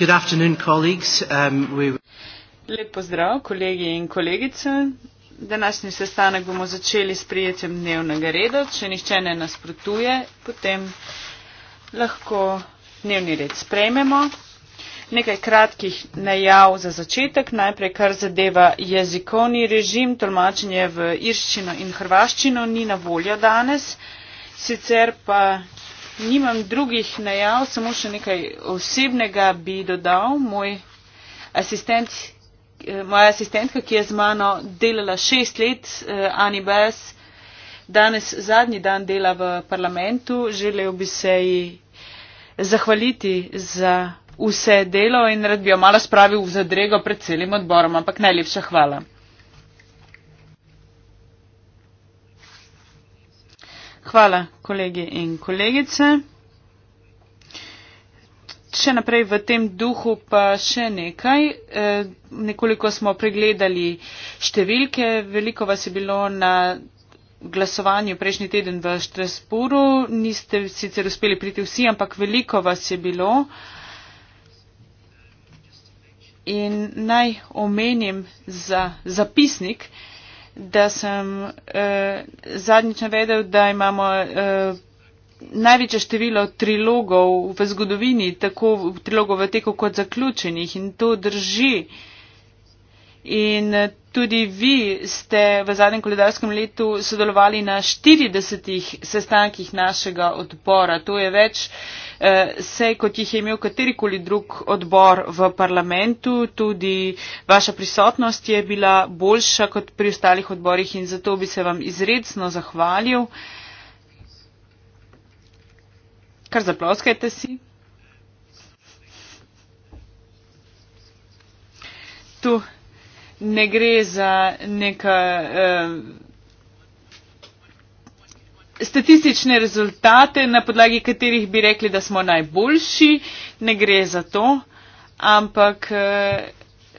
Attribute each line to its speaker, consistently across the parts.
Speaker 1: Good afternoon, colleagues. Um, we... Lep pozdrav, kolegi in kolegice. Današnji sestanek bomo začeli s prijetjem dnevnega reda. Če nihče ne nasprotuje, potem lahko dnevni red sprejmemo. Nekaj kratkih najav za začetek. Najprej, kar zadeva jezikovni režim, tolmačenje v irščino in hrvaščino ni na voljo danes. Sicer pa, nimam drugih najav, samo še nekaj osebnega bi dodal. Moj asistent, eh, moja asistentka, ki je z mano delala šest let, eh, Ani Bes, danes zadnji dan dela v parlamentu, želel bi se ji zahvaliti za vse delo in rad bi jo malo spravil v zadrego pred celim odborom, ampak najlepša hvala. Hvala, kolegi in kolegice. Še naprej v tem duhu pa še nekaj. E, nekoliko smo pregledali številke, veliko vas je bilo na glasovanju prejšnji teden v Štrasburu. Niste sicer uspeli priti vsi, ampak veliko vas je bilo. In naj omenim za zapisnik, da sem uh, zadnjič navedel, da imamo uh, največje število trilogov v zgodovini, tako trilogov v teku kot zaključenih in to drži. In Tudi vi ste v zadnjem koledarskem letu sodelovali na 40 sestankih našega odbora. To je več eh, sej, kot jih je imel katerikoli drug odbor v parlamentu. Tudi vaša prisotnost je bila boljša kot pri ostalih odborih in zato bi se vam izredno zahvalil. Kar zaploskajte si. Tu ne gre za neka eh, statistične rezultate, na podlagi katerih bi rekli, da smo najboljši, ne gre za to, ampak eh,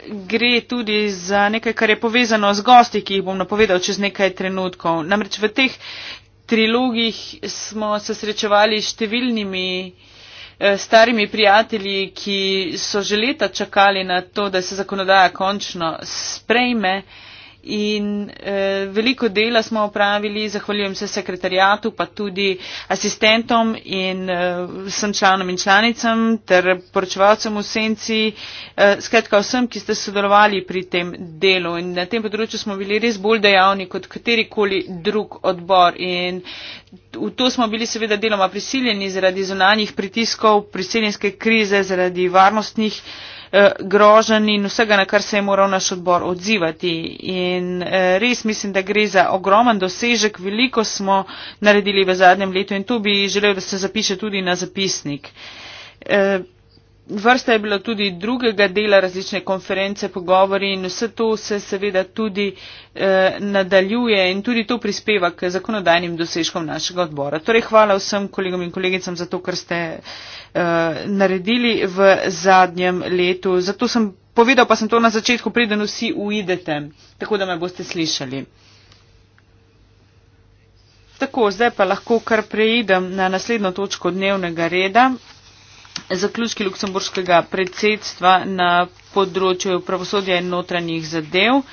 Speaker 1: gre tudi za nekaj, kar je povezano z gosti, ki jih bom napovedal čez nekaj trenutkov. Namreč v teh trilogih smo se srečevali s številnimi eh, Eh, starimi prijatelji, ki so že leta čakali na to, da se zakonodaja končno sprejme in eh, veliko dela smo opravili, zahvaljujem se sekretarijatu, pa tudi asistentom in eh, vsem članom in članicam ter poročevalcem v senci, eh, skratka vsem, ki ste sodelovali pri tem delu in na tem področju smo bili res bolj dejavni kot katerikoli drug odbor in v to smo bili seveda deloma prisiljeni zaradi zunanjih pritiskov, priseljenske krize, zaradi varnostnih eh, Eh, grožen in vsega, na kar se je moral naš odbor odzivati. In eh, res mislim, da gre za ogromen dosežek, veliko smo naredili v zadnjem letu in to bi želel, da se zapiše tudi na zapisnik. Eh, vrsta je bila tudi drugega dela različne konference, pogovori in vse to se seveda tudi eh, nadaljuje in tudi to prispeva k zakonodajnim dosežkom našega odbora. Torej hvala vsem kolegom in kolegicam za to, kar ste eh, Eh, naredili v zadnjem letu. Zato sem povedal, pa sem to na začetku, preden vsi uidete, tako da me boste slišali. Tako, zdaj pa lahko kar preidem na naslednjo točko dnevnega reda. Zaključki luksemburškega predsedstva na področju pravosodja in notranjih zadev. Uh,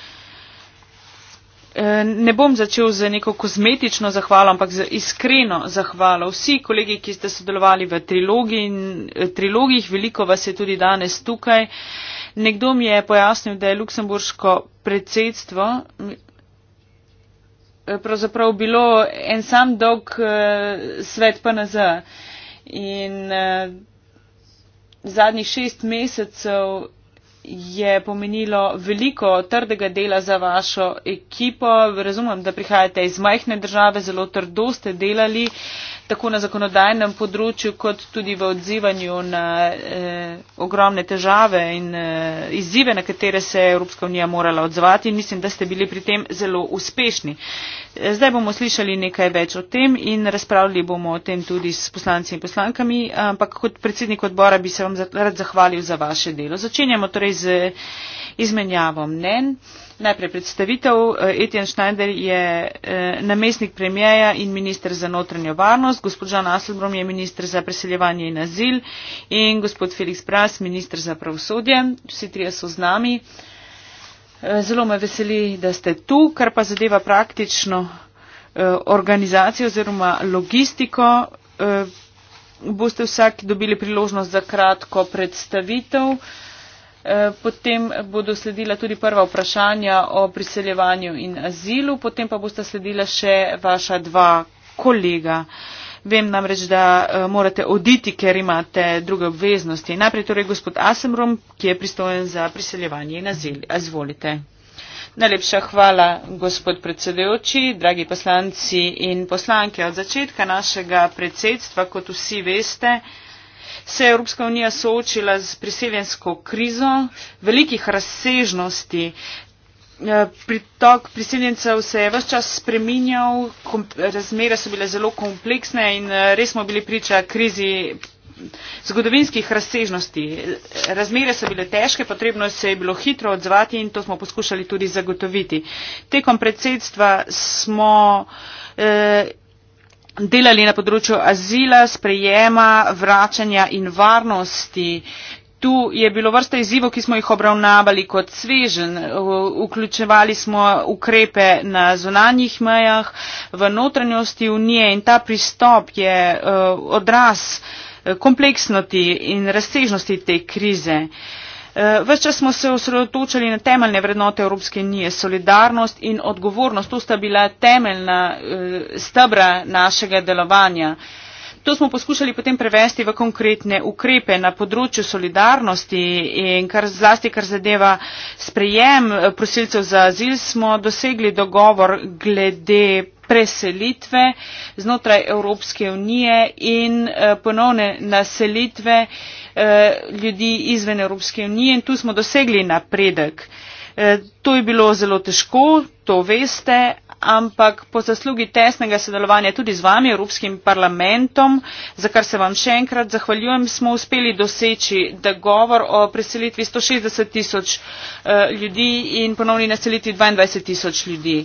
Speaker 1: Eh, ne bom začel z neko kozmetično zahvalo, ampak z iskreno zahvalo. Vsi kolegi, ki ste sodelovali v eh, trilogih, veliko vas je tudi danes tukaj. Nekdo mi je pojasnil, da je luksemburško predsedstvo eh, pravzaprav bilo en sam dolg svet PNZ. In zadnjih šest mesecev je pomenilo veliko trdega dela za vašo ekipo. Razumem, da prihajate iz majhne države, zelo trdo ste delali tako na zakonodajnem področju, kot tudi v odzivanju na eh, ogromne težave in eh, izzive, na katere se je Evropska unija morala odzvati. Mislim, da ste bili pri tem zelo uspešni. Eh, zdaj bomo slišali nekaj več o tem in razpravljali bomo o tem tudi s poslanci in poslankami, ampak kot predsednik odbora bi se vam rad zahvalil za vaše delo. Začenjamo torej z izmenjavom mnen. Najprej predstavitev. Eh, Etjen Schneider je eh, namestnik premijeja in minister za notranjo varnost, gospod Žan Aselbrom je minister za preseljevanje in azil in gospod Felix Bras, minister za pravosodje. Vsi trije so z nami. Eh, Zelo me veseli, da ste tu, kar pa zadeva praktično organizacijo oziroma logistiko. Boste vsak dobili priložnost za kratko predstavitev. Eh, potem bodo sledila tudi prva vprašanja o priseljevanju in azilu, potem pa bosta sledila še vaša dva kolega. Vem namreč, da eh, morate oditi, ker imate druge obveznosti. Najprej torej gospod Asemrom, ki je pristojen za priseljevanje in azil. Izvolite. Najlepša hvala, gospod predsedujoči, dragi poslanci in poslanke. Od začetka našega predsedstva, kot vsi veste, se je Evropska unija soočila z priseljensko krizo velikih razsežnosti. Eh, pritok priseljencev se je vse čas spreminjal, razmere so bile zelo kompleksne in eh, res smo bili priča krizi zgodovinskih razsežnosti. Razmere so bile težke, potrebno se je bilo hitro odzvati in to smo poskušali tudi zagotoviti. Tekom predsedstva smo eh, delali na področju azila, sprejema, vračanja in varnosti. Tu je bilo vrsta izzivov, ki smo jih obravnavali kot svežen. Vključevali smo ukrepe na zunanjih mejah, v notranjosti unije in ta pristop je eh, odraz eh, kompleksnosti in razsežnosti te krize. Ves čas smo se osredotočali na temeljne vrednote Evropske unije, solidarnost in odgovornost. To sta bila temeljna eh, stebra našega delovanja. To smo poskušali potem prevesti v konkretne ukrepe na področju solidarnosti in kar zlasti, kar zadeva sprejem eh, prosilcev za azil, smo dosegli dogovor glede preselitve znotraj Evropske unije in eh, ponovne naselitve eh, Eh, ljudi izven Evropske unije in tu smo dosegli napredek. Eh, to je bilo zelo težko, to veste, ampak po zaslugi tesnega sodelovanja tudi z vami, Evropskim parlamentom, za kar se vam še enkrat zahvaljujem, smo uspeli doseči, da govor o preselitvi 160 tisoč eh, ljudi in ponovni naselitvi 22 tisoč ljudi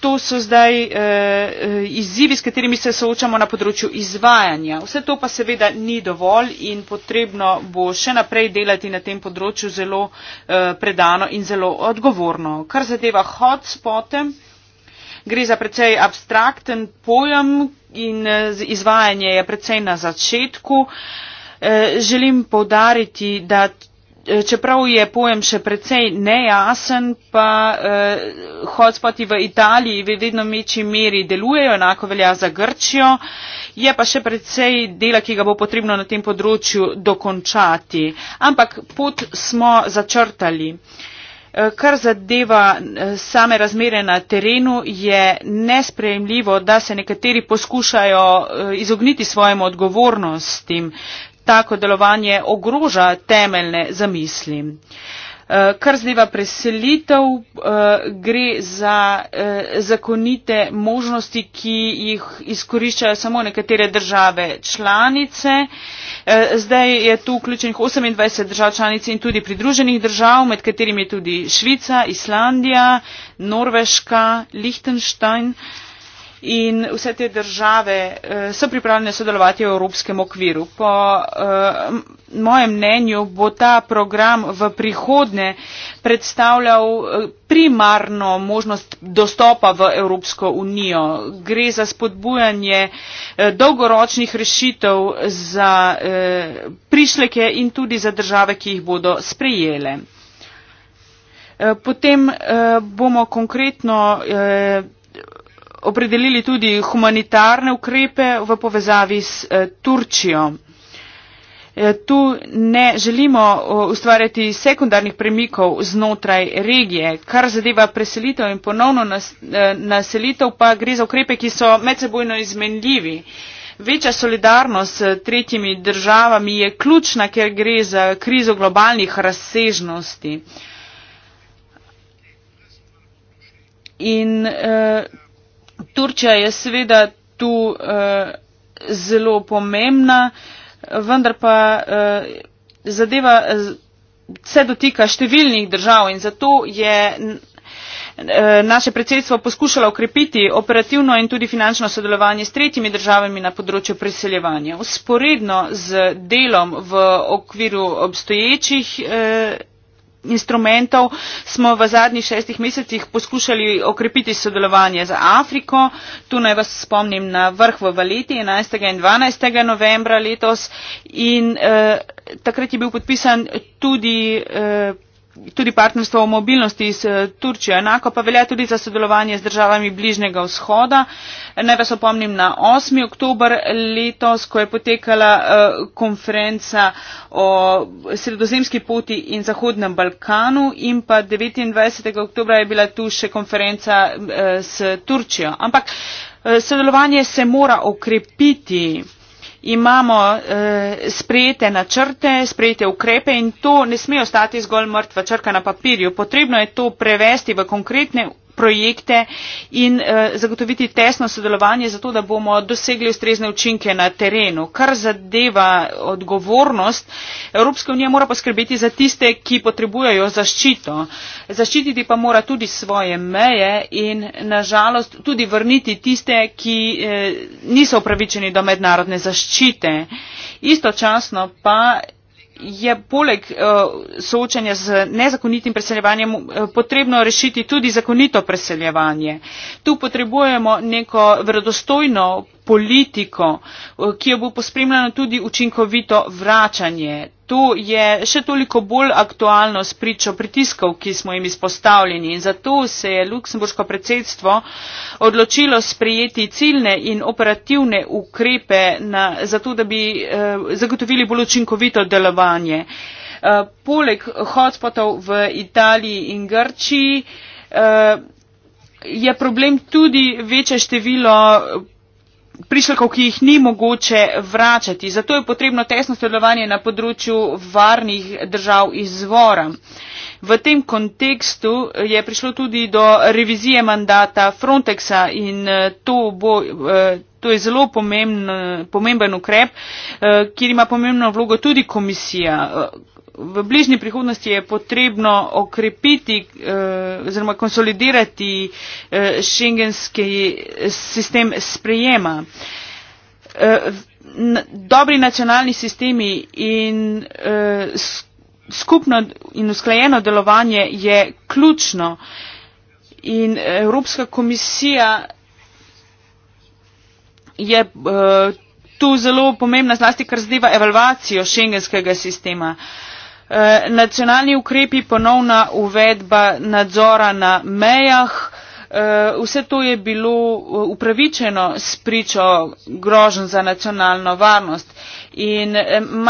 Speaker 1: to so zdaj eh, eh, izzivi, s katerimi se soočamo na področju izvajanja. Vse to pa seveda ni dovolj in potrebno bo še naprej delati na tem področju zelo eh, predano in zelo odgovorno. Kar zadeva hotspotem, gre za precej abstrakten pojem in eh, izvajanje je precej na začetku. Eh, želim povdariti, da čeprav je pojem še precej nejasen pa eh, hotspoti v italiji v vedno večji meri delujejo enako velja za grčijo je pa še precej dela ki ga bo potrebno na tem področju dokončati ampak pot smo začrtali eh, Kar zadeva eh, same razmere na terenu, je nesprejemljivo, da se nekateri poskušajo izogniti svojim odgovornostim tako delovanje ogroža temeljne zamisli. Eh, Krzniva preselitev eh, gre za eh, zakonite možnosti, ki jih izkoriščajo samo nekatere države članice. Zdaj je tu vključenih 28 držav članic in tudi pridruženih držav, med katerimi je tudi Švica, Islandija, Norveška, Lihtenštajn in vse te države eh, so pripravljene sodelovati v evropskem okviru. Po eh, mojem mnenju bo ta program v prihodnje predstavljal eh, primarno možnost dostopa v Evropsko unijo. Gre za spodbujanje dolgoročnih rešitev za prišleke in tudi za države, ki jih bodo sprejele. Potem bomo konkretno opredelili tudi humanitarne ukrepe v povezavi s eh, Turčijo. Eh, tu ne želimo ustvarjati sekundarnih premikov znotraj regije. Kar zadeva preselitev in ponovno eh, naselitev, pa gre za ukrepe, ki so medsebojno izmenljivi. Večja solidarnost s tretjimi državami je ključna, ker gre za krizo globalnih razsežnosti. In Turčija je seveda tu eh, zelo pomembna, vendar pa eh, zadeva eh, se dotika številnih držav in zato je eh, naše predsedstvo poskušalo okrepiti operativno in tudi finančno sodelovanje s tretjimi državami na področju preseljevanja. Usporedno z delom v okviru obstoječih eh, instrumentov smo v zadnjih šestih mesecih poskušali okrepiti sodelovanje z Afriko. Tu naj vas spomnim na vrh v Valeti 11. in 12. novembra letos in eh, takrat je bil podpisan tudi. Eh, tudi partnerstvo o mobilnosti s eh, turčijo enako pa velja tudi za sodelovanje z državami bližnjega vzhoda naj vas opomnim na osmi oktober letos ko je potekala eh, konferenca o sredozemski poti in zahodnem balkanu in pa devetindvajset oktobra je bila tu še konferenca eh, s turčijo ampak sodelovanje se mora okrepiti imamo eh, sprejete načrte sprejete ukrepe in to ne sme ostati zgolj mrtva črka na papirju potrebno je to prevesti v konkretne projekte in eh, zagotoviti tesno sodelovanje zato, da bomo dosegli ustrezne učinke na terenu. Kar zadeva odgovornost, Evropska unija mora poskrbeti za tiste, ki potrebujejo zaščito. Zaščititi pa mora tudi svoje meje in nažalost tudi vrniti tiste, ki eh, niso upravičeni do mednarodne zaščite. Istočasno pa je poleg eh, soočanja z nezakonitim preseljevanjem eh, potrebno rešiti tudi zakonito preseljevanje. tu potrebujemo neko verodostojno politiko, ki jo bo pospremljeno tudi učinkovito vračanje. To je še toliko bolj aktualno s pričo pritiskov, ki smo jim izpostavljeni in zato se je luksemburško predsedstvo odločilo sprejeti ciljne in operativne ukrepe, na, zato da bi eh, zagotovili bolj učinkovito delovanje. Eh, poleg hotspotov v Italiji in Grčiji eh, je problem tudi večje število prišlekov ki jih ni mogoče vračati zato je potrebno tesno sodelovanje na področju varnih držav izvora. V tem kontekstu je prišlo tudi do revizije mandata Frontexa in eh, to, bo, eh, to je zelo pomembn, pomemben ukrep, eh, kjer ima pomembno vlogo tudi komisija v bližnji prihodnosti je potrebno okrepiti eh, oziroma konsolidirati eh, šengenski sistem sprejema. Eh, dobri nacionalni sistemi in skupno in usklajeno delovanje je ključno in Evropska komisija je tu zelo pomembna zlasti, kar zadeva evalvacijo šengenskega sistema. Uh, Eh, nacionalni ukrepi ponovna uvedba nadzora na mejah eh, vse to je bilo eh, upravičeno spričo groženj za nacionalno varnost in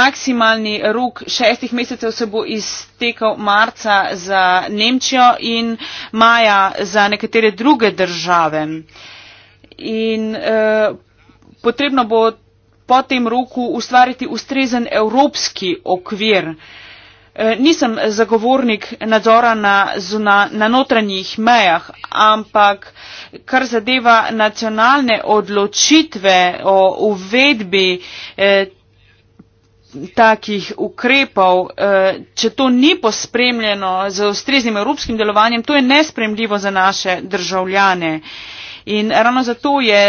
Speaker 1: maksimalni rok šestih mesecev se bo iztekel marca za nemčijo in maja za nekatere druge države in eh, potrebno bo po tem roku ustvariti ustrezen evropski okvir eh, Eh, nisem zagovornik nadzora na, zuna, na notranjih mejah, ampak kar zadeva nacionalne odločitve o uvedbi eh, takih ukrepov, eh, če to ni pospremljeno z ustreznim evropskim delovanjem, to je nespremljivo za naše državljane. In ravno zato je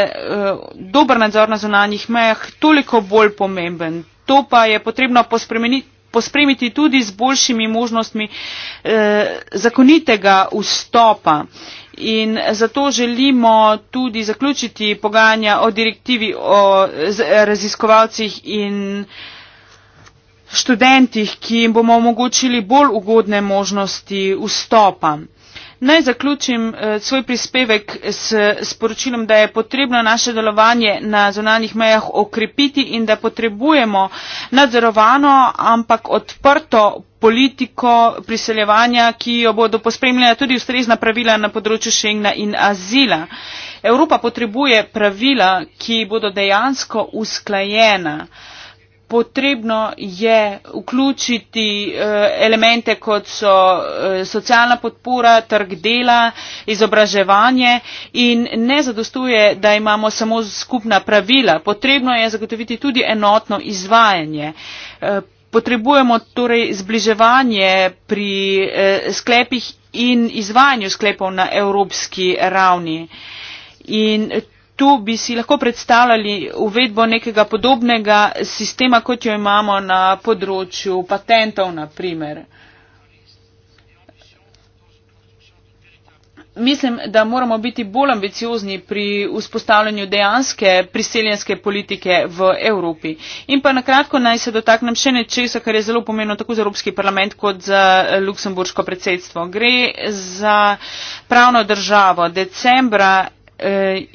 Speaker 1: dober nadzor na zunanjih mejah toliko bolj pomemben. To pa je potrebno pospremeniti pospremiti tudi z boljšimi možnostmi eh, zakonitega vstopa. In zato želimo tudi zaključiti pogajanja o direktivi o raziskovalcih in študentih, ki jim bomo omogočili bolj ugodne možnosti vstopa naj zaključim eh, svoj prispevek s sporočilom da je potrebno naše delovanje na zunanjih mejah okrepiti in da potrebujemo nadzorovano ampak odprto politiko priseljevanja ki jo bodo pospremljala tudi ustrezna pravila na področju schengna in azila. evropa potrebuje pravila ki bodo dejansko usklajena potrebno je vključiti eh, elemente, kot so eh, socialna podpora, trg dela, izobraževanje in ne zadostuje, da imamo samo skupna pravila. Potrebno je zagotoviti tudi enotno izvajanje. Eh, potrebujemo torej zbliževanje pri sklepih in izvajanju sklepov na evropski ravni. In tu bi si lahko predstavljali uvedbo nekega podobnega sistema, kot jo imamo na področju patentov, na primer. Mislim, da moramo biti bolj ambiciozni pri vzpostavljanju dejanske priseljenske politike v Evropi. In pa na kratko naj se dotaknem še nečesa, kar je zelo pomembno tako za Evropski parlament kot za Luksemburško predsedstvo. Gre za pravno državo. Decembra eh,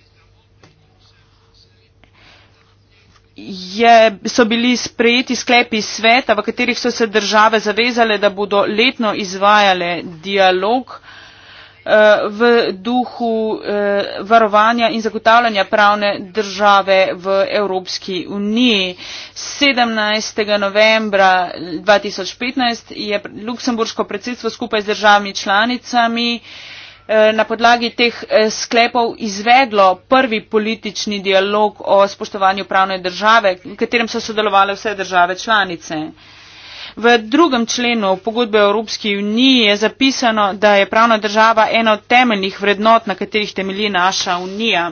Speaker 1: je, so bili sprejeti sklepi sveta, v katerih so se države zavezale, da bodo letno izvajale dialog eh, v duhu eh, varovanja in zagotavljanja pravne države v Evropski uniji. 17. novembra 2015 je Luksemburško predsedstvo skupaj z državami članicami Eh, na podlagi teh eh, sklepov izvedlo prvi politični dialog o spoštovanju pravne države, v katerem so sodelovali vse države članice. V drugem členu pogodbe Evropske unije je zapisano, da je pravna država ena od temeljnih vrednot, na katerih temelji naša unija.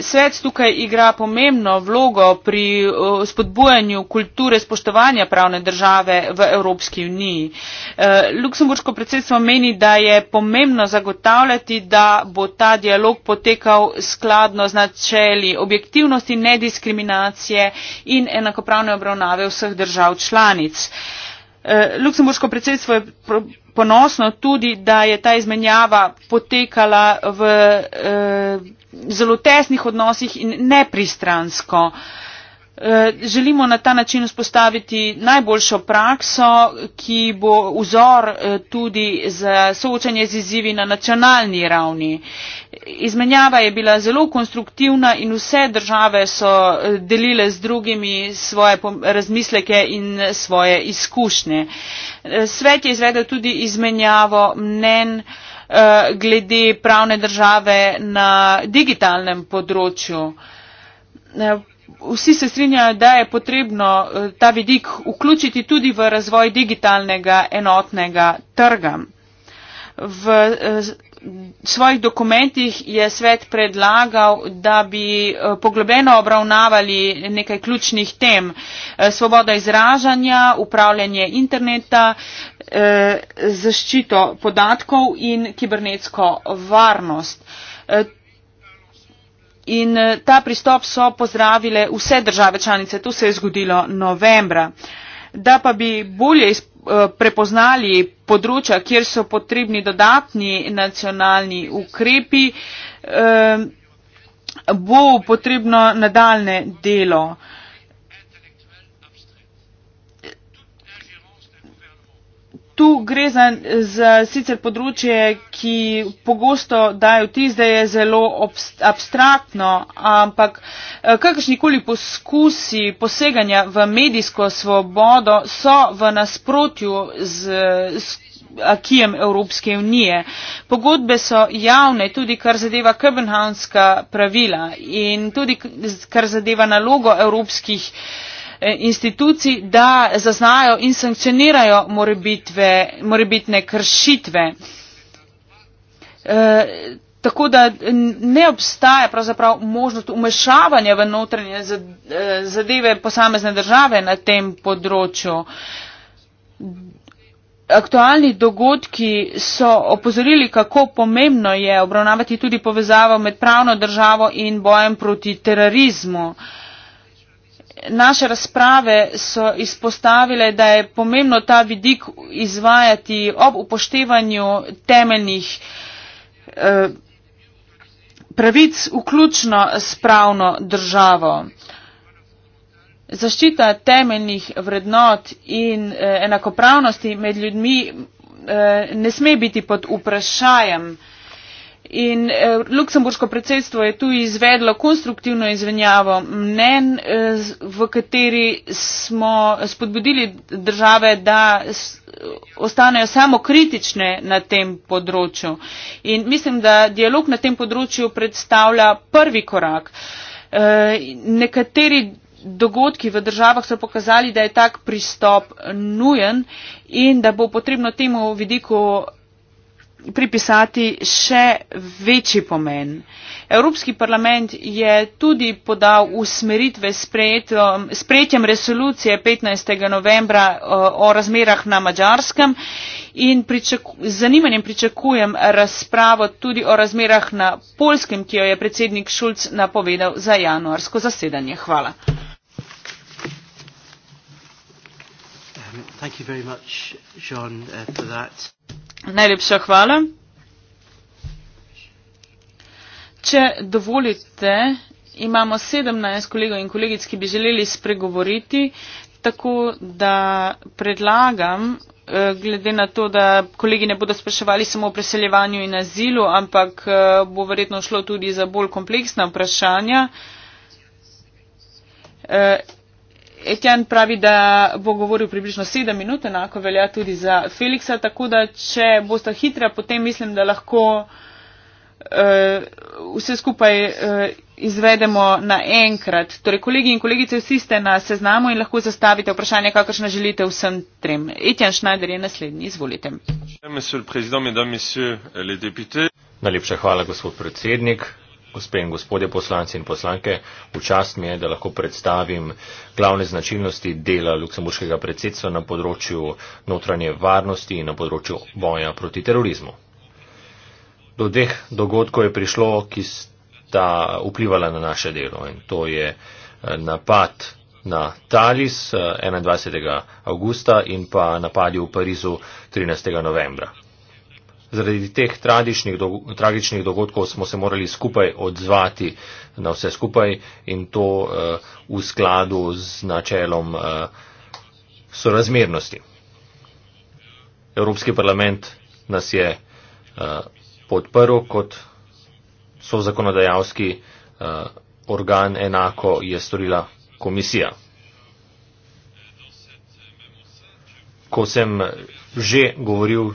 Speaker 1: Svet tukaj igra pomembno vlogo pri eh, spodbujanju kulture spoštovanja pravne države v Evropski uniji. Eh, luksemburško predsedstvo meni, da je pomembno zagotavljati, da bo ta dialog potekal skladno z načeli objektivnosti, nediskriminacije in enakopravne obravnave vseh držav članic. Eh, luksemburško predsedstvo je ponosno tudi, da je ta izmenjava potekala v eh, zelo tesnih odnosih in nepristransko. Eh, Eh, želimo na ta način vzpostaviti najboljšo prakso, ki bo vzor eh, tudi za soočanje z izzivi na nacionalni ravni. Izmenjava je bila zelo konstruktivna in vse države so eh, delile z drugimi svoje razmisleke in svoje izkušnje. Svet je izvedel tudi izmenjavo mnen glede pravne države na digitalnem področju vsi se strinjajo, da je potrebno eh, ta vidik vključiti tudi v razvoj digitalnega enotnega trga. V eh, svojih dokumentih je svet predlagal, da bi eh, poglobeno obravnavali nekaj ključnih tem. Svoboda izražanja, upravljanje interneta, zaščito podatkov in kibernetsko varnost in eh, ta pristop so pozdravile vse države članice. To se je zgodilo novembra. Da pa bi bolje eh, prepoznali področja, kjer so potrebni dodatni nacionalni ukrepi, eh, bo potrebno nadaljne delo. Tu gre za, za sicer področje, ki pogosto daje vtis, da je zelo abstraktno, ampak eh, kakršnikoli poskusi poseganja v medijsko svobodo so v nasprotju z. z akijem Evropske unije. Pogodbe so javne, tudi kar zadeva Köbenhavnska pravila in tudi kar zadeva nalogo evropskih uh, Eh, institucij da zaznajo in sankcionirajo morebitne kršitve. Eh, tako da ne obstaja pravzaprav možnost umešavanja v notranje eh, zadeve posamezne države na tem področju. Aktualni dogodki so opozorili, kako pomembno je obravnavati tudi povezavo med pravno državo in bojem proti terorizmu. Uh, naše razprave so izpostavile da je pomembno ta vidik izvajati ob upoštevanju temeljnih eh, pravic vključno s pravno državo. Zaščita temeljnih vrednot in eh, enakopravnosti med ljudmi eh, ne sme biti pod vprašajem in eh, luksemburško predsedstvo je tu izvedlo konstruktivno izmenjavo mnen eh, v kateri smo spodbudili države da ostanejo samokritične na tem področju in mislim da dialog na tem področju predstavlja prvi korak eh, nekateri dogodki v državah so pokazali da je tak pristop nujen in da bo potrebno temu vidiku pripisati še večji pomen. Evropski parlament je tudi podal usmeritve s prejetjem resolucije 15. novembra o razmerah na Mačarskem in pričaku, z zanimanjem pričakujem razpravo tudi o razmerah na Polskem, ki jo je predsednik Šulc napovedal za januarsko zasedanje. Hvala.
Speaker 2: Thank you very much, John, uh, for that.
Speaker 1: Najlepša hvala. Če dovolite, imamo 17 kolegov in kolegic, ki bi želeli spregovoriti, tako da predlagam, eh, glede na to, da kolegi ne bodo spraševali samo o preseljevanju in azilu, ampak eh, bo verjetno šlo tudi za bolj kompleksna vprašanja. Eh, Etjan pravi, da bo govoril približno sedem minut, enako velja tudi za Felixa, tako da če boste hitra, potem mislim, da lahko uh, vse skupaj uh, izvedemo naenkrat. Torej, kolegi in kolegice, vsi ste na seznamu in lahko zastavite vprašanje, kakršne želite vsem trem. Etjan Schneider je naslednji, izvolite.
Speaker 2: Najlepša hvala, gospod predsednik gospe in gospodje poslanci in poslanke, v čast mi je, da lahko predstavim glavne značilnosti dela luksemburškega predsedstva na področju notranje varnosti in na področju boja proti terorizmu. Do dveh dogodkov je prišlo, ki sta vplivala na naše delo in to je eh, napad na Talis 21. Eh, avgusta in pa napadi v Parizu 13. novembra zaradi teh do, tragičnih dogodkov smo se morali skupaj odzvati na vse skupaj in to uh, v skladu z načelom uh, sorazmernosti. Evropski parlament nas je uh, podprl kot so zakonodajalski uh, organ, enako je storila komisija. Ko sem že govoril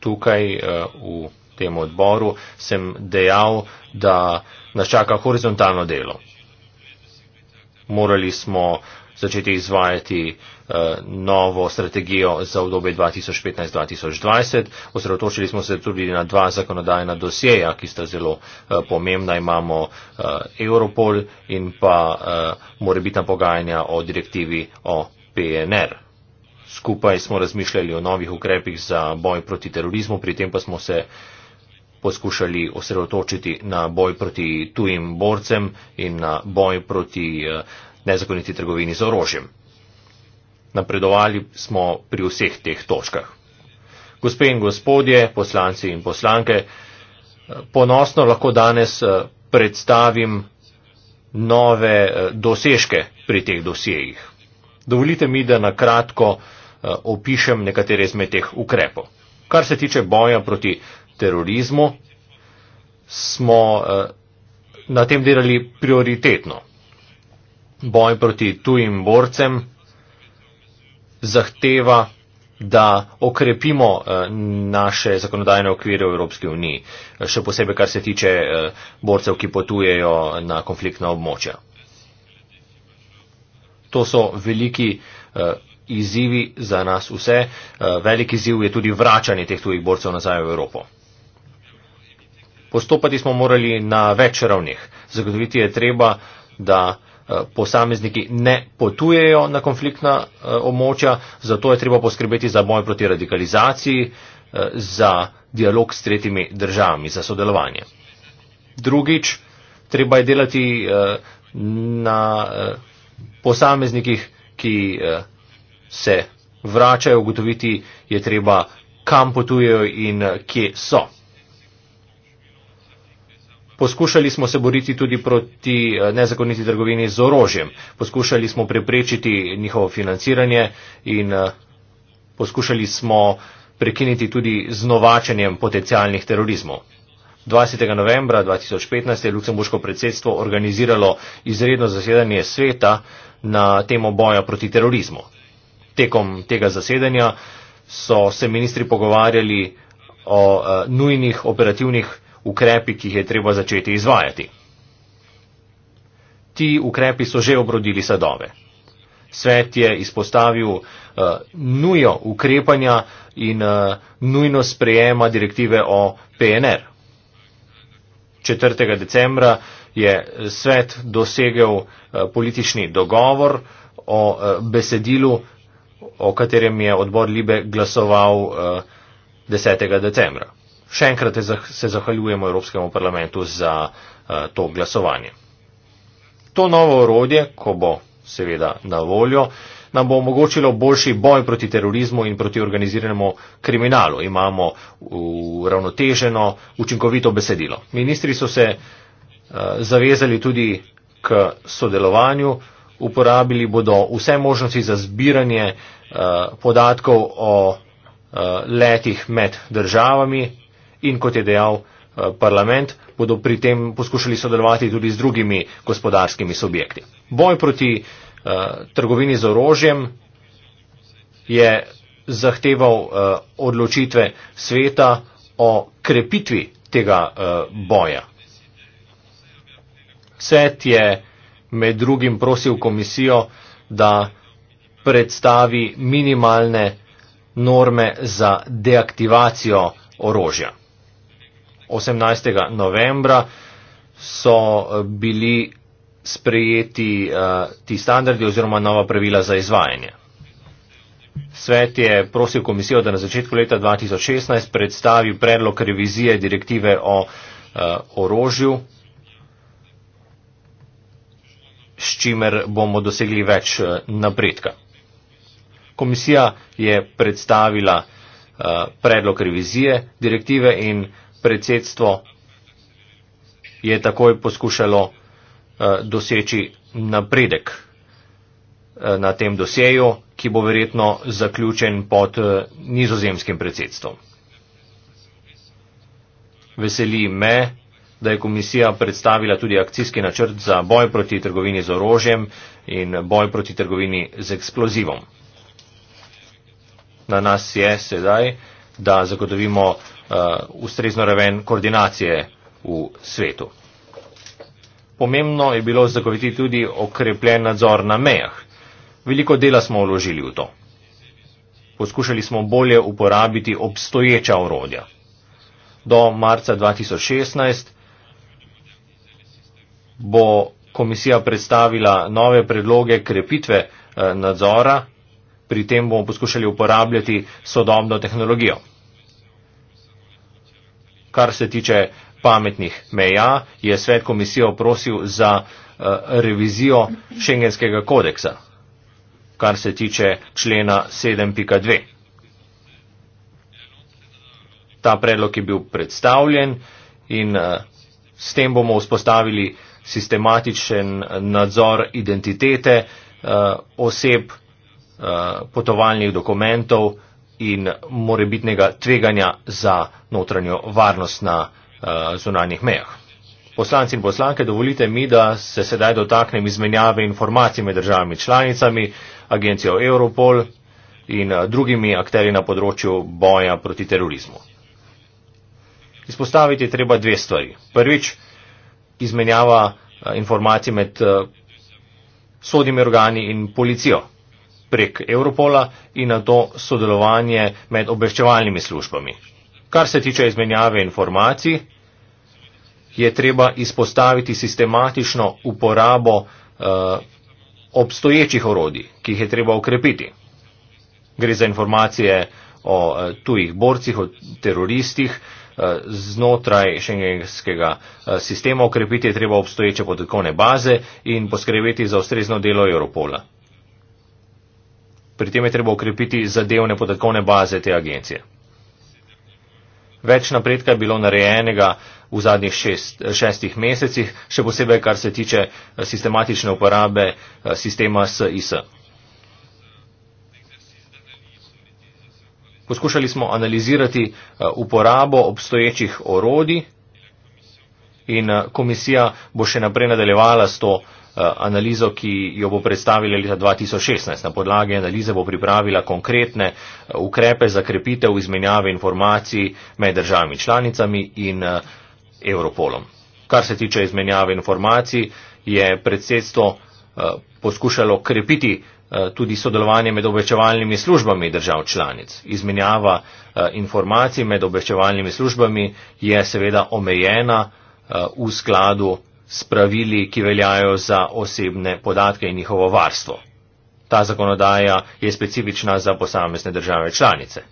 Speaker 2: tukaj eh, v tem odboru, sem dejal, da nas čaka horizontalno delo. Morali smo začeti izvajati eh, novo strategijo za obdobje 2015-2020. Osredotočili smo se tudi na dva zakonodajna dosjeja, ki sta zelo eh, pomembna. Imamo Europol in pa morebitna pogajanja o direktivi o PNR skupaj smo razmišljali o novih ukrepih za boj proti terorizmu, pri tem pa smo se poskušali osredotočiti na boj proti tujim borcem in na boj proti eh, nezakoniti trgovini z orožjem. Napredovali smo pri vseh teh točkah. Gospe in gospodje, poslanci in poslanke, eh, ponosno lahko danes eh, predstavim nove dosežke pri teh dosjejih. Dovolite mi, da na kratko Eh, opišem nekatere izmed teh ukrepov. Kar se tiče boja proti terorizmu, smo eh, na tem delali prioritetno. Boj proti tujim borcem zahteva, da okrepimo eh, naše zakonodajne okvire v Evropski uniji, še posebej kar se tiče borcev, ki potujejo na konfliktna območja. To so veliki izzivi za nas vse. Eh, velik izziv je tudi vračanje teh tujih borcev nazaj v Evropo. Postopati smo morali na več ravnih. Zagotoviti je treba, da eh, posamezniki ne potujejo na konfliktna eh, območja, zato je treba poskrbeti za boj proti radikalizaciji, za dialog s tretjimi državami, za sodelovanje. Drugič, treba je delati na posameznikih, ki se vračajo, ugotoviti je treba, kam potujejo in kje so. Poskušali smo se boriti tudi proti eh, nezakoniti trgovini z orožjem. Poskušali smo preprečiti njihovo financiranje in eh, poskušali smo prekiniti tudi z novačenjem potencialnih terorizmov. 20. novembra 2015 je Luksemburško predsedstvo organiziralo izredno zasedanje sveta na temo boja proti terorizmu tekom tega zasedanja so se ministri pogovarjali o uh, nujnih operativnih ukrepih, ki jih je treba začeti izvajati. Ti ukrepi so že obrodili sadove. Svet je izpostavil uh, nujo ukrepanja in uh, nujno sprejema direktive o PNR. 4. decembra je svet dosegel uh, politični dogovor o uh, besedilu o katerem je odbor Libe glasoval 10. Eh, decembra. Še enkrat se zahvaljujemo Evropskemu parlamentu za eh, to glasovanje. To novo orodje, ko bo seveda na voljo, nam bo omogočilo boljši boj proti terorizmu in proti organiziranemu kriminalu. Imamo uravnoteženo, učinkovito besedilo. Ministri so se uh, zavezali tudi k sodelovanju uh, uporabili bodo vse možnosti za zbiranje eh, podatkov o eh, letih med državami in, kot je dejal eh, parlament, bodo pri tem poskušali sodelovati tudi z drugimi gospodarskimi subjekti. Boj proti trgovini z orožjem je zahteval odločitve sveta o krepitvi tega boja. Svet je med drugim prosil komisijo, da predstavi minimalne norme za deaktivacijo orožja. 18. novembra so eh, bili sprejeti uh, ti standardi oziroma nova pravila za izvajanje. Svet je prosil komisijo, da na začetku leta 2016 predstavi predlog revizije direktive o uh, orožju, s čimer bomo dosegli več eh, napredka. Komisija je predstavila eh, predlog revizije direktive in predsedstvo je takoj poskušalo eh, doseči napredek na tem doseju, ki bo verjetno zaključen pod nizozemskim predsedstvom. Veseli me, da je komisija predstavila tudi akcijski načrt za boj proti trgovini z orožjem in boj proti trgovini z eksplozivom. Na nas je sedaj, da zagotovimo uh, ustrezno raven koordinacije v svetu. Pomembno je bilo zagotoviti tudi okrepljen nadzor na mejah. Veliko dela smo vložili v to. Poskušali smo bolje uporabiti obstoječa orodja. Do marca 2016 bo komisija predstavila nove predloge krepitve eh, nadzora, pri tem bomo poskušali uporabljati sodobno tehnologijo. Kar se tiče pametnih meja, je svet komisijo prosil za eh, revizijo šengenskega kodeksa, kar se tiče člena 7.2. Ta predlog je bil predstavljen in eh, s tem bomo vzpostavili sistematičen nadzor identitete uh, oseb, uh, potovalnih dokumentov in morebitnega tveganja za notranjo varnost na uh, zunanjih mejah. Poslanci in poslanke, dovolite mi, da se sedaj dotaknem izmenjave informacij med državami članicami, agencijo Europol in drugimi akteri na področju boja proti terorizmu. Izpostaviti treba dve stvari. Prvič, izmenjava eh, informacij med eh, sodnimi organi in policijo prek Europola in na to sodelovanje med obveščevalnimi službami. Kar se tiče izmenjave informacij, je treba izpostaviti sistematično uporabo eh, obstoječih orodij, ki jih je treba ukrepiti. Gre za informacije o tujih borcih, o teroristih, Eh, znotraj šengenskega eh, sistema okrepiti je treba obstoječe podatkovne baze in poskrbeti za ustrezno delo Europola. Pri tem je treba okrepiti zadevne podatkovne baze te agencije. Več napredka je bilo narejenega v zadnjih šest, šestih mesecih, še posebej kar se tiče eh, sistematične uporabe sistema SIS. -a. Poskušali smo analizirati eh, uporabo obstoječih orodij in eh, komisija bo še naprej nadaljevala s to eh, analizo, ki jo bo predstavila leta 2016. Na podlagi analize bo pripravila konkretne ukrepe za krepitev izmenjave informacij med državami članicami in Europolom. Kar se tiče izmenjave informacij, je predsedstvo poskušalo krepiti Eh, tudi sodelovanje med obveščevalnimi službami držav članic. Izmenjava eh, informacij med obveščevalnimi službami je seveda omejena eh, v skladu s pravili, ki veljajo za osebne podatke in njihovo varstvo. Ta zakonodaja je specifična za posamezne države članice.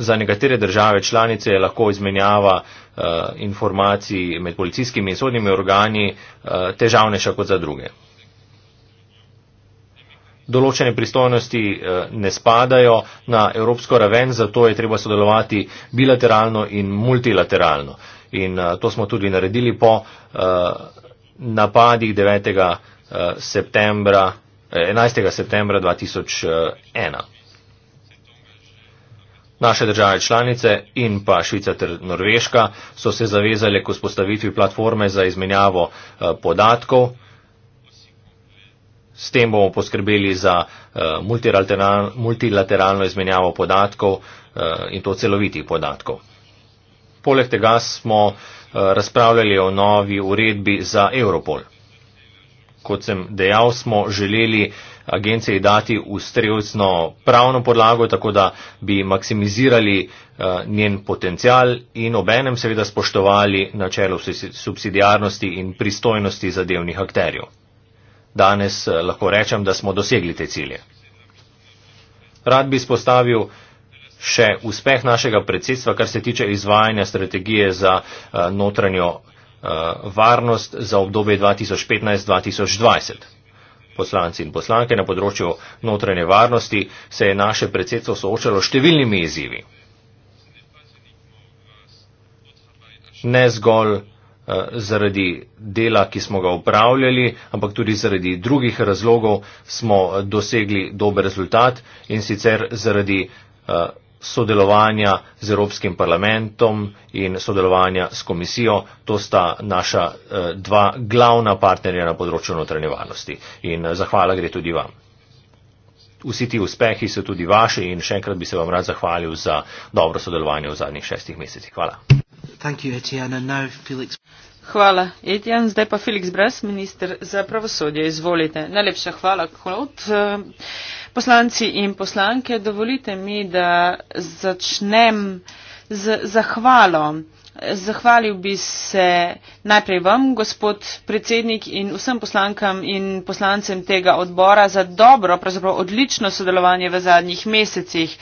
Speaker 2: Za nekatere države članice je lahko izmenjava uh, informacij med policijskimi in sodnimi organi uh, težavnejša kot za druge. Določene pristojnosti uh, ne spadajo na evropsko raven, zato je treba sodelovati bilateralno in multilateralno. In uh, to smo tudi naredili po uh, napadih 9. Uh, septembra, 11. septembra 2001. Naše države članice in pa Švica ter Norveška so se zavezali k vzpostavitvi platforme za izmenjavo eh, podatkov. S tem bomo poskrbeli za eh, multilateralno izmenjavo podatkov eh, in to celovitih podatkov. Poleg tega smo razpravljali o novi uredbi za Europol. Kot sem dejal, smo želeli agenciji dati ustrezno pravno podlago, tako da bi maksimizirali eh, njen potencial in obenem seveda spoštovali načelo subsidijarnosti in pristojnosti zadevnih akterjev. Danes eh, lahko rečem, da smo dosegli te cilje. Rad bi spostavil še uspeh našega predsedstva, kar se tiče izvajanja strategije za eh, notranjo varnost za obdobje 2015-2020 poslanci in poslanke na področju notranje varnosti se je naše predsedstvo soočalo številnimi izzivi. Ne zgolj eh, zaradi dela, ki smo ga upravljali, ampak tudi zaradi drugih razlogov smo dosegli dober rezultat in sicer zaradi eh, sodelovanja z Evropskim parlamentom in sodelovanja s komisijo. To sta naša eh, dva glavna partnerja na področju notranje varnosti. In eh, zahvala gre tudi vam. Vsi ti uspehi so tudi vaši in še enkrat bi se vam rad zahvalil za dobro sodelovanje v zadnjih šestih mesecih. Hvala.
Speaker 1: Thank you, Hvala, Etjan. Zdaj pa Felix Bras, minister za pravosodje. Izvolite. Najlepša hvala, Klot. Poslanci in poslanke, dovolite mi, da začnem z zahvalom. Zahvalil bi se najprej vam, gospod predsednik, in vsem poslankam in poslancem tega odbora za dobro, pravzaprav odlično sodelovanje v zadnjih mesecih.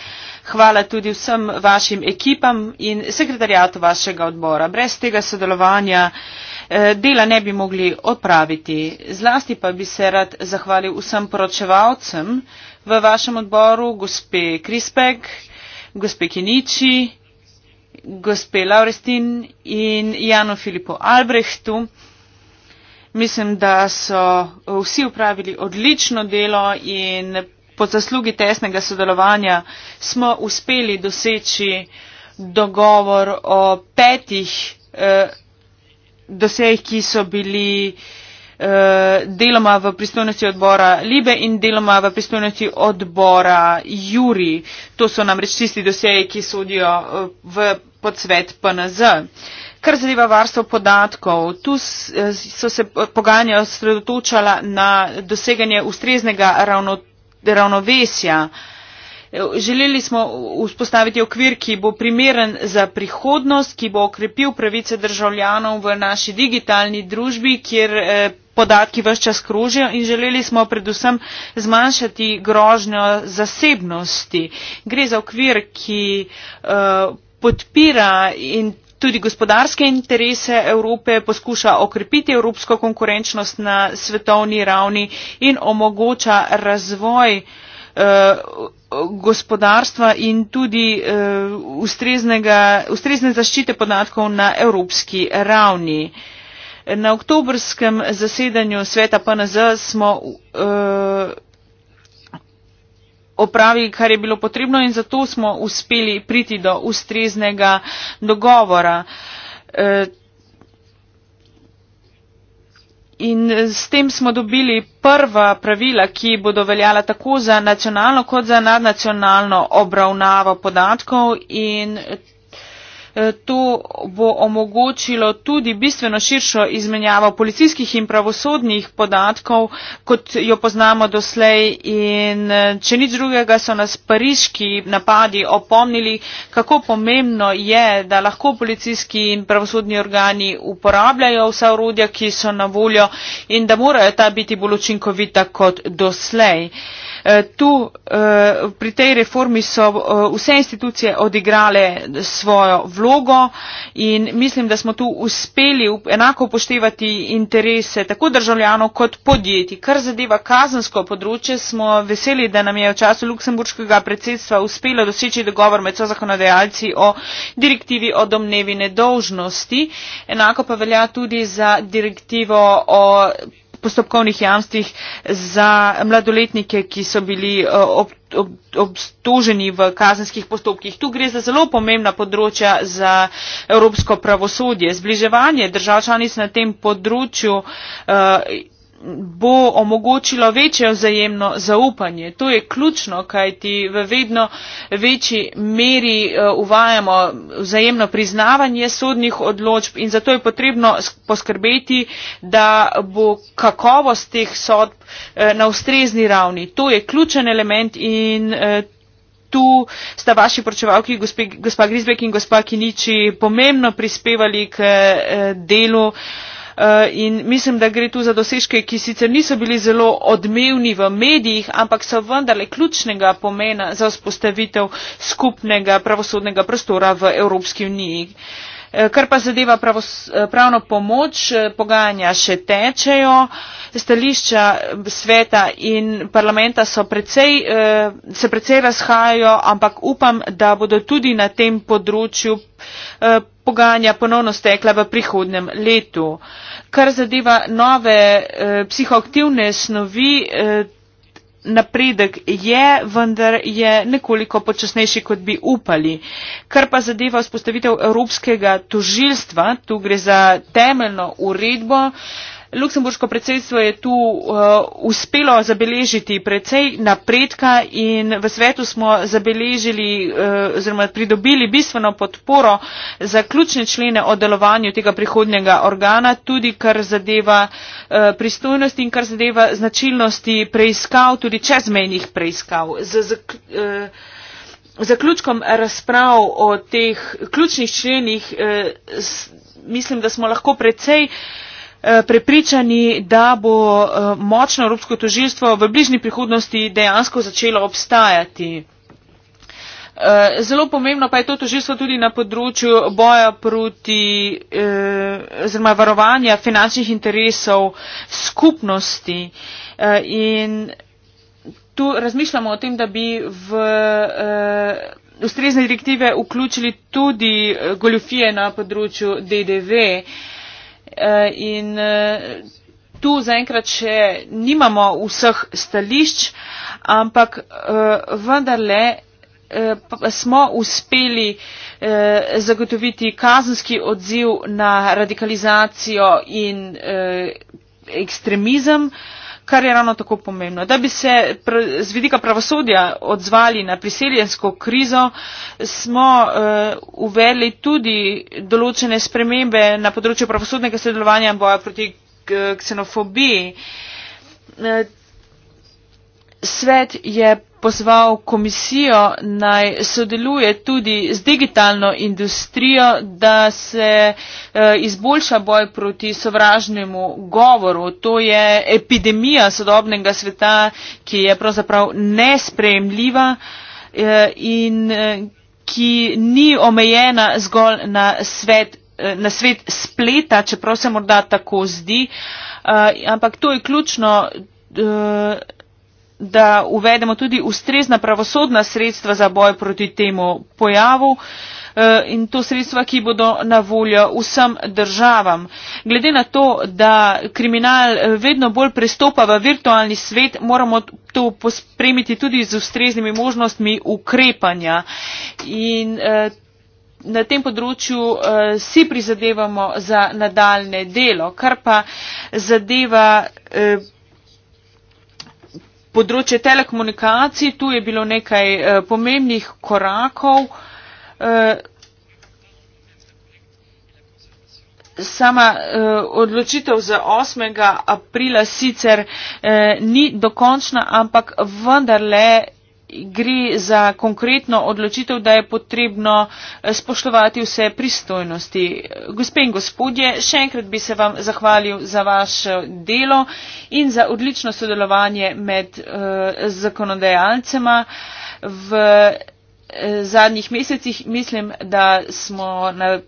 Speaker 1: Hvala tudi vsem vašim ekipam in sekretarjatu vašega odbora. Brez tega sodelovanja eh, dela ne bi mogli opraviti. Zlasti pa bi se rad zahvalil vsem poročevalcem v vašem odboru, gospe Krispek, gospe Kiniči, gospe Laurestin in Janu Filipu Albrehtu. Mislim, da so vsi upravili odlično delo in po zaslugi tesnega sodelovanja smo uspeli doseči dogovor o petih eh, dosejih, ki so bili eh, deloma v pristojnosti odbora Libe in deloma v pristojnosti odbora Juri. To so namreč tisti dosejeji, ki sodijo eh, v pod svet PNZ. Kar zadeva varstvo podatkov, tu eh, so se pogajanja osredotočala na doseganje ustreznega ravno, ravnovesja. Eh, želeli smo vzpostaviti okvir, ki bo primeren za prihodnost, ki bo okrepil pravice državljanov v naši digitalni družbi, kjer eh, podatki vse čas krožijo in želeli smo predvsem zmanjšati grožnjo zasebnosti. Gre za okvir, ki uh, podpira in tudi gospodarske interese evrope poskuša okrepiti evropsko konkurenčnost na svetovni ravni in omogoča razvoj eh, gospodarstva in tudi eh, ustrezne zaščite podatkov na evropski ravni. Na oktobrskem zasedanju sveta PNZ smo uh, opravi, kar je bilo potrebno in zato smo uspeli priti do ustreznega dogovora. E, in s tem smo dobili prva pravila, ki bodo veljala tako za nacionalno kot za nadnacionalno obravnavo podatkov in Eh, to bo omogočilo tudi bistveno širšo izmenjavo policijskih in pravosodnih podatkov kot jo poznamo doslej in eh, če nič drugega so nas pariški napadi opomnili kako pomembno je da lahko policijski in pravosodni organi uporabljajo vsa orodja ki so na voljo in da morajo ta biti bolj učinkovita kot doslej. Eh, tu eh, pri tej reformi so eh, vse institucije odigrale svojo vlogo in mislim, da smo tu uspeli enako upoštevati interese tako državljanov kot podjetij. Kar zadeva kazensko področje, smo veseli, da nam je v času luksemburškega predsedstva uspelo doseči dogovor med sozakonodajalci o direktivi o domnevi nedolžnosti. Enako pa velja tudi za direktivo o postopkovnih jamstvih za mladoletnike, ki so bili eh, ob, ob, obstoženi v kazenskih postopkih. Tu gre za zelo pomembna področja za evropsko pravosodje. Zbliževanje držav članic na tem področju. Uh, bo omogočilo večjo vzajemno zaupanje. To je ključno, kajti v vedno večji meri eh, uvajamo vzajemno priznavanje sodnih odločb in zato je potrebno poskrbeti, da bo kakovost teh sodb eh, na ustrezni ravni. To je ključen element in eh, tu sta vaši poročevalki, gospa Grizbek in gospa Kiniči, pomembno prispevali k delu Eh, in mislim da gre tu za dosežke ki sicer niso bili zelo odmevni v medijih ampak so vendarle ključnega pomena za vzpostavitev skupnega pravosodnega prostora v evropski uniji. Eh, kar pa zadeva eh, pravno pomoč, eh, pogajanja še tečejo, stališča sveta in parlamenta precej, se precej razhajajo, ampak upam, da bodo tudi na tem področju pogajanja ponovno stekla v prihodnem letu. Kar zadeva nove psihoaktivne snovi, napredek je vendar je nekoliko počasnejši kot bi upali kar pa zadeva vzpostavitev evropskega tožilstva tu gre za temeljno uredbo luksemburško predsedstvo je tu uh, uspelo zabeležiti precej napredka in v svetu smo zabeležili uh, oziroma pridobili bistveno podporo za ključne člene o delovanju tega prihodnjega organa tudi kar zadeva uh, pristojnosti in kar zadeva značilnosti preiskav tudi čezmejnih preiskav. Z, z, Zaključkom razprav o teh ključnih členih eh, s, mislim, da smo lahko precej eh, Eh, prepričani da bo eh, močno evropsko tožilstvo v bližnji prihodnosti dejansko začelo obstajati. Eh, zelo pomembno pa je to tožilstvo tudi na področju boja proti oziroma varovanja finančnih interesov skupnosti. In tu razmišljamo o tem, da bi v ustrezne direktive vključili tudi goljofije na področju DDV. Eh, in eh, tu zaenkrat še nimamo vseh stališč, ampak eh, vendarle smo uspeli zagotoviti kazenski odziv na radikalizacijo in ekstremizem kar je ravno tako pomembno. Da bi se pr z vidika pravosodja odzvali na priseljensko krizo, smo uh, uvedli tudi določene spremembe na področju pravosodnega sodelovanja in boja proti eh, ksenofobiji. Uh, svet je pozval komisijo naj sodeluje tudi z digitalno industrijo, da se eh, izboljša boj proti sovražnemu govoru. To je epidemija sodobnega sveta, ki je pravzaprav nespremljiva eh, in eh, ki ni omejena zgolj na svet, na svet spleta, čeprav se morda tako zdi, ampak to je ključno da uvedemo tudi ustrezna pravosodna sredstva za boj proti temu pojavu eh, in to sredstva, ki bodo na voljo vsem državam. Glede na to, da kriminal eh, vedno bolj prestopa v virtualni svet, moramo to pospremiti tudi z ustreznimi možnostmi ukrepanja. In eh, na tem področju si prizadevamo za nadaljne delo, kar pa zadeva področje telekomunikacij, tu je bilo nekaj eh, pomembnih korakov. Eh, sama eh, odločitev za 8. aprila sicer ni dokončna, ampak vendarle gre za konkretno odločitev, da je potrebno eh, spoštovati vse pristojnosti. Gospe in gospodje, še enkrat bi se vam zahvalil za vaše delo in za odlično sodelovanje med uh, zakonodajalcema. V uh, zadnjih mesecih mislim, da smo na,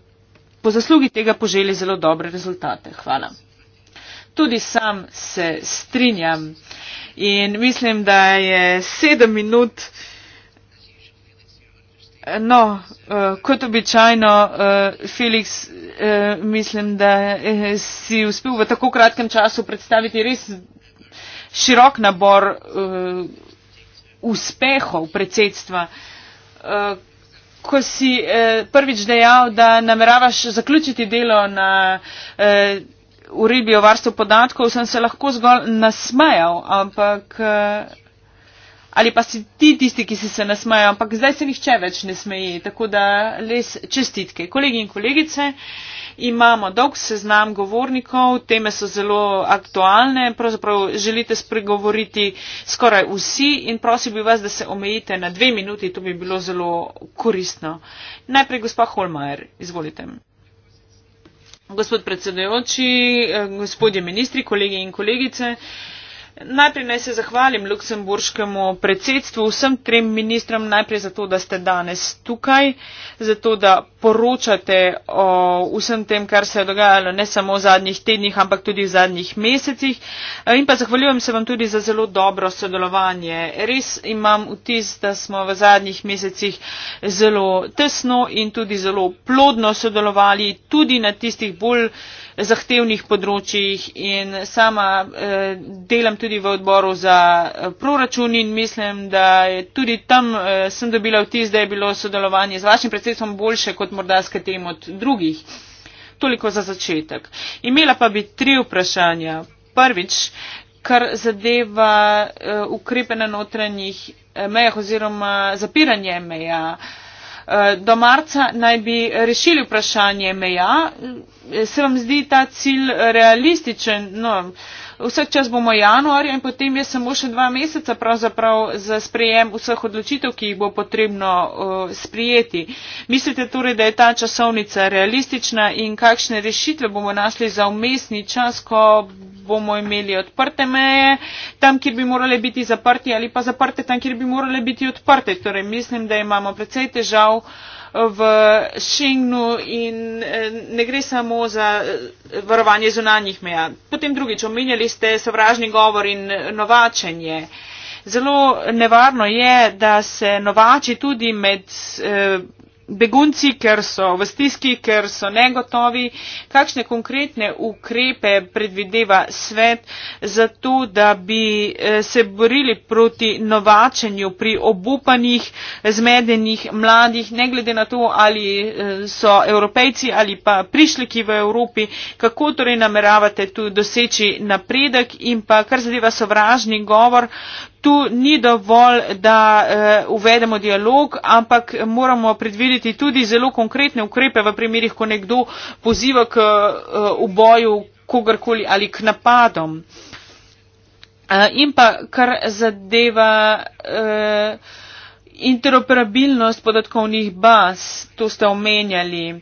Speaker 1: po zaslugi tega poželi zelo dobre rezultate. Hvala. Tudi sam se strinjam. In mislim, da je sedem minut. No, uh, kot običajno, uh, Felix, uh, mislim, da uh, si uspel v tako kratkem času predstaviti res širok nabor uh, uspehov predsedstva. Uh, ko si uh, prvič dejal, da nameravaš zaključiti delo na. Uh, uribi o varstvu podatkov, sem se lahko zgolj nasmejal, ampak eh, ali pa si ti tisti, ki si se nasmejal, ampak zdaj se nihče več ne smeji, tako da les čestitke. Kolegi in kolegice, imamo dolg seznam govornikov, teme so zelo aktualne, pravzaprav želite spregovoriti skoraj vsi in prosim bi vas, da se omejite na dve minuti, to bi bilo zelo koristno. Najprej gospa Holmajer, izvolite gospod predsedujoči eh, gospodje ministri kolegi in kolegice! Najprej naj se zahvalim luksemburškemu predsedstvu, vsem trem ministrom, najprej za to, da ste danes tukaj, za to, da poročate o vsem tem, kar se je dogajalo ne samo v zadnjih tednih, ampak tudi v zadnjih mesecih. In pa zahvaljujem se vam tudi za zelo dobro sodelovanje. Res imam vtis, da smo v zadnjih mesecih zelo tesno in tudi zelo plodno sodelovali tudi na tistih bolj zahtevnih področjih in sama eh, delam tudi v odboru za eh, proračun in mislim, da tudi tam uh, sem dobila vtis, da je bilo sodelovanje z vašim predsedstvom boljše kot morda s katerim od drugih. Toliko za začetek. Imela pa bi tri vprašanja. Prvič, kar zadeva uh, ukrepe na notranjih mejah oziroma zapiranje meja. Do marca naj bi rešili vprašanje meja. Se vam zdi ta cilj realističen? No, uh, vse čas bomo januarja in potem je samo še dva meseca pravzaprav za sprejem vseh odločitev, ki jih bo potrebno uh, sprijeti. Mislite torej, da je ta časovnica realistična in kakšne rešitve bomo našli za umestni čas, ko bomo imeli odprte meje, tam, kjer bi morali biti zaprti ali pa zaprte tam, kjer bi morali biti odprte. Torej, mislim, da imamo precej težav. Uh, v Schengnu in eh, ne gre samo za eh, varovanje zunanjih meja. Potem drugič, omenjali ste sovražni govor in eh, novačenje. Zelo nevarno je, da se novači tudi med begunci, ker so v stiski, ker so negotovi, kakšne konkretne ukrepe predvideva svet za to, da bi eh, se borili proti novačenju pri obupanih, zmedenih mladih, ne glede na to, ali eh, so evropejci ali pa prišliki v Evropi, kako torej nameravate tu doseči napredek in pa kar zadeva sovražni govor, tu ni dovolj, da uh, uvedemo dialog, ampak moramo predvideti tudi zelo konkretne ukrepe v primerih, ko nekdo poziva k eh, uboju uh, kogarkoli ali k napadom. Uh, in pa kar zadeva. Uh, Interoperabilnost podatkovnih baz, to ste omenjali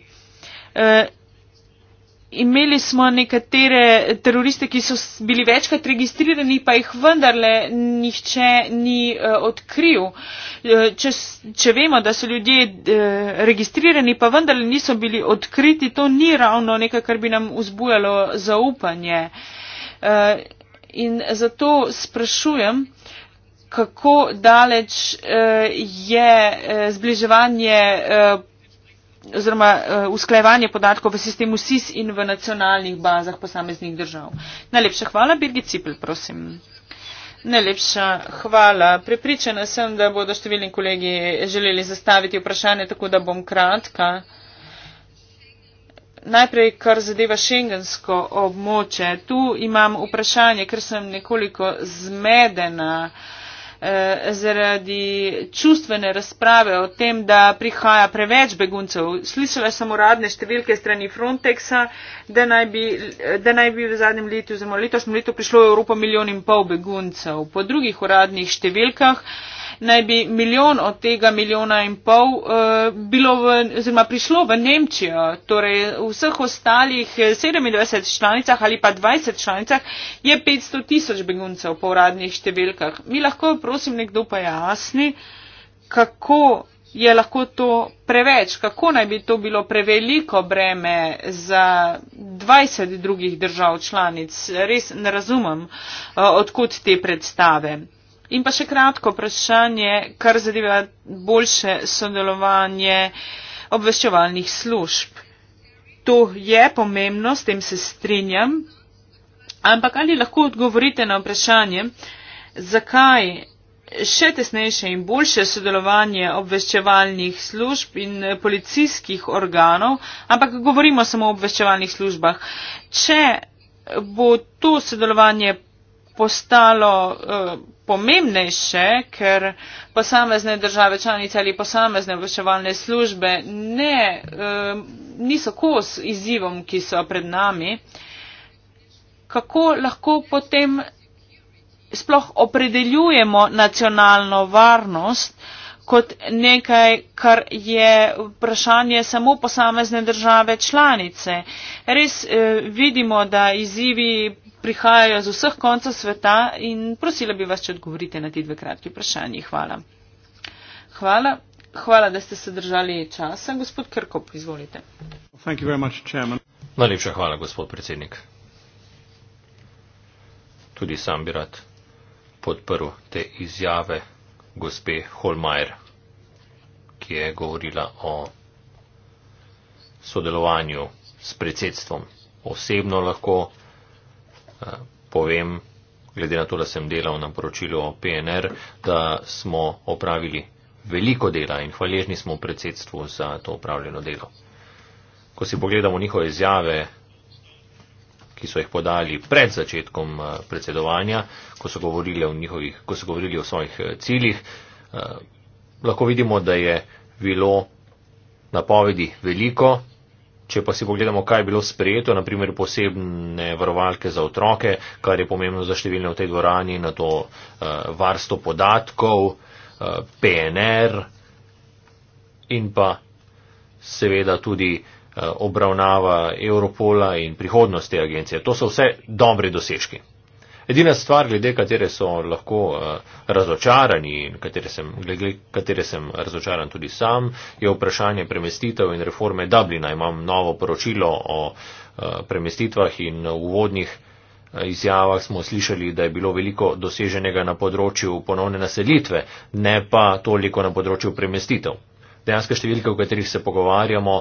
Speaker 1: imeli smo nekatere teroriste, ki so bili večkrat registrirani, pa jih vendarle nihče ni eh, odkril. Eh, če, če vemo, da so ljudje eh, registrirani, pa vendarle niso bili odkriti, to ni ravno nekaj, kar bi nam vzbujalo zaupanje. In zato sprašujem, kako daleč je zbliževanje oziroma eh, usklajevanje podatkov v sistemu SIS in v nacionalnih bazah posameznih držav. Najlepša hvala, Birgit Cipel, prosim. Najlepša hvala. Prepričana sem, da bodo številni kolegi želeli zastaviti vprašanje, tako da bom kratka. Najprej, kar zadeva šengensko območje. Tu imam vprašanje, ker sem nekoliko zmedena. Uh, Eh, zaradi čustvene razprave o tem, da prihaja preveč beguncev. Slišala sem uradne številke strani Frontexa, da naj bi, da naj bi v zadnjem letu, oziroma letošnjem letu prišlo v Evropo milijon in pol beguncev. Po drugih uradnih številkah uh, naj bi milijon od tega milijona in pol eh, bilo v, oziroma prišlo v Nemčijo. Torej v vseh ostalih 27 eh, članicah ali pa 20 članicah je 500 tisoč beguncev po uradnih številkah. Mi lahko, prosim, nekdo pa jasni, kako je lahko to preveč, kako naj bi to bilo preveliko breme za 20 drugih držav članic. Res ne razumem, eh, odkud te predstave. In pa še kratko vprašanje, kar zadeva boljše sodelovanje obveščevalnih služb. To je pomembno, s tem se strinjam, ampak ali lahko odgovorite na vprašanje, zakaj še tesnejše in boljše sodelovanje obveščevalnih služb in policijskih organov, ampak govorimo samo o obveščevalnih službah. Če bo to sodelovanje postalo. Uh, pomembnejše, ker posamezne države članice ali posamezne obveščevalne službe ne, eh, niso kos izzivom, ki so pred nami, kako lahko potem sploh opredeljujemo nacionalno varnost, kot nekaj, kar je vprašanje samo posamezne države članice. Res eh, vidimo, da izzivi prihajajo z vseh koncev sveta in prosila bi vas, če odgovorite na ti dve kratki vprašanji. Hvala. Hvala. Hvala, da ste se držali časa. Gospod Krkop, izvolite.
Speaker 2: Much, Najlepša hvala, gospod predsednik. Tudi sam bi rad podprl te izjave gospe Holmeier, ki je govorila o sodelovanju s predsedstvom. Osebno lahko eh, povem, glede na to, da sem delal na poročilu o PNR, da smo opravili veliko dela in hvaležni smo predsedstvu za to upravljeno delo. Ko si pogledamo njihove izjave, ki so jih podali pred začetkom eh, predsedovanja, ko so govorili o, njihovih, ko so govorili o svojih eh, ciljih. Eh, lahko vidimo, da je bilo napovedi veliko. Če pa si pogledamo, kaj je bilo sprejeto, naprimer posebne varovalke za otroke, kar je pomembno za številne v tej dvorani, na to varstvo podatkov, PNR in pa seveda tudi Eh, obravnava Europola in prihodnost te agencije. To so vse dobri dosežki. Edina stvar, glede katere so lahko eh, razočarani in katere sem, glede katere sem razočaran tudi sam, je vprašanje premestitev in reforme Dublina. Imam novo poročilo o eh, premestitvah in uvodnih izjavah smo slišali, da je bilo veliko doseženega na področju ponovne naselitve, ne pa toliko na področju premestitev. Dejanske številke, o katerih se pogovarjamo,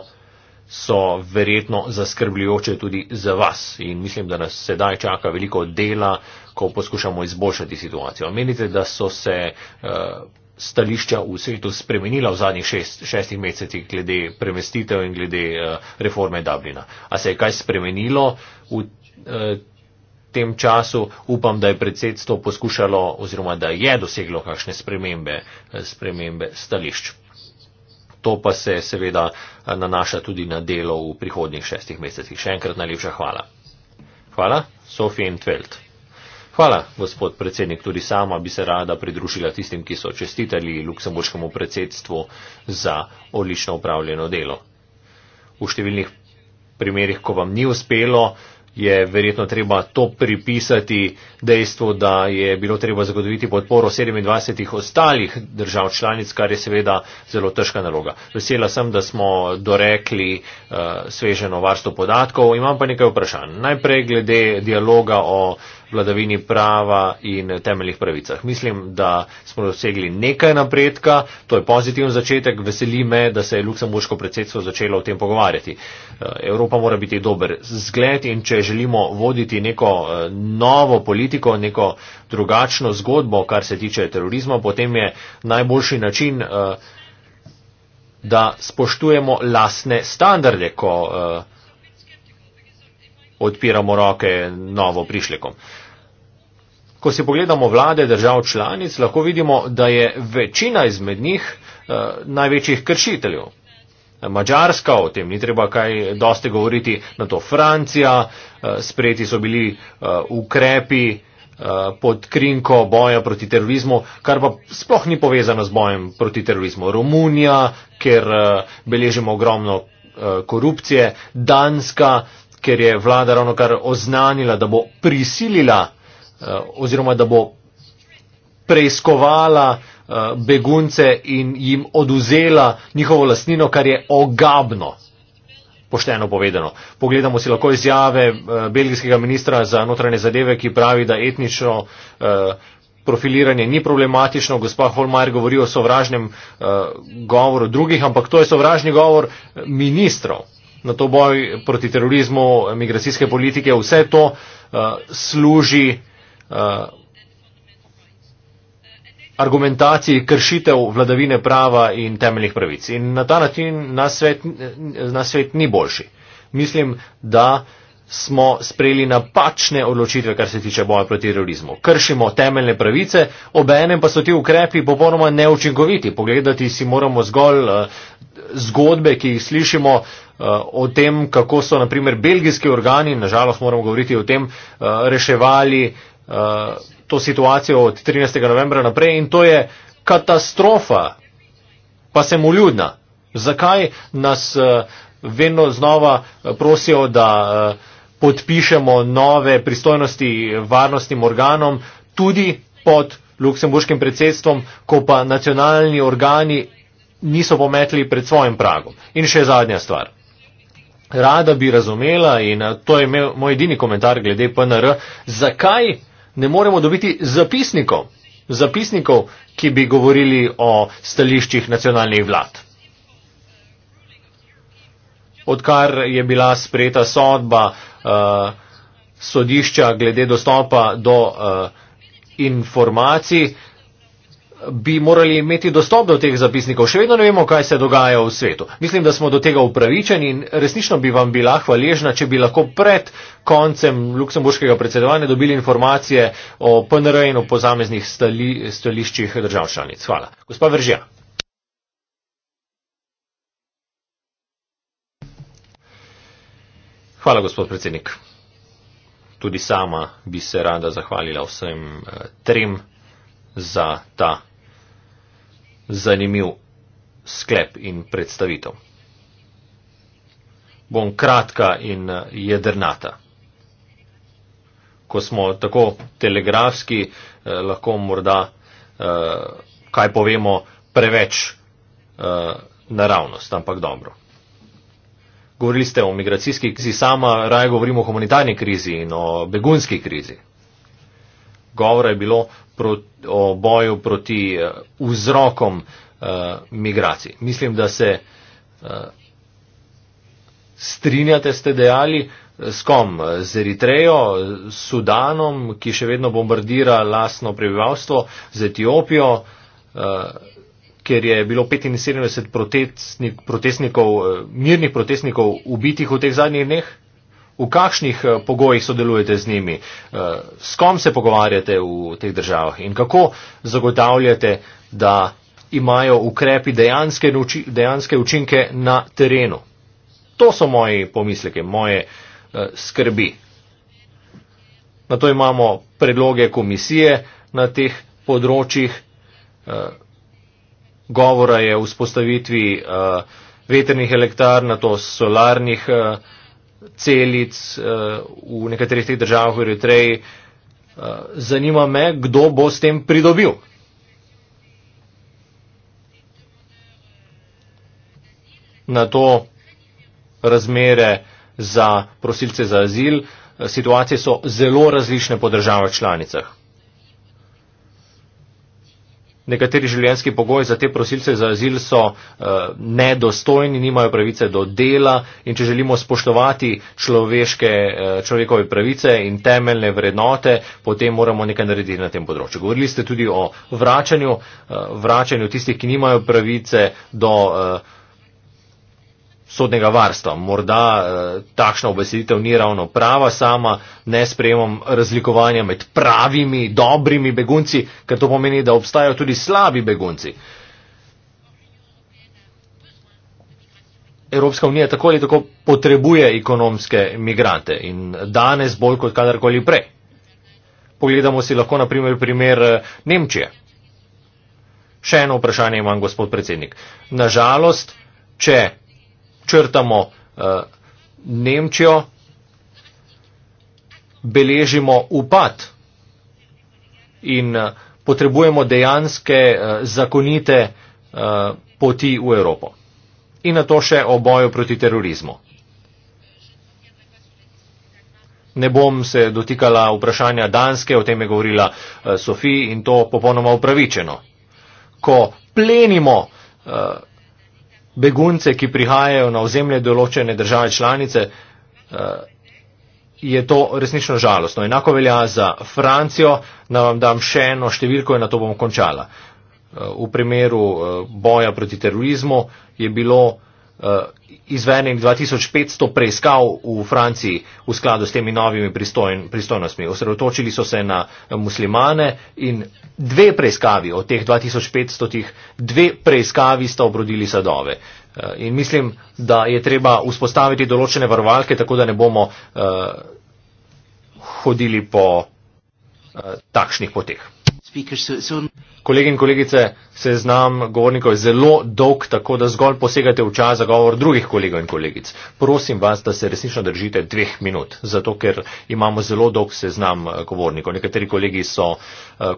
Speaker 2: so verjetno zaskrbljujoče tudi za vas. In mislim, da nas sedaj čaka veliko dela, ko poskušamo izboljšati situacijo. Menite, da so se uh, stališča v svetu spremenila v zadnjih šest, šestih mesecih glede premestitev in glede uh, reforme Dublina. A se je kaj spremenilo v uh, tem času upam, da je predsedstvo poskušalo oziroma da je doseglo kakšne spremembe, spremembe stališča. To pa se seveda eh, nanaša tudi na delo v prihodnjih šestih mesecih. Še enkrat najlepša hvala. Hvala, Sofijen Tveld. Hvala, gospod predsednik, tudi sama bi se rada pridružila tistim, ki so čestitali luksemburškemu predsedstvu za odlično upravljeno delo. V številnih primerih, ko vam ni uspelo, je verjetno treba to pripisati dejstvu, da je bilo treba zagotoviti podporo 27 ostalih držav članic, kar je seveda zelo težka naloga. Vesela sem, da smo dorekli uh, sveženo varstvo podatkov. Imam pa nekaj vprašanj. Najprej glede dialoga o uh, vladavini prava in temeljih pravicah. Mislim, da smo dosegli nekaj napredka, to je pozitiven začetek, veseli me, da se je luksemburško predsedstvo začelo o tem pogovarjati. Eh, Evropa mora biti dober zgled in če želimo voditi neko eh, novo politiko, neko drugačno zgodbo, kar se tiče terorizma, potem je najboljši način eh, da spoštujemo lasne standarde, ko uh, odpiramo roke novo prišlekom. Ko si pogledamo vlade držav članic, lahko vidimo, da je večina izmed njih eh, največjih kršiteljev. Mačarska, o tem ni treba kaj dosti govoriti, na to Francija, eh, sprejeti so bili eh, ukrepi eh, pod krinko boja proti terorizmu, kar pa sploh ni povezano z bojem proti terorizmu. Romunija, ker eh, beležimo ogromno eh, korupcije, Danska, ker je vlada ravno kar oznanila, da bo prisilila eh, oziroma da bo preiskovala eh, begunce in jim oduzela njihovo lastnino, kar je ogabno. Pošteno povedano. Pogledamo si lahko izjave eh, belgijskega ministra za notranje zadeve, ki pravi, da etnično profiliranje ni problematično. Gospa Holmajer govori o sovražnem govoru drugih, ampak to je sovražni govor ministrov na to boj proti terorizmu, migracijske politike, vse to uh, služi uh, argumentaciji kršitev vladavine prava in temeljnih pravic. In na ta način nas svet, na svet ni boljši. Mislim, da smo sprejeli napačne odločitve, kar se tiče boja proti terorizmu. Kršimo temeljne pravice, obenem pa so ti ukrepi popolnoma neučinkoviti. Pogledati si moramo zgolj uh, zgodbe, ki jih slišimo uh, o tem, kako so naprimer belgijski organi, nažalost moramo govoriti o tem, eh, reševali eh, to situacijo od 13. novembra naprej in to je katastrofa, pa sem uljudna. Zakaj nas eh, vedno znova prosijo, da podpišemo nove pristojnosti varnostnim organom tudi pod luksemburškim predsedstvom, ko pa nacionalni organi niso pometli pred svojim pragom. In še zadnja stvar rada bi razumela in eh, to je imel moj edini komentar glede PNR, zakaj ne moremo dobiti zapisnikov, zapisnikov, ki bi govorili o stališčih nacionalnih vlad. Odkar je bila sprejeta sodba uh, sodišča glede dostopa do uh, informacij, uh, bi morali imeti dostop do teh zapisnikov. Še vedno ne vemo, kaj se dogaja v svetu. Mislim, da smo do tega upravičeni in resnično bi vam bila hvaležna, če bi lahko pred koncem luksemburškega predsedovanja dobili informacije o PNR in o pozameznih stali, stališčih držav članic. Hvala. Gospa Veržija. Hvala, gospod predsednik. Tudi sama bi se rada zahvalila vsem eh, trem za ta zanimiv sklep in predstavitev. Bom kratka in eh, jedrnata. Ko smo tako telegrafski, eh, lahko morda eh, kaj povemo preveč eh, naravnost, ampak dobro. Govorili ste o migracijski krizi, sama raje govorimo o humanitarni krizi in o begunski krizi govora je bilo o boju proti eh, vzrokom eh, migracij. Mislim, da se eh, strinjate, ste dejali, s kom? Z Eritrejo, s Sudanom, ki še vedno bombardira lasno prebivalstvo, z Etiopijo, ker je bilo 75 protestnik, protestnikov, mirnih protestnikov ubitih v teh zadnjih dneh? v kakšnih eh, pogojih sodelujete z njimi, eh, s kom se pogovarjate v teh državah in kako zagotavljate, da imajo ukrepi dejanske, dejanske učinke na terenu. To so moji pomisleke, moje eh, skrbi. Na to imamo predloge komisije na teh področjih. Govora je o vzpostavitvi vetrnih elektrarn, na to solarnih elektrarn celic eh, v nekaterih teh državah v Eritreji. Eh, zanima me, kdo bo s tem pridobil. Na to razmere za prosilce za azil, eh, situacije so zelo različne po državah članicah. Nekateri življenjski pogoji za te prosilce za azil so uh, nedostojni, nimajo pravice do dela in če želimo spoštovati človeške, uh, človekove pravice in temeljne vrednote, potem moramo nekaj narediti na tem področju. Govorili ste tudi o vračanju, uh, vračanju tistih, ki nimajo pravice do. Uh, sodnega varstva. Morda eh, takšna obeseditev ni ravno prava sama, ne sprejemam razlikovanja med pravimi, dobrimi begunci, ker to pomeni, da obstajajo tudi slabi begunci. Evropska unija tako ali tako potrebuje ekonomske migrante in danes bolj kot kadarkoli prej. Pogledamo si lahko na primer primer eh, Nemčije. Še eno vprašanje imam, gospod predsednik. Nažalost, če črtamo uh, Nemčijo, beležimo upad in uh, potrebujemo dejanske uh, zakonite uh, poti v Evropo. In na to še o boju proti terorizmu. Ne bom se dotikala vprašanja Danske, o tem je govorila uh, Sofi in to popolnoma upravičeno. Ko plenimo uh, begunce, ki prihajajo na ozemlje določene države članice, eh, je to resnično žalostno. Enako velja za Francijo, da vam dam še eno številko in na to bom končala. Eh, v primeru eh, boja proti terorizmu je bilo Eh, izvenih 2500 preiskav v Franciji v skladu s temi novimi pristojn, pristojnostmi. Osredotočili so se na muslimane in dve preiskavi od teh 2500, tih, dve preiskavi sta obrodili sadove. Eh, in mislim, da je treba vzpostaviti določene varovalke, tako da ne bomo uh, hodili po uh, takšnih poteh. Speaker, so, so kolegi in kolegice, se znam, govornikov je zelo dolg, tako da zgolj posegate v čas za govor drugih kolegov in kolegic. Prosim vas, da se resnično držite dveh minut, zato ker imamo zelo dolg seznam eh, govornikov. Nekateri kolegi so uh,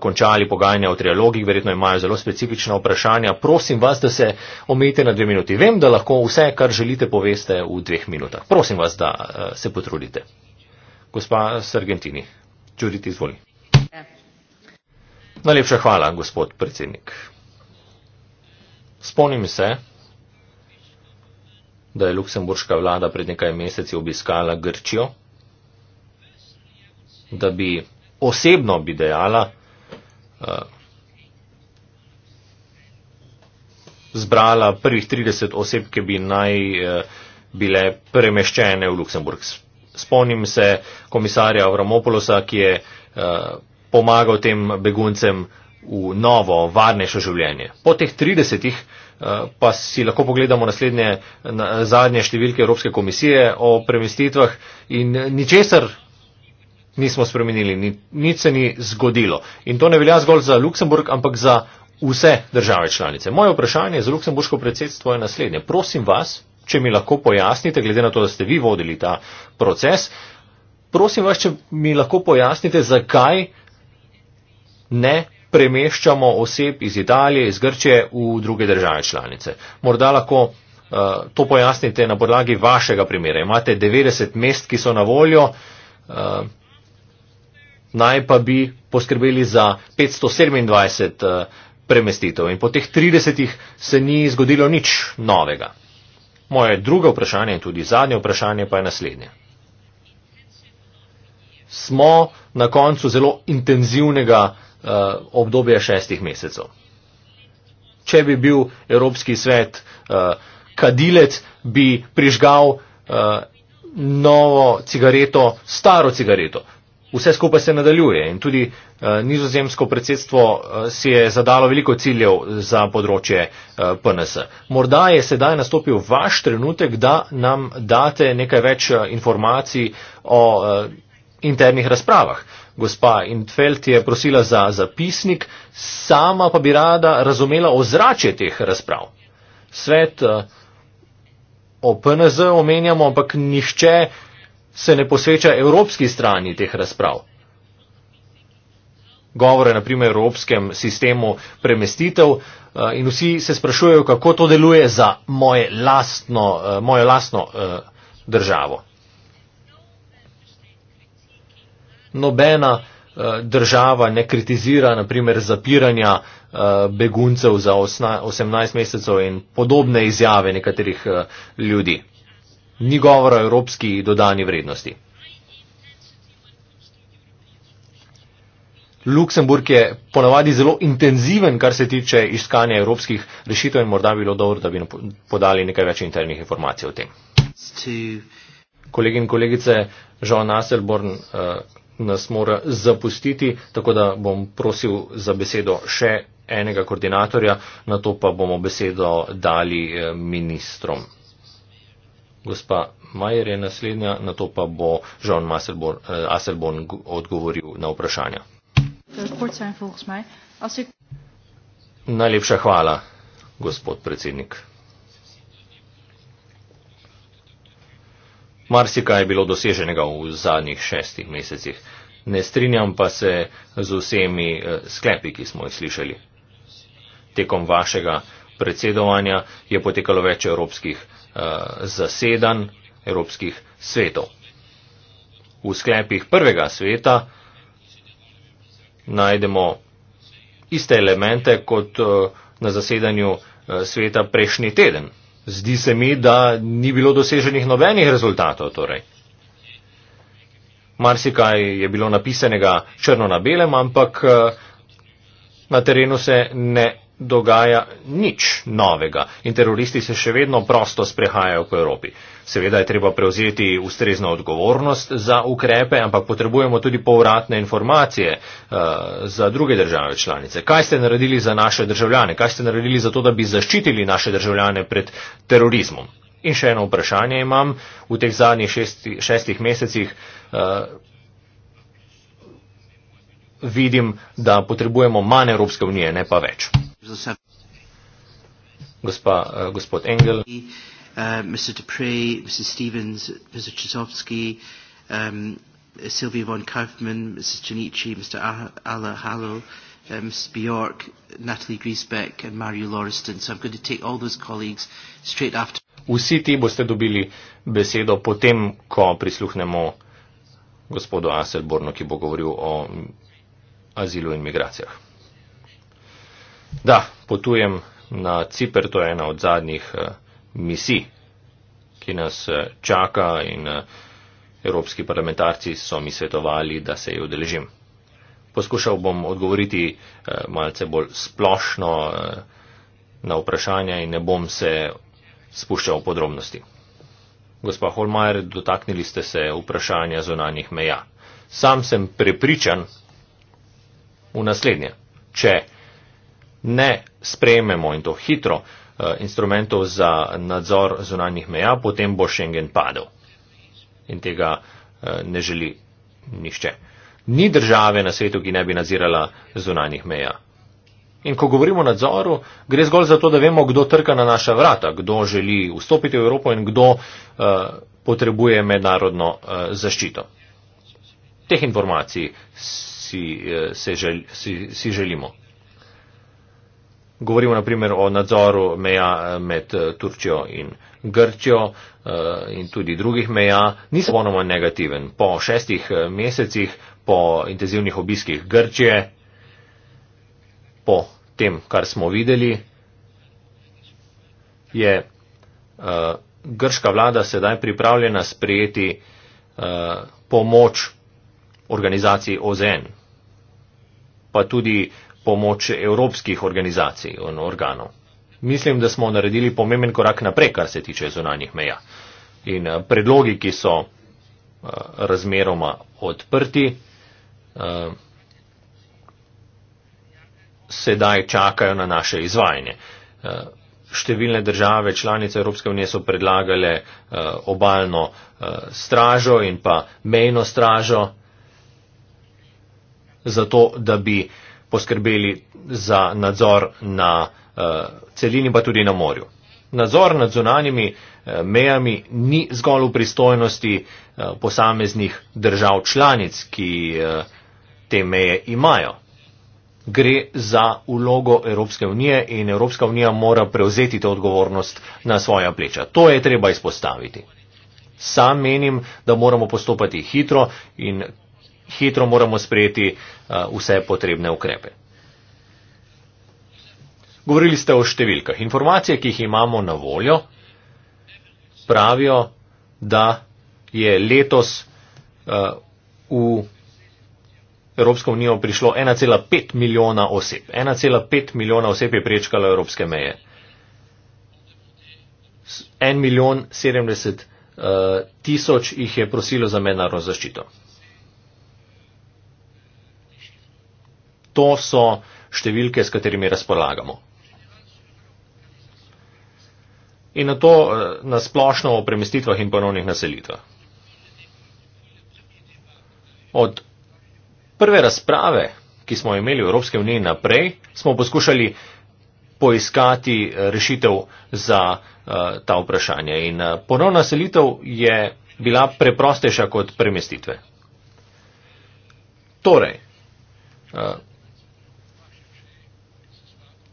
Speaker 2: končali pogajanja o trialogih, verjetno imajo zelo specifična vprašanja. Prosim vas, da se omejite na dve minuti. Vem, da lahko vse, kar želite, poveste v dveh minutah. Prosim vas, da uh, se potrudite. Gospa Sargentini, čuditi izvolite. Najlepša hvala, gospod predsednik. Spomnim se, da je luksemburška vlada pred nekaj meseci obiskala Grčijo, da bi osebno bi dejala, eh, zbrala prvih 30 oseb, ki bi naj eh, bile premeščene v Luksemburg. Spomnim se komisarja Avramopolosa, ki je eh, pomagal tem beguncem v novo, varnejšo življenje. Po teh 30 eh, pa si lahko pogledamo naslednje, na zadnje številke Evropske komisije o premestitvah in ničesar nismo spremenili, nič se ni zgodilo. In to ne velja zgolj za Luksemburg, ampak za vse države članice. Moje vprašanje za luksemburško predsedstvo je naslednje. Prosim vas, če mi lahko pojasnite, glede na to, da ste vi vodili ta proces, prosim vas, če mi lahko pojasnite, zakaj ne premeščamo oseb iz Italije, iz Grčije v druge države članice. Morda lahko uh, to pojasnite na podlagi vašega primera. Imate 90 mest, ki so na voljo, uh, naj pa bi poskrbeli za 527 uh, premestitev in po teh 30 se ni zgodilo nič novega. Moje drugo vprašanje in tudi zadnje vprašanje pa je naslednje. Smo na koncu zelo intenzivnega Eh, obdobje šestih mesecev. Če bi bil Evropski svet uh, kadilec, bi prižgal uh, novo cigareto, staro cigareto. Vse skupaj se nadaljuje in tudi uh, nizozemsko predsedstvo uh, si je zadalo veliko ciljev za področje uh, PNS. Morda je sedaj nastopil vaš trenutek, da nam date nekaj več uh, informacij o uh, internih razpravah. Uh, gospa Intfeld je prosila za zapisnik, sama pa bi rada razumela ozračje teh razprav. Svet eh, o PNZ omenjamo, ampak nihče se ne posveča evropski strani teh razprav. Govore na primer o evropskem sistemu premestitev eh, in vsi se sprašujejo, kako to deluje za moje lastno, eh, moje lastno državo. nobena eh, država ne kritizira, naprimer, zapiranja eh, beguncev za 18 mesecev in podobne izjave nekaterih eh, ljudi. Ni govora o evropski dodani vrednosti. Luksemburg je ponavadi zelo intenziven, kar se tiče iskanja evropskih rešitev in morda bi bilo dobro, da bi podali nekaj več internih informacij o tem. Kolegi in kolegice, Žao Naselborn, uh, nas mora zapustiti, tako da bom prosil za besedo še enega koordinatorja, na to pa bomo besedo dali eh, ministrom. Gospa Majer je naslednja, na to pa bo Žan eh, Aselborn odgovoril na vprašanja. Najlepša hvala, gospod predsednik. Marsika je bilo doseženega v zadnjih šestih mesecih. Ne strinjam pa se z vsemi eh, sklepi, ki smo jih slišali. Tekom vašega predsedovanja je potekalo več evropskih uh, eh, zasedan, evropskih svetov. V sklepih prvega sveta najdemo iste elemente kot uh, na zasedanju uh, sveta prejšnji teden. Zdi se mi, da ni bilo doseženih nobenih rezultatov. Torej. Marsikaj je bilo napisanega črno na belem, ampak eh, na terenu se ne dogaja nič novega in teroristi se še vedno prosto sprehajajo po Evropi. Seveda je treba prevzeti ustrezno odgovornost za ukrepe, ampak potrebujemo tudi povratne informacije uh, za druge države članice. Kaj ste naredili za naše državljane? Kaj ste naredili za to, da bi zaščitili naše državljane pred terorizmom? In še eno vprašanje imam v teh zadnjih šesti, šestih mesecih. Uh, vidim, da potrebujemo manj Evropske unije, ne pa več z vsem. Gospa, uh, gospod Engel. Uh,
Speaker 1: eh, Mr. Dupree, Mr. Stevens, Mr. Chisovski, um, Sylvia von Kaufman, Mrs. Janici, Mr. Ala Hallow, um, Mrs. Bjork, Natalie Griesbeck and Mario Lauriston. So I'm going to take all those colleagues straight
Speaker 3: after.
Speaker 2: Vsi ti boste dobili besedo potem, ko prisluhnemo gospodu Aselbornu, ki bo govoril o azilu in migracijah. Da, potujem na Cipr, to je ena od zadnjih eh, misij, ki nas eh, čaka in eh, evropski parlamentarci so mi svetovali, da se jo deležim. Poskušal bom odgovoriti malce bolj splošno na vprašanja in ne bom se spuščal v podrobnosti. Gospa Holmajer, dotaknili ste se vprašanja zonanjih meja. Sam sem prepričan v naslednje. Če ne sprejmemo in to hitro eh, instrumentov za nadzor zunanjih meja, potem bo Schengen padel. In tega eh, ne želi nišče. Ni države na svetu, ki ne bi nadzirala zunanjih meja. In ko govorimo o nadzoru, gre zgolj za to, da vemo, kdo trka na naša vrata, kdo želi vstopiti v Evropo in kdo uh, potrebuje mednarodno uh, zaščito. Teh informacij si, uh, se žel, si, si želimo. Govorimo naprimer o nadzoru meja eh, med eh, Turčjo in Grčjo eh, in tudi drugih meja. Nisem ponoma negativen. Po šestih mesecih, po intenzivnih obiskih Grčije, po tem, kar smo videli, je grška vlada sedaj pripravljena sprejeti pomoč organizaciji OZN, pa tudi pomoč evropskih organizacij in organov. Mislim, da smo naredili pomemben korak naprej, kar se tiče zunanjih meja. In eh, predlogi, ki so eh, razmeroma odprti, eh, sedaj čakajo na naše izvajanje. Številne države, članice Evropske unije so predlagale obaljno stražo in pa mejno stražo, zato da bi poskrbeli za nadzor na eh, celini, pa tudi na morju. Nadzor nad zunanjimi eh, mejami ni zgolj v pristojnosti eh, posameznih držav članic, ki te meje imajo. Gre za ulogo Evropske unije in Evropska unija mora prevzeti to odgovornost na svoja pleča. To je treba izpostaviti. Sam menim, da moramo postopati hitro in hitro moramo sprejeti eh, vse potrebne ukrepe. Govorili ste o številkah. Informacije, ki jih imamo na voljo, pravijo, da je letos eh, v Evropsko unijo prišlo 1,5 milijona oseb. 1,5 milijona oseb je prečkalo evropske meje. 1 milijon 70 eh, tisoč jih je prosilo za mednarodno zaščito. To so številke, s katerimi razpolagamo. In na to eh, na splošno o premestitvah in ponovnih naselitvah. Od prve razprave, ki smo imeli v Evropske unije naprej, smo poskušali poiskati eh, rešitev za eh, ta vprašanja. In ponovna selitev je bila preprostejša kot premestitve. Torej,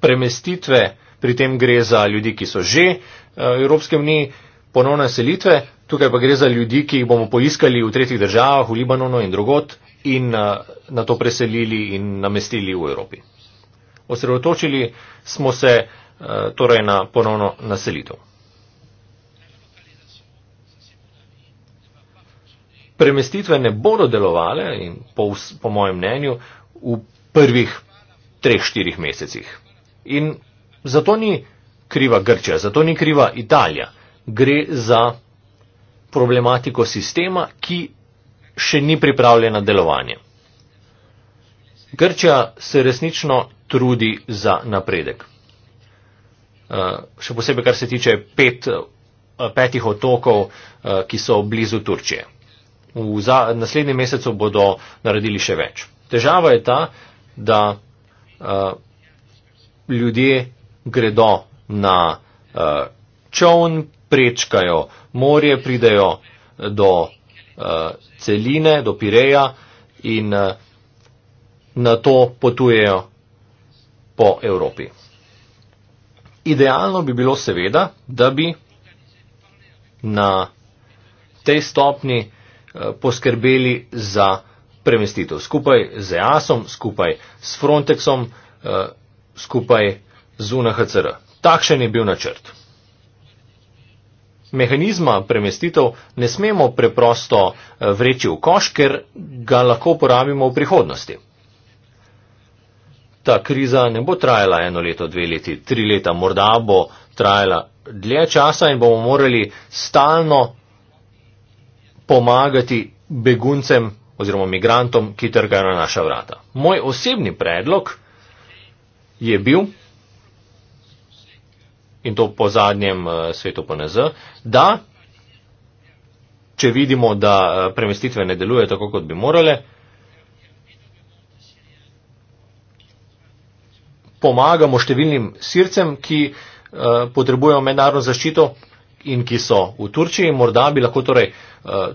Speaker 2: premestitve, pri tem gre za ljudi, ki so že eh, v Evropski uniji, ponovne selitve, tukaj pa gre za ljudi, ki jih bomo poiskali v tretjih državah, v Libanonu in drugot in eh, na to preselili in namestili v Evropi. Osredotočili smo se eh, torej na ponovno naselitev. Premestitve ne bodo delovale, po, po mojem mnenju, v prvih treh, štirih mesecih. In zato ni kriva Grčija, zato ni kriva Italija. Gre za problematiko sistema, ki še ni pripravljena delovanje. Grčija se resnično trudi za napredek. Eh, še posebej, kar se tiče pet, eh, petih otokov, eh, ki so blizu Turčije. V naslednjem mesecu bodo naredili še več. Težava je ta, da ljudje gredo na uh, eh, čovn, prečkajo morje, pridejo eh, do uh, celine, do Pireja in uh, na to potujejo po Evropi. Idealno bi bilo seveda, da bi na tej stopni poskrbeli za premestitev skupaj z EASom, skupaj s Frontexom, skupaj z UNHCR. Takšen je bil načrt. Mehanizma premestitev ne smemo preprosto eh, vreči v koš, ker ga lahko uporabimo v prihodnosti. Ta kriza ne bo trajala eno leto, dve leti, tri leta, morda bo trajala dlje časa in bomo morali stalno pomagati beguncem oziroma migrantom, ki trgajo na naša vrata. Moj osebni predlog je, je bil, in to po zadnjem eh, svetu PNZ, da če vidimo, da eh, premestitve ne deluje tako, kot bi morale, pomagamo številnim sircem, ki eh, potrebujejo mednarodno zaščito in ki so v Turčiji. Morda bi lahko torej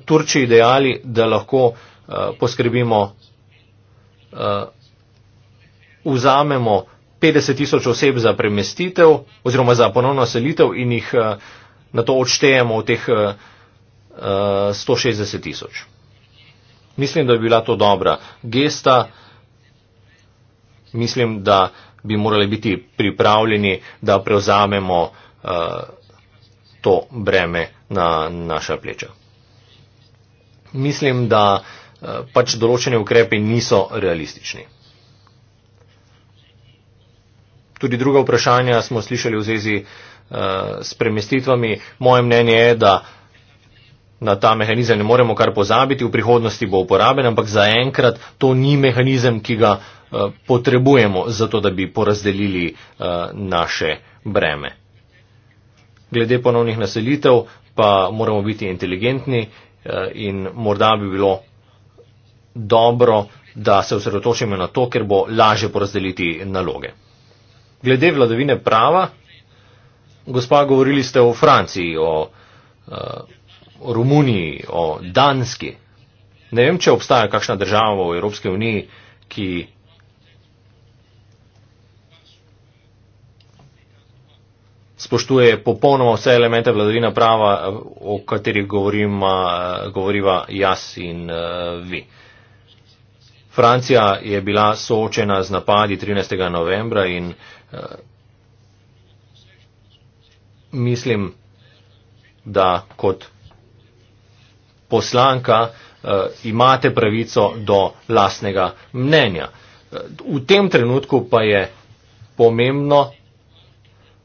Speaker 2: Turčiji dejali, da lahko poskrbimo, vzamemo 50 tisoč oseb za premestitev oziroma za ponovno selitev in jih eh, na to odštejemo v teh 160 eh, tisoč. Mislim, da bi bila to dobra gesta. Mislim, da bi morali biti pripravljeni, da prevzamemo eh, to breme na naša pleča. Mislim, da pač določene ukrepe niso realistični. Tudi druga vprašanja smo slišali v zvezi eh, s premestitvami. Moje mnenje je, da na ta mehanizem ne moremo kar pozabiti, v prihodnosti bo uporaben, ampak zaenkrat to ni mehanizem, ki ga eh, potrebujemo za to, da bi porazdelili eh, naše breme. Glede ponovnih naselitev pa moramo biti inteligentni in morda bi bilo dobro, da se osredotočimo na to, ker bo lažje porazdeliti naloge glede vladavine prava, gospa, govorili ste o Franciji, o, o eh, Romuniji, o Danski. Ne vem, če obstaja kakšna država v Evropski uniji, ki spoštuje popolnoma vse elemente vladavine prava, o katerih govorima, govoriva jaz in uh, vi. Francija je bila soočena z napadi 13. novembra in uh, Eh, mislim, da kot poslanka uh, imate pravico do lastnega mnenja. Eh, v tem trenutku pa je pomembno,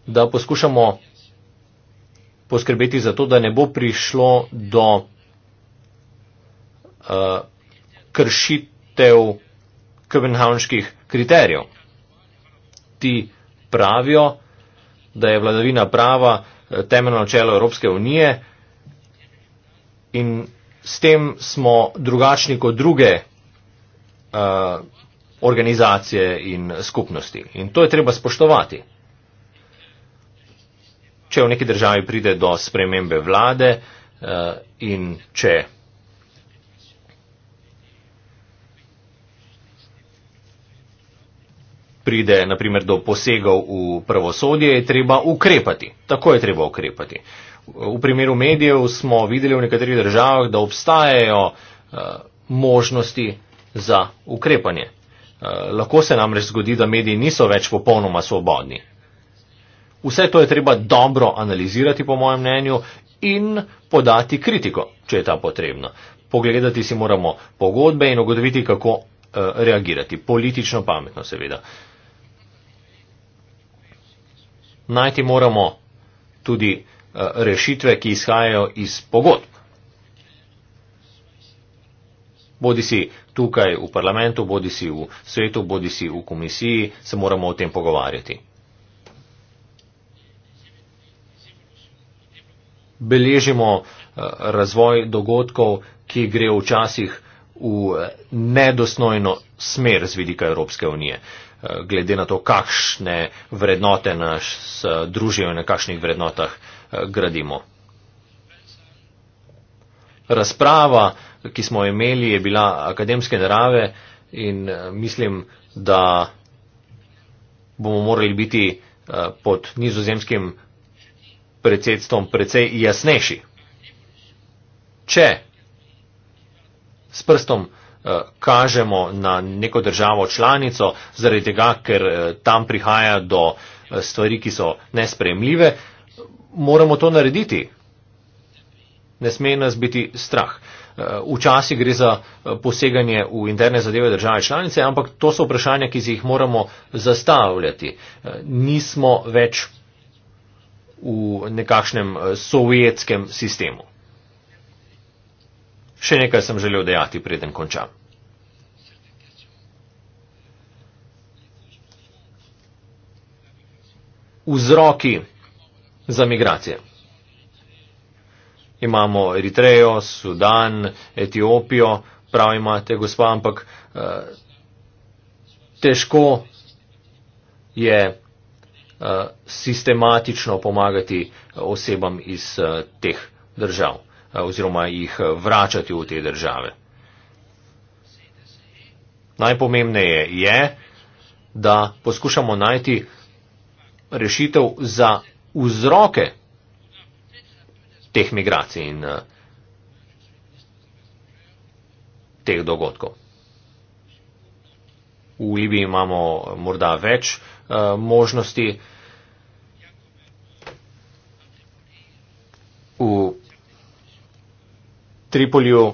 Speaker 2: da poskušamo poskrbeti za to, da ne bo prišlo do uh, kršitev kopenhavnskih kriterijev. Ti pravijo, da je vladavina prava eh, temeljno načelo Evropske unije in s tem smo drugačni kot druge uh, organizacije in skupnosti. In to je treba spoštovati. Če v neki državi pride do spremembe vlade uh, in če pride naprimer do posegov v pravosodje, je treba ukrepati. Tako je treba ukrepati. V primeru medijev smo videli v nekaterih državah, da obstajajo uh, možnosti za ukrepanje. Uh, lahko se namreč zgodi, da mediji niso več popolnoma svobodni. Vse to je treba dobro analizirati, po mojem mnenju, in podati kritiko, če je ta potrebno. Pogledati si moramo pogodbe in ugotoviti, kako uh, reagirati. Politično pametno, seveda. Uh, najti moramo tudi eh, rešitve, ki izhajajo iz pogodb. Bodi si tukaj v parlamentu, bodi si v svetu, bodi si v komisiji, se moramo o tem pogovarjati. Beležimo eh, razvoj dogodkov, ki gre včasih v eh, nedosnojno smer z vidika Evropske unije glede na to, kakšne vrednote nas družijo in na kakšnih vrednotah eh, gradimo. Razprava, ki smo imeli, je bila akademske narave in eh, mislim, da bomo morali biti eh, pod nizozemskim predsedstvom precej jasnejši. Če s prstom Eh, kažemo na neko državo članico, zaradi tega, ker eh, tam prihaja do eh, stvari, ki so nespremljive, moramo to narediti. Ne sme nas biti strah. Včasih gre za poseganje v interne zadeve države članice, ampak to so vprašanja, ki si jih moramo zastavljati. Nismo več v nekakšnem sovjetskem sistemu. Še nekaj sem želel dejati, preden končam. Vzroki za migracije. Imamo Eritrejo, Sudan, Etiopijo, prav imate, gospa, ampak eh, težko je eh, sistematično pomagati eh, osebam iz eh, teh držav. Eh, oziroma jih eh, vračati v te države. Najpomembneje je, da poskušamo najti rešitev za vzroke teh migracij in eh, teh dogodkov. V Libiji imamo morda več možnosti. V Tripolju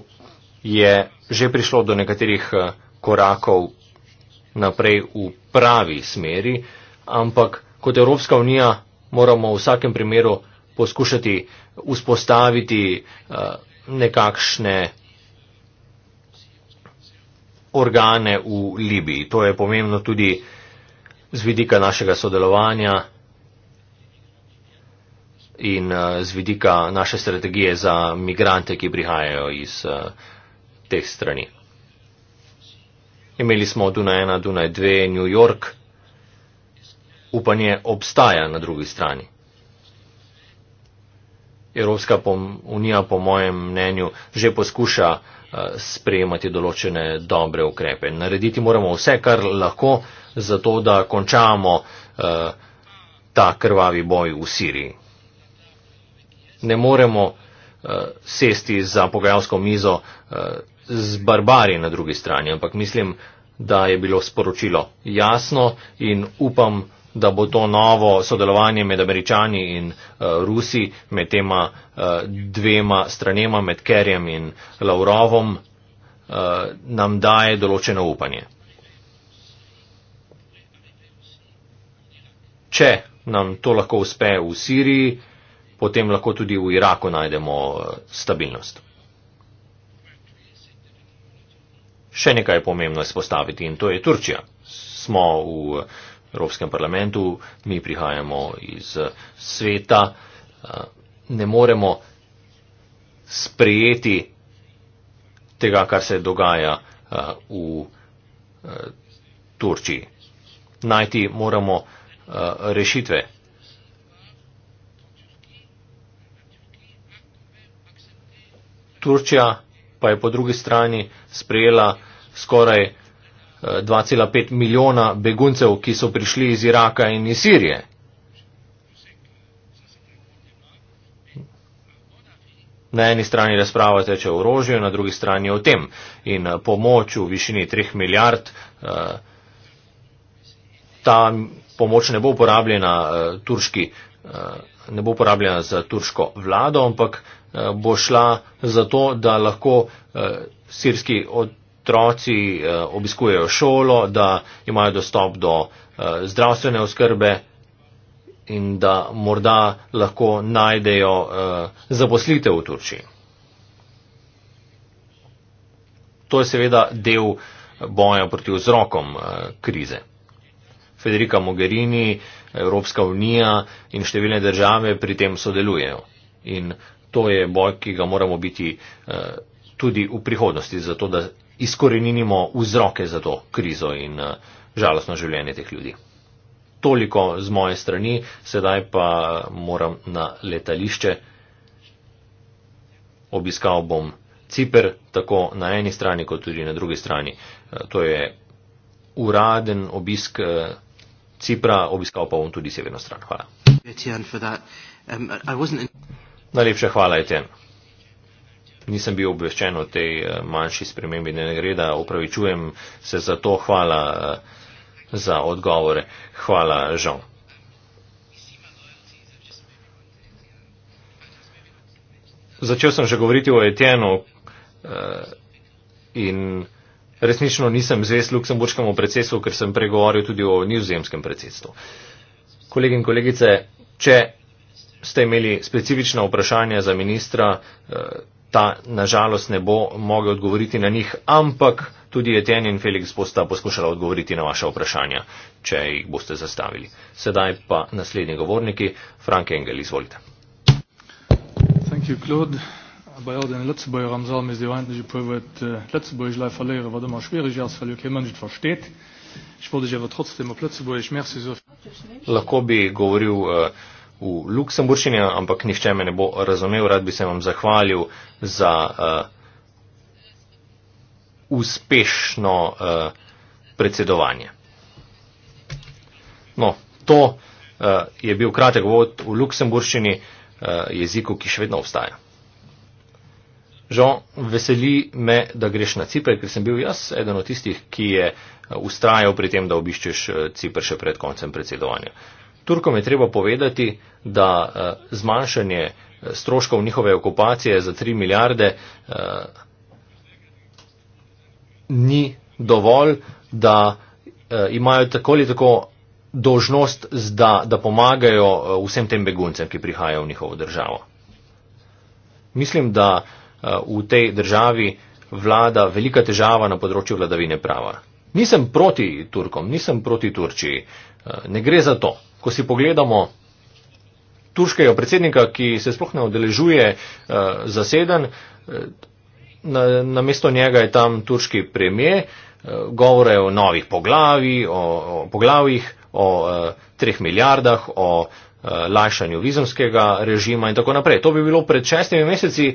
Speaker 2: je že prišlo do nekaterih eh, korakov naprej v pravi smeri, ampak kot Evropska unija moramo v vsakem primeru poskušati vzpostaviti eh, nekakšne organe v Libiji. To je pomembno tudi z vidika našega sodelovanja in eh, z vidika naše strategije za migrante, ki prihajajo iz eh, teh strani. Imeli smo Dunaj 1, Dunaj 2, New York. Upanje obstaja na drugi strani. Evropska unija, po mojem mnenju, že poskuša eh, sprejemati določene dobre ukrepe. Narediti moramo vse, kar lahko, zato da končamo ta krvavi boj v Siriji ne moremo uh, sesti za pogajalsko mizo uh, z barbari na drugi strani, ampak mislim, da je bilo sporočilo jasno in upam, da bo to novo sodelovanje med američani in uh, rusi, med tema uh, dvema stranema, med Kerjem in Lavrovom, uh, nam daje določeno upanje. Če nam to lahko uspe v Siriji, potem lahko tudi v Iraku najdemo eh, stabilnost. Še nekaj je pomembno izpostaviti in to je Turčija. Smo v eh, Evropskem parlamentu, mi prihajamo iz eh, sveta, ne moremo sprejeti tega, kar se dogaja v Turčiji. Najti moramo rešitve Turčija pa je po drugi strani sprejela skoraj 2,5 eh, milijona beguncev, ki so prišli iz Iraka in iz Sirije. Na eni strani razprava teče o orožju, na drugi strani o tem. In eh, pomoč v višini 3 milijard, eh, ta pomoč ne bo uporabljena, turški, ne bo uporabljena za turško vlado, ampak Eh, bo šla za to, da lahko eh, sirski otroci eh, obiskujejo šolo, da imajo dostop do zdravstvene oskrbe in da morda lahko najdejo zaposlitev v Turčiji. To je seveda del boja proti vzrokom krize. Federica Mogherini, Evropska unija in številne države pri tem sodelujejo. In to je boj, ki ga moramo biti eh, tudi v prihodnosti, zato da izkoreninimo vzroke za to krizo in eh, žalostno življenje teh ljudi. Toliko z moje strani, sedaj pa moram na letališče. Obiskal bom Ciper, tako na eni strani, kot tudi na drugi strani. Eh, to je uraden obisk Cipra, obiskal pa bom tudi severno stran. Hvala. Najlepše hvala, Eten. Nisem bil obveščen o tej eh, manjši spremembi dnevnega reda, upravičujem se za to, hvala eh, za odgovore, hvala, Žal. Začel sem že govoriti o Etienu eh, in resnično nisem zvest luksemburškemu predsedstvu, ker sem pregovoril tudi o nizozemskem predsedstvu. Kolegi in kolegice, če ste imeli specifična vprašanja za ministra, eh, ta nažalost ne bo mogel odgovoriti na njih, ampak tudi Etienne in Felix bosta poskušala odgovoriti na vaše vprašanja, če jih boste zastavili. Sedaj pa naslednji govorniki, Frank Engel, izvolite. Thank you, Claude. Bei all den Letzteboer am Saal müssen Sie heute nicht prüfen, dass äh, Letzteboer ich leider verlieren, was immer schwierig ist, weil ihr kein Mensch versteht. Ich wollte dich aber trotzdem auf Letzteboer, ich merke Sie so viel. Lahko bi govoril uh, v Luksemburščini, ampak nihče me ne bo razumel. Rad bi se vam zahvalil za uh, uspešno uh, predsedovanje. No, to uh, je bil kratek vod v Luksemburščini, uh, jeziku, ki še vedno obstaja. Žal, veseli me, da greš na Cipr, ker sem bil jaz eden od tistih, ki je ustrajal pri tem, da obiščeš Cipr še pred koncem predsedovanja. Uh, Turkom je treba povedati, da eh, zmanjšanje eh, stroškov njihove okupacije za 3 milijarde eh, ni dovolj, da imajo tako ali tako dožnost, da, da pomagajo vsem tem beguncem, ki prihajajo v njihovo državo. Mislim, da v tej državi vlada velika težava na področju vladavine prava. Nisem proti Turkom, nisem proti Turčiji. Eh, ne gre za to. Ko si pogledamo turškega predsednika, ki se sploh ne odeležuje eh, zaseden, eh, na, na mesto njega je tam turški premijer, govore o novih poglavi, o, o poglavih, o treh milijardah, o lajšanju vizumskega režima in tako naprej. To bi bilo pred šestimi meseci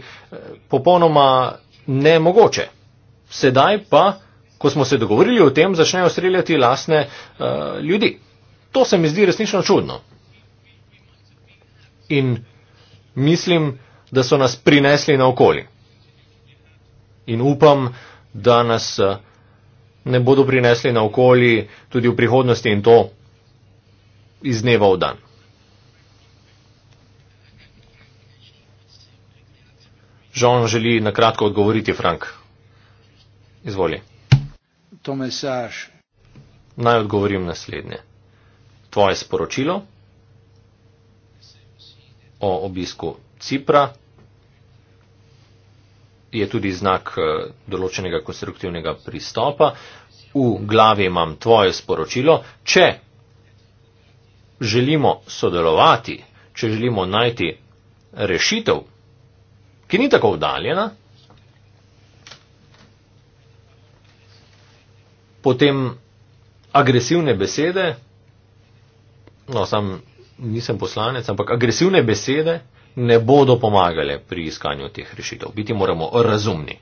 Speaker 2: popolnoma nemogoče. Sedaj pa ko smo se dogovorili o tem, začnejo streljati lasne uh, eh, ljudi. To se mi zdi resnično čudno. In mislim, da so nas prinesli na okoli. In upam, da nas eh, ne bodo prinesli na okoli tudi v prihodnosti in to iz dneva v dan. Žal želi na kratko odgovoriti Frank. Izvoli
Speaker 1: to mesaž?
Speaker 2: Naj odgovorim naslednje. Tvoje sporočilo o obisku Cipra je tudi znak eh, določenega konstruktivnega pristopa. V glavi imam tvoje sporočilo. Če želimo sodelovati, če želimo najti rešitev, ki ni tako oddaljena, potem agresivne besede, no, sam nisem poslanec, ampak agresivne besede ne bodo pomagale pri iskanju teh rešitev. Biti moramo razumni,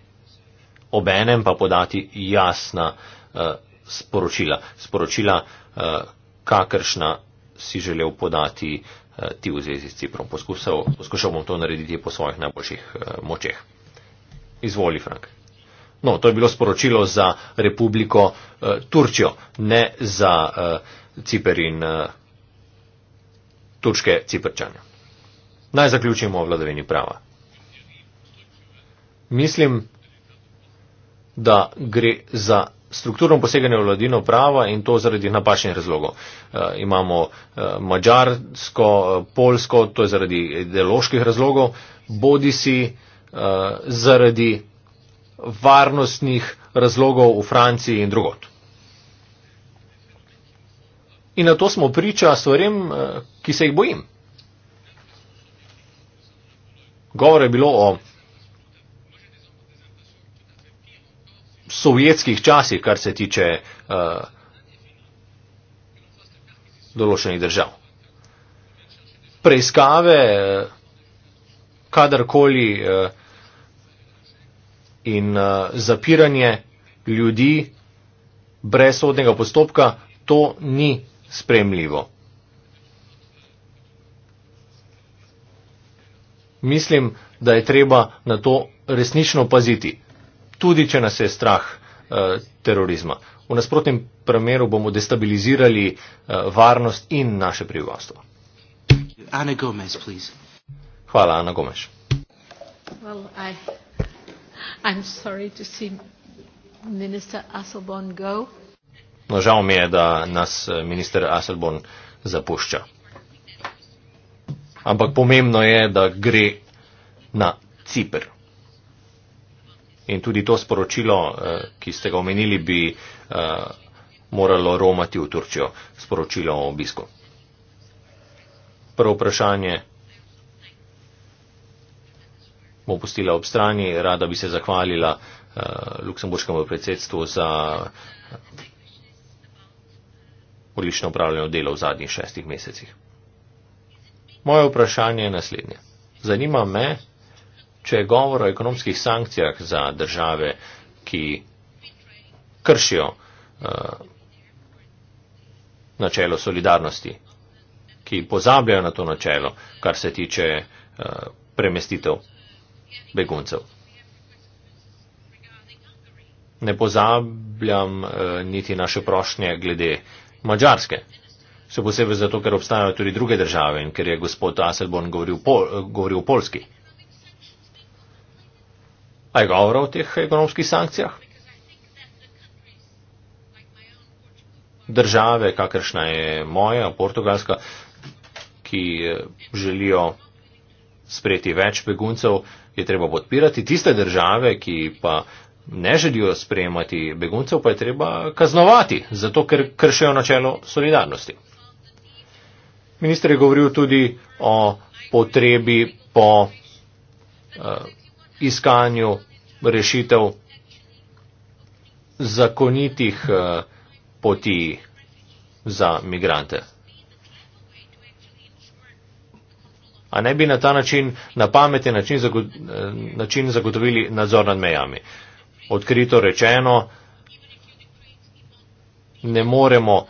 Speaker 2: obenem pa podati jasna uh, sporočila, sporočila, uh, kakršna si želel podati uh, ti v zvezi s Ciprom. Poskušal, poskušal bom to narediti po svojih najboljših uh, močeh. Izvoli, Frank. No, to je bilo sporočilo za Republiko eh, Turčjo, ne za eh, Cipr in eh, turške ciprčane. Naj zaključimo o vladavini prava. Mislim, da gre za strukturno poseganje v vladino prava in to zaradi napačnih razlogov. E, imamo e, eh, mađarsko, eh, polsko, to je zaradi ideoloških razlogov, bodi si e, zaradi varnostnih razlogov v Franciji in drugot. In na to smo priča stvarem, eh, ki se jih bojim. Govor je bilo o sovjetskih časih, kar se tiče uh, določenih držav. Preiskave, eh, kadarkoli uh, in uh, zapiranje ljudi brez sodnega postopka, to ni spremljivo. Mislim, da je treba na to resnično paziti, tudi če nas je strah uh, terorizma. V nasprotnem primeru bomo destabilizirali uh, varnost in naše prebivalstvo. Ana Gomez, prosim. Hvala, Ana Gomez.
Speaker 1: Well, I... I'm sorry to see Minister Asselborn go.
Speaker 2: No, žal mi je, da nas eh, minister Asselborn zapušča. Ampak pomembno je, da gre na Cipr. In tudi to sporočilo, eh, ki ste ga omenili, bi eh, moralo romati v Turčijo, sporočilo o obisku. Prvo vprašanje, bomo pustila ob strani. Rada bi se zahvalila uh, Luksemburškemu predsedstvu za eh, odlično upravljeno delo v zadnjih šestih mesecih. Moje vprašanje je naslednje. Zanima me, če je govor o ekonomskih sankcijah za države, ki kršijo uh, načelo solidarnosti, ki pozabljajo na to načelo, kar se tiče uh, premestitev beguncev. Ne pozabljam eh, niti naše prošnje glede Mačarske. Še posebej zato, ker obstajajo tudi druge države in ker je gospod Aselborn govoril, pol, eh, govoril polski. A je govora o teh ekonomskih sankcijah? Države, kakršna je moja, portugalska, ki eh, želijo sprejeti več beguncev, je treba podpirati, tiste države, ki pa ne želijo sprejemati beguncev, pa je treba kaznovati, zato ker kršijo načelo solidarnosti. Ministr je govoril tudi o potrebi po eh, iskanju rešitev zakonitih eh, poti za migrante. a ne bi na ta način, na pameten način, zagotovili, eh, način zagotovili nadzor nad mejami. Odkrito rečeno, ne moremo uh,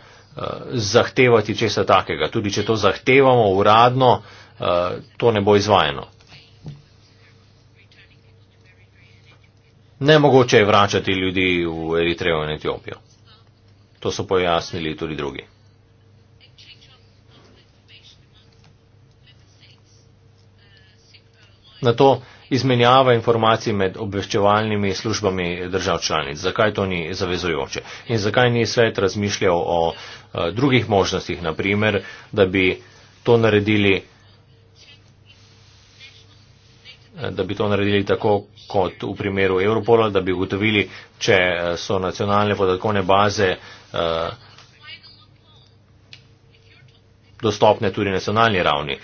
Speaker 2: zahtevati česa takega. Tudi če to zahtevamo uradno, uh, to ne bo izvajeno. Nemogoče je vračati ljudi v Eritrejo in Etiopijo. To so pojasnili tudi drugi. Na to izmenjava informacij med obveščevalnimi službami držav članic. Zakaj to ni zavezujoče? In zakaj ni svet razmišljal o eh, drugih možnostih, naprimer, da bi to naredili, eh, da bi to naredili tako kot v primeru Europola, da bi ugotovili, če eh, so nacionalne podatkovne baze dostopne tudi nacionalni ravni.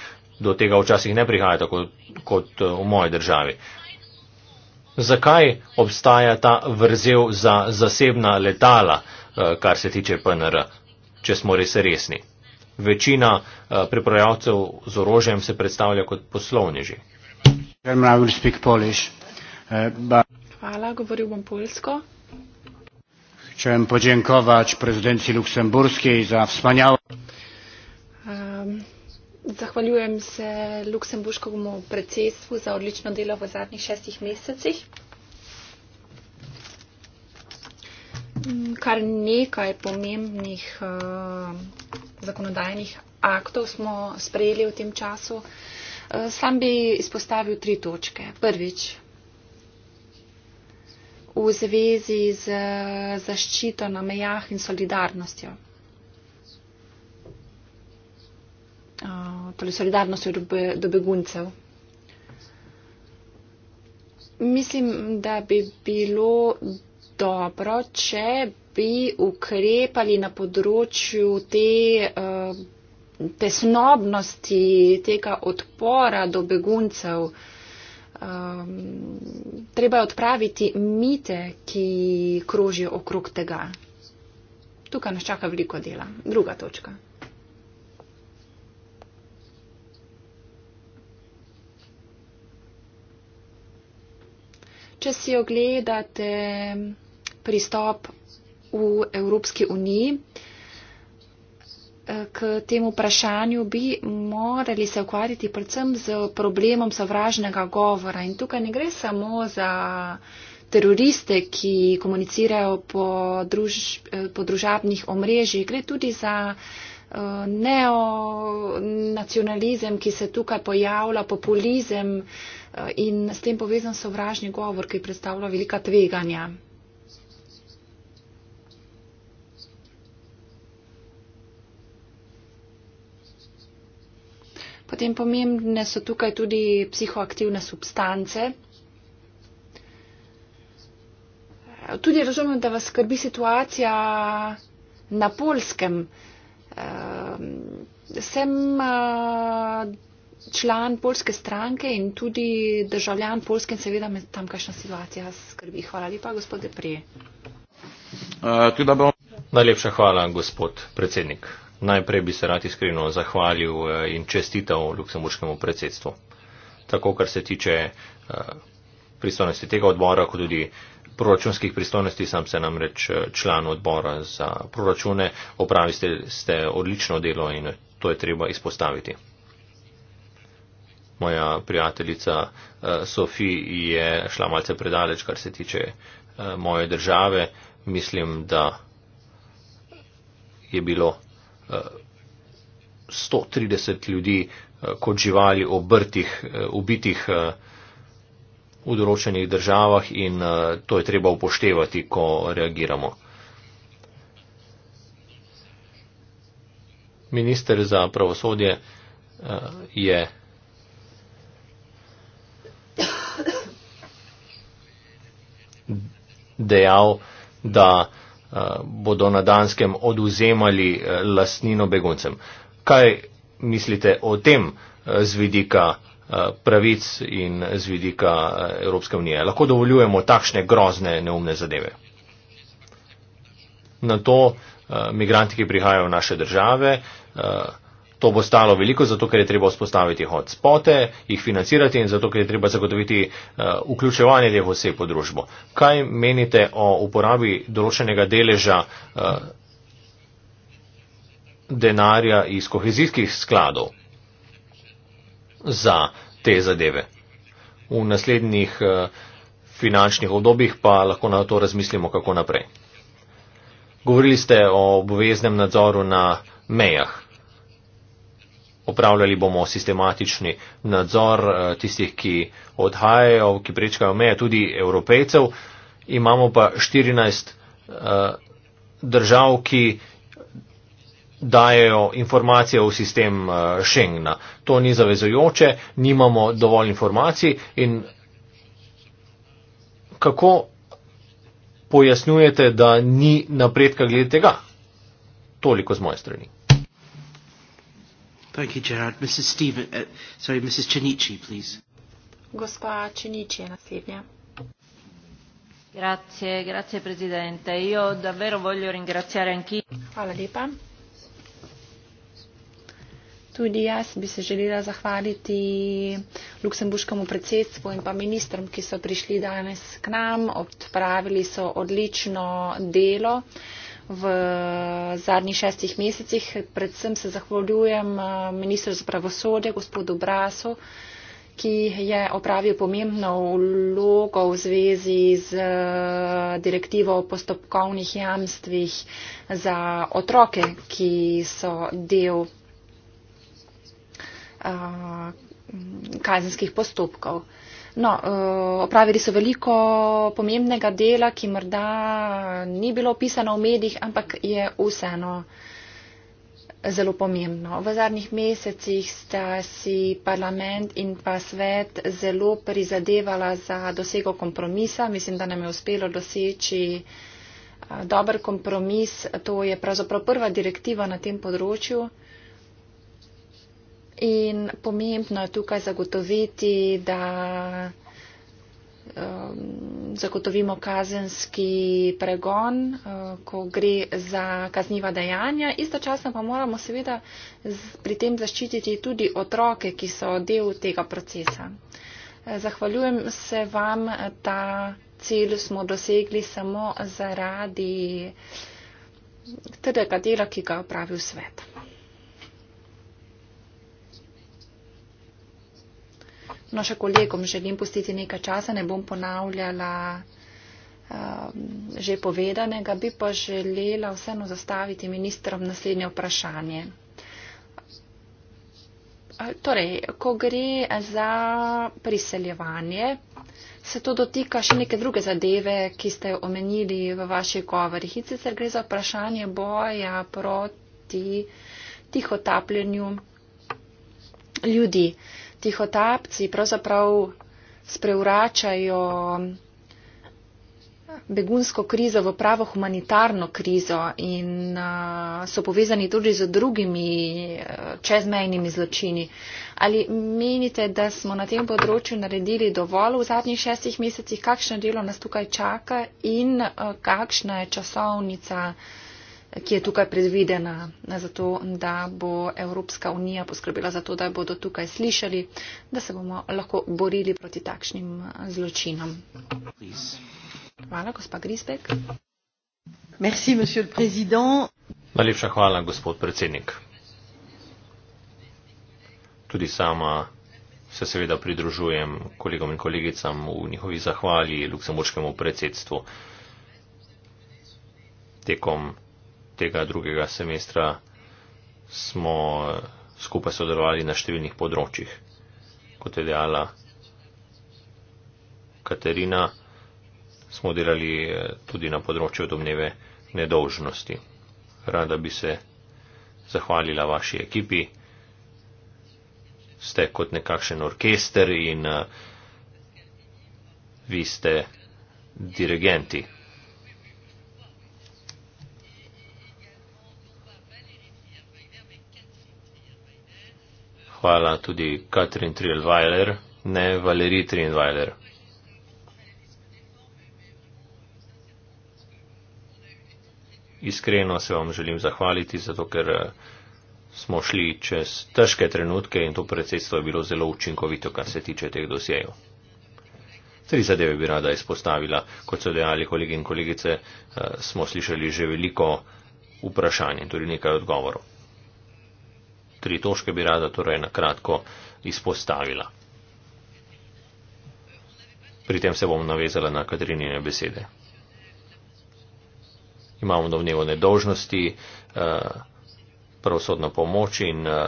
Speaker 2: Do tega včasih ne prihaja tako kot eh, v moji državi. Zakaj obstaja ta vrzel za zasebna letala, eh, kar se tiče PNR, če smo res resni? Večina eh, pripravljavcev z orožjem se predstavlja kot poslovneži.
Speaker 3: Hvala, govoril bom polsko. Chciałem podziękować prezydencji luksemburskiej za wspaniałe. Zahvaljujem se Luksemburškemu predsedstvu za odlično delo v zadnjih šestih mesecih. Kar nekaj pomembnih uh, zakonodajnih aktov smo sprejeli v tem času. Uh, sam bi izpostavil tri točke. Prvič, v zvezi z eh, zaščito na mejah in solidarnostjo. Uh, torej solidarnosti do beguncev. Mislim, da bi bilo dobro, če bi ukrepali na področju te uh, tesnobnosti, tega odpora do beguncev. Um, treba je odpraviti mite, ki krožijo okrog tega. Tukaj nas čaka veliko dela. Druga točka. če si ogledate pristop v Evropski uniji eh, k temu vprašanju, bi morali se ukvarjati predvsem z problemom sovražnega govora. In tukaj ne gre samo za teroriste, ki komunicirajo po, druž, eh, po družabnih omrežjih, gre tudi za neonacionalizem, ki se tukaj pojavlja, populizem eh, in s tem povezan sovražni govor, ki predstavlja velika tveganja. Potem pomembne so tukaj tudi psihoaktivne substance. Tudi razumem, da vas skrbi situacija na polskem, Ehm, sem eh, član polske stranke in tudi državljan polske in seveda me tam kakšna situacija skrbi. Hvala lepa, gospod Deprije.
Speaker 2: Eh, Najlepša hvala, gospod predsednik. Najprej bi se rad iskreno zahvalil eh, in čestital luksemburškemu predsedstvu. Tako, kar se tiče pristojnosti tega odbora, kot tudi proračunskih pristojnosti, sam se namreč eh, član odbora za proračune, opravi ste, ste odlično delo in to je treba izpostaviti. Moja prijateljica eh, Sofi je šla malce predaleč, kar se tiče eh, moje države. Mislim, da je bilo 130 ljudi kot živali obrtih, ubitih v določenih državah in eh, to je treba upoštevati, ko reagiramo. Minister za pravosodje eh, je dejal, da eh, bodo na Danskem oduzemali lasnino beguncem. Kaj mislite o tem z vidika Eh, pravic in z vidika eh, Evropske unije. Lahko dovoljujemo takšne grozne neumne zadeve. Na to eh, migranti, ki prihajajo v naše države, to bo stalo veliko, zato ker je treba vzpostaviti hotspote, jih financirati in zato ker je treba zagotoviti vključevanje teh oseb v družbo. Kaj menite o uporabi določenega deleža denarja iz kohezijskih skladov? za te zadeve. V naslednjih eh, finančnih obdobjih pa lahko na to razmislimo, kako naprej. Govorili ste o obveznem nadzoru na mejah. Opravljali bomo sistematični nadzor eh, tistih, ki odhajajo, ki prečkajo meje, tudi evropejcev. Imamo pa 14 eh, držav, ki dajejo informacije v sistem eh, Schengna. To ni zavezojoče, nimamo dovolj informacij in kako pojasnjujete, da ni napredka glede tega? Toliko z moje strani. Thank you, Gerard. Mrs. Steven, uh, sorry, Mrs. Chinichi, please.
Speaker 3: Gospa Chinichi è la figlia. Grazie, grazie Presidente. Io davvero voglio ringraziare anch'io. Hvala lepa. Tudi jaz bi se želela zahvaliti luksemburškemu predsedstvu in pa ministrom, ki so prišli danes k nam. Odpravili so odlično delo v zadnjih šestih mesecih. Predvsem se zahvaljujem eh, ministru za pravosodje, gospodu Brasu, ki je opravil pomembno vlogo v zvezi z eh, direktivo o postopkovnih jamstvih za otroke, ki so del. Eh, kazenskih postopkov. No, eh, opravili so veliko pomembnega dela, ki morda ni bilo opisano v medijih, ampak je vseeno zelo pomembno. V zadnjih mesecih sta si parlament in pa svet zelo prizadevala za dosego kompromisa. Mislim, da nam je uspelo doseči eh, dober kompromis. To je pravzaprav prva direktiva na tem področju. In pomembno je tukaj zagotoviti, da um, zagotovimo kazenski pregon, uh, ko gre za kazniva dejanja. Istočasno pa moramo seveda pri tem zaščititi tudi otroke, ki so del tega procesa. Eh, zahvaljujem se vam, ta cilj smo dosegli samo zaradi tega dela, ki ga pravi svet. No, še kolegom želim pustiti nekaj časa, ne bom ponavljala um, že povedanega, bi pa želela vseeno zastaviti ministrom naslednje vprašanje. Torej, ko gre za priseljevanje, se to dotika še neke druge zadeve, ki ste jo omenili v vaših govorih. In sicer gre za vprašanje boja proti tihotapljenju ljudi. Uh, tihotapci pravzaprav spreuračajo begunsko krizo v pravo humanitarno krizo in so povezani tudi z drugimi čezmejnimi zločini. Ali menite, da smo na tem področju naredili dovolj v zadnjih šestih mesecih, kakšno delo nas tukaj čaka in kakšna je časovnica? ki je tukaj predvidena, zato da bo Evropska unija poskrbela za to, da bodo tukaj slišali, da se bomo lahko borili proti takšnim eh, zločinom. Hvala, gospa Grisbek.
Speaker 1: Merci, monsieur le président.
Speaker 2: Najlepša hvala, gospod predsednik. Tudi sama se seveda pridružujem kolegom in kolegicam v njihovi zahvali luksemburškemu predsedstvu. Tekom tega drugega semestra smo skupaj sodelovali na številnih področjih. Kot je dejala Katerina, smo delali eh, tudi na področju domneve nedolžnosti. Rada bi se zahvalila vaši ekipi. Ste kot nekakšen orkester in eh, vi ste dirigenti. hvala tudi Katrin Trilweiler, ne Valerij Trilweiler. Iskreno se vam želim zahvaliti, zato ker eh, smo šli čez težke trenutke in to predsedstvo je bilo zelo učinkovito, kar se tiče teh dosjejev. Tri zadeve bi rada izpostavila. Kot so dejali kolegi in kolegice, eh, smo slišali že veliko vprašanj in tudi nekaj odgovorov tri točke bi rada torej na kratko izpostavila. Pri tem se bom navezala na Katrinine besede. Imamo domnevo nedožnosti, eh, pravosodno pomoč in eh,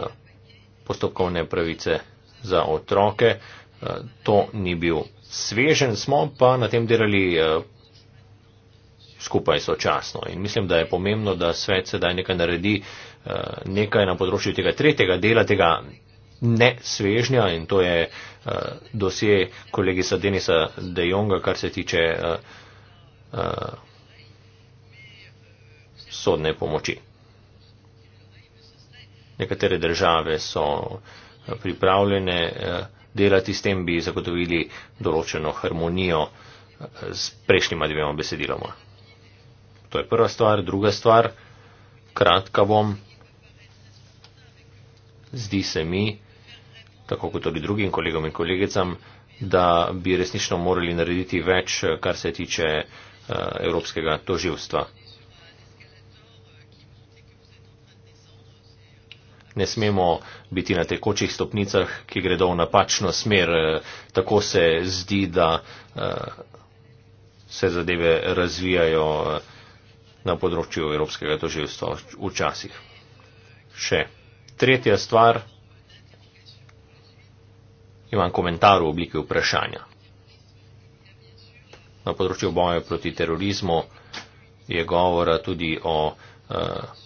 Speaker 2: postopkovne pravice za otroke. Eh, to ni bil svežen, smo pa na tem delali skupaj sočasno. In mislim, da je pomembno, da svet sedaj nekaj naredi, Eh, nekaj na področju tega tretjega dela, tega ne svežnja in to je uh, dosje kolegisa Denisa De Jonga, kar se tiče uh, uh, sodne pomoči. Nekatere države so pripravljene uh, delati s tem, bi zagotovili določeno harmonijo s prejšnjima dvema besediloma. To je prva stvar. Druga stvar, kratka bom zdi se mi, tako kot tudi drugim kolegom in kolegicam, da bi resnično morali narediti več, kar se tiče eh, evropskega toživstva. Ne smemo biti na tekočih stopnicah, ki gredo v napačno smer. Eh, tako se zdi, da eh, se zadeve razvijajo na področju evropskega toživstva včasih. Še tretja stvar, imam komentar v obliki vprašanja. Na področju boja proti terorizmu je govora tudi o eh,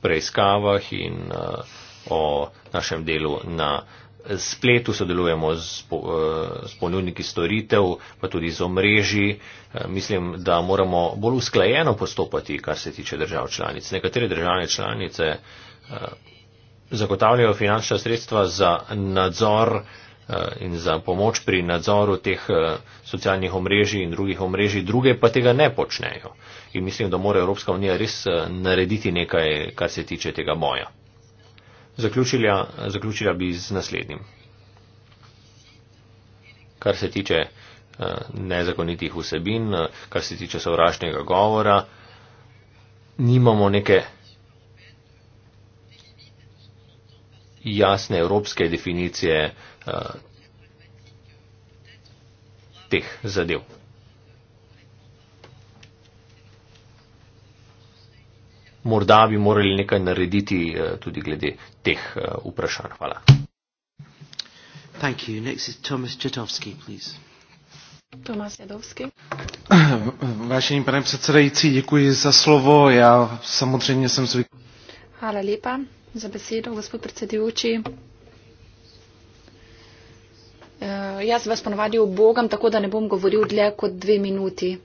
Speaker 2: preiskavah in eh, o našem delu na spletu, sodelujemo z, z eh, ponudniki storitev, pa tudi z omrežji. Eh, mislim, da moramo bolj usklajeno postopati, kar se tiče držav članic. Nekatere države članice eh, zagotavljajo finančna sredstva za nadzor in za pomoč pri nadzoru teh socialnih omrežij in drugih omrežij, druge pa tega ne počnejo. In mislim, da mora Evropska unija res narediti nekaj, kar se tiče tega boja. Zaključila, zaključila bi z naslednjim. Kar se tiče eh, nezakonitih vsebin, eh, kar se tiče sovražnega govora, nimamo neke jasne evropske definicije eh, teh zadev. morda bi morali nekaj narediti eh, tudi glede teh eh, vprašanj. Hvala.
Speaker 1: Thank you. Next is Tomas Jadovski, please.
Speaker 3: Tomas Jadovski. Vážený pane předsedající, děkuji za slovo. Já samozřejmě jsem zvyklý. Hvala lepa za besedo, gospod predsedujoči. Uh, jaz vas ponovadi obogam, tako da ne bom govoril dlje kot dve minuti.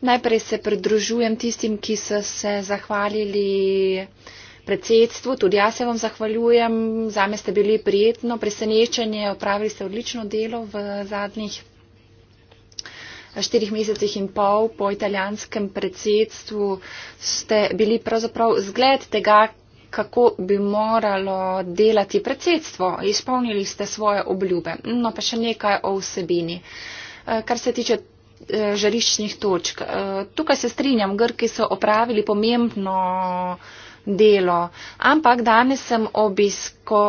Speaker 3: Najprej se pridružujem tistim, ki so se zahvalili predsedstvu. Tudi jaz se vam zahvaljujem. Za me ste bili prijetno presenečenje. Opravili ste odlično delo v zadnjih eh, štirih mesecih in pol po italijanskem predsedstvu. Ste bili pravzaprav zgled tega, kako bi moralo delati predsedstvo. Izpolnili ste svoje obljube. No pa še nekaj o vsebini. Eh, kar se tiče Eh, žariščnih točk. Eh, tukaj se strinjam, Grki so opravili pomembno delo, ampak danes sem obisko,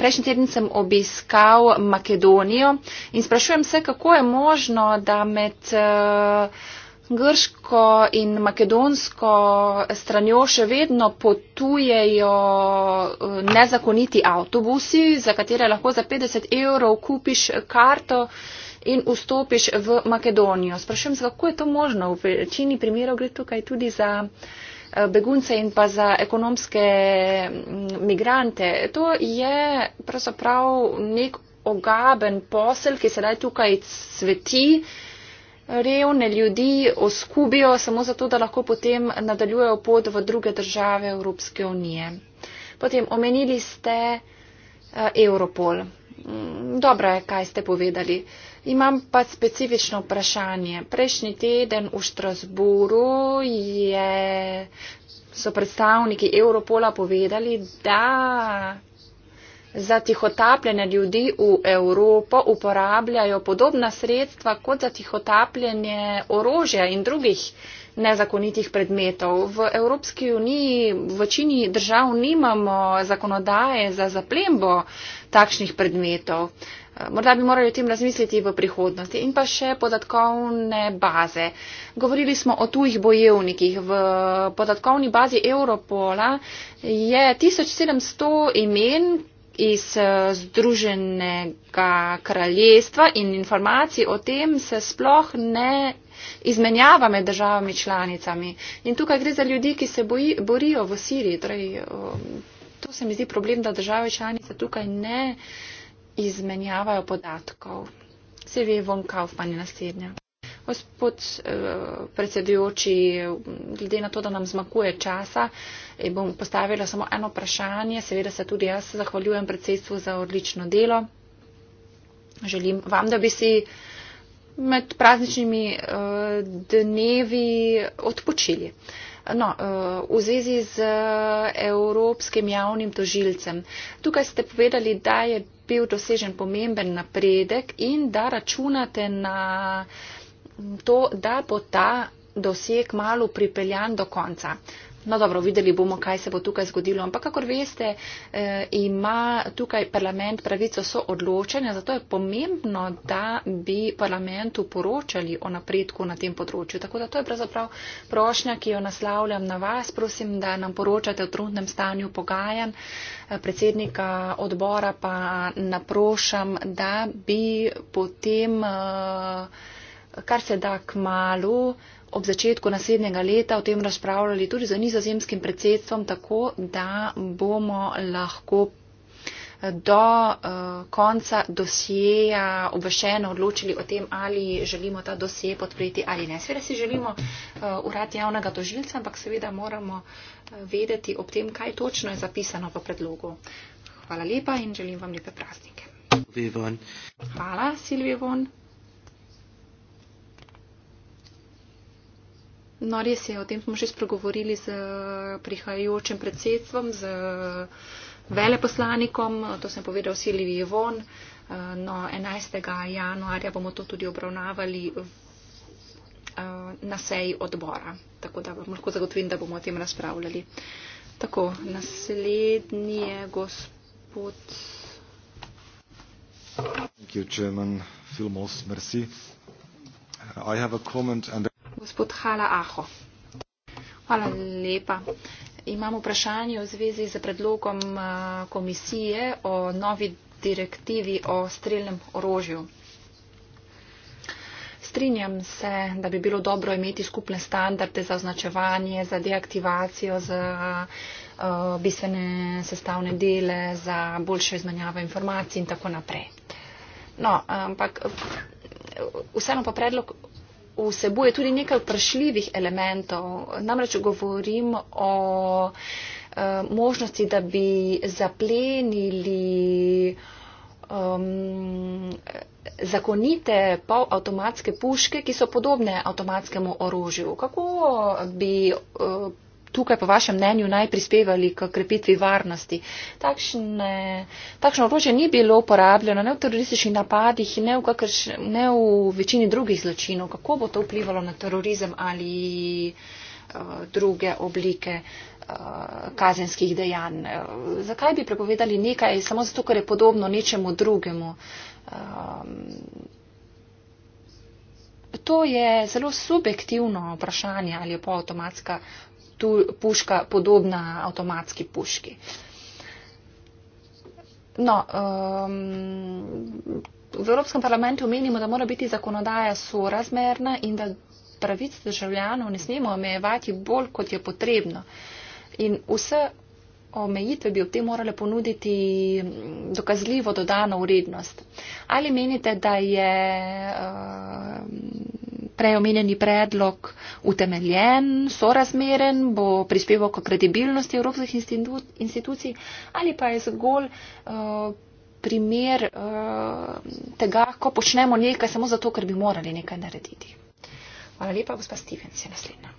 Speaker 3: prejšnji teden sem obiskal Makedonijo in sprašujem se, kako je možno, da med eh, grško in makedonsko stranjo še vedno potujejo nezakoniti avtobusi, za katere lahko za 50 evrov kupiš karto in vstopiš v Makedonijo. Sprašujem se, kako je to možno? V večini primerov gre tukaj tudi za eh, begunce in pa za ekonomske mm, migrante. To je pravzaprav nek ogaben posel, ki sedaj tukaj sveti. Revne ljudi oskubijo samo zato, da lahko potem nadaljujejo pot v druge države Evropske unije. Potem omenili ste eh, Europol. Mm, dobro je, kaj ste povedali. Imam pa specifično vprašanje. Prejšnji teden v Štrasburu je, so predstavniki Europola povedali, da za tihotapljenje ljudi v Evropo uporabljajo podobna sredstva kot za tihotapljenje orožja in drugih nezakonitih predmetov. V Evropski uniji v večini držav nimamo zakonodaje za zaplembo takšnih predmetov. Morda bi morali o tem razmisliti v prihodnosti. In pa še podatkovne baze. Govorili smo o tujih bojevnikih. V podatkovni bazi Europola je 1700 imen iz eh, Združenega kraljestva in informacij o tem se sploh ne izmenjava med državami članicami. In tukaj gre za ljudi, ki se boji, borijo v Siriji. Torej, eh, to se mi zdi problem, da države članice tukaj ne izmenjavajo podatkov. Se ve, von Kaufman je naslednja. Gospod eh, predsedujoči, glede na to, da nam zmakuje časa, eh, bom postavila samo eno vprašanje. Seveda se tudi jaz zahvaljujem predsedstvu za odlično delo. Želim vam, da bi si med prazničnimi eh, dnevi odpočili. No, eh, v zvezi z eh, Evropskim javnim tožilcem. Tukaj ste povedali, da je bil dosežen pomemben napredek in da računate na to, da bo ta doseg malo pripeljan do konca. No dobro, videli bomo, kaj se bo tukaj zgodilo. Ampak, kakor veste, eh, ima tukaj parlament pravico so odločanja, zato je pomembno, da bi parlamentu poročali o napredku na tem področju. Tako da to je pravzaprav prošnja, ki jo naslavljam na vas. Prosim, da nam poročate o trudnem stanju pogajan. Eh, predsednika odbora pa naprošam, da bi potem, eh, kar se da k malu, eh, ob začetku naslednjega leta o tem razpravljali tudi za nizozemskim predsedstvom, tako da bomo lahko eh, do uh, konca dosjeja obvešeno odločili o tem, ali želimo ta dosje podpreti ali ne. Seveda si želimo uh, urad javnega tožilca, ampak seveda moramo vedeti ob tem, kaj točno je zapisano v predlogu. Hvala lepa in želim vam lepe praznike. Hvala, Silvijo Von. No, res je, o tem smo že spregovorili z prihajajočim predsedstvom, z veleposlanikom, to sem povedal Silvi Jevon. No, 11. januarja bomo to tudi obravnavali eh, na seji odbora, tako da vam lahko zagotovim, da bomo o tem razpravljali. Tako, naslednji je gospod.
Speaker 2: Thank you, German film host, merci. I have a comment and a
Speaker 3: gospod Hala Aho. Hvala lepa. Imam vprašanje v zvezi z predlogom eh, komisije o novi direktivi o strelnem orožju. Strinjam se, da bi bilo dobro imeti skupne standarde za označevanje, za deaktivacijo, za eh, bistvene sestavne dele, za boljše izmenjave informacij in tako naprej. No, ampak eh, vseeno pa predlog vsebuje tudi nekaj vprašljivih elementov. Namreč govorim o eh, možnosti, da bi zaplenili um, zakonite polavtomatske puške, ki so podobne avtomatskemu orožju. Kako bi uh, tukaj po vašem mnenju naj prispevali k krepitvi varnosti. Takšne, takšno orožje ni bilo uporabljeno ne v terorističnih napadih, ne v, kakrš, ne v večini drugih zločinov. Kako bo to vplivalo na terorizem ali uh, druge oblike uh, kazenskih dejanj? Eh, zakaj bi prepovedali nekaj samo zato, ker je podobno nečemu drugemu? Um, To je zelo subjektivno vprašanje, ali je poautomatska tu puška podobna avtomatski puški. No, um, v Evropskem parlamentu menimo, da mora biti zakonodaja sorazmerna in da pravic državljanov ne smemo omejevati bolj, kot je potrebno. In vse omejitve bi ob tem morale ponuditi dokazljivo dodano vrednost. Ali menite, da je. Um, preomenjeni predlog utemeljen, sorazmeren, bo prispeval k kredibilnosti evropskih institucij ali pa je zgolj uh, primer uh, tega, ko počnemo nekaj samo zato, ker bi morali nekaj narediti. Hvala lepa, gospod Stevens, je naslednja.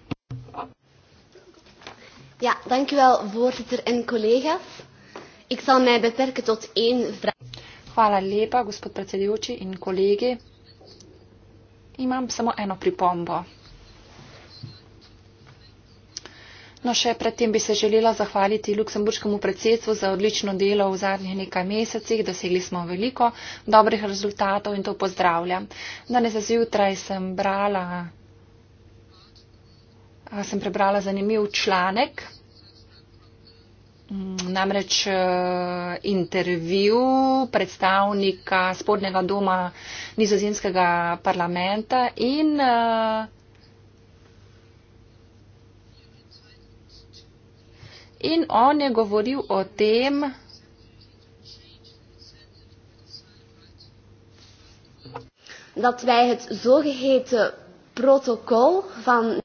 Speaker 3: Ja, dankjewel, voorzitter en collega's. Ik zal mij beperken tot één vraag. Hvala lepa, gospod predsedujoči in kolegi. Imam samo eno pripombo. No, še predtem bi se želela zahvaliti Luksemburškemu predsedstvu za odlično delo v zadnjih nekaj mesecih. Dosegli smo veliko dobrih rezultatov in to pozdravljam. Danes zjutraj sem brala. Sem prebrala zanimiv članek Namreč eh, intervju predstavnika spodnega doma nizozemskega parlamenta in eh, In on je govoril o tem, da wij het zogeheten protocol van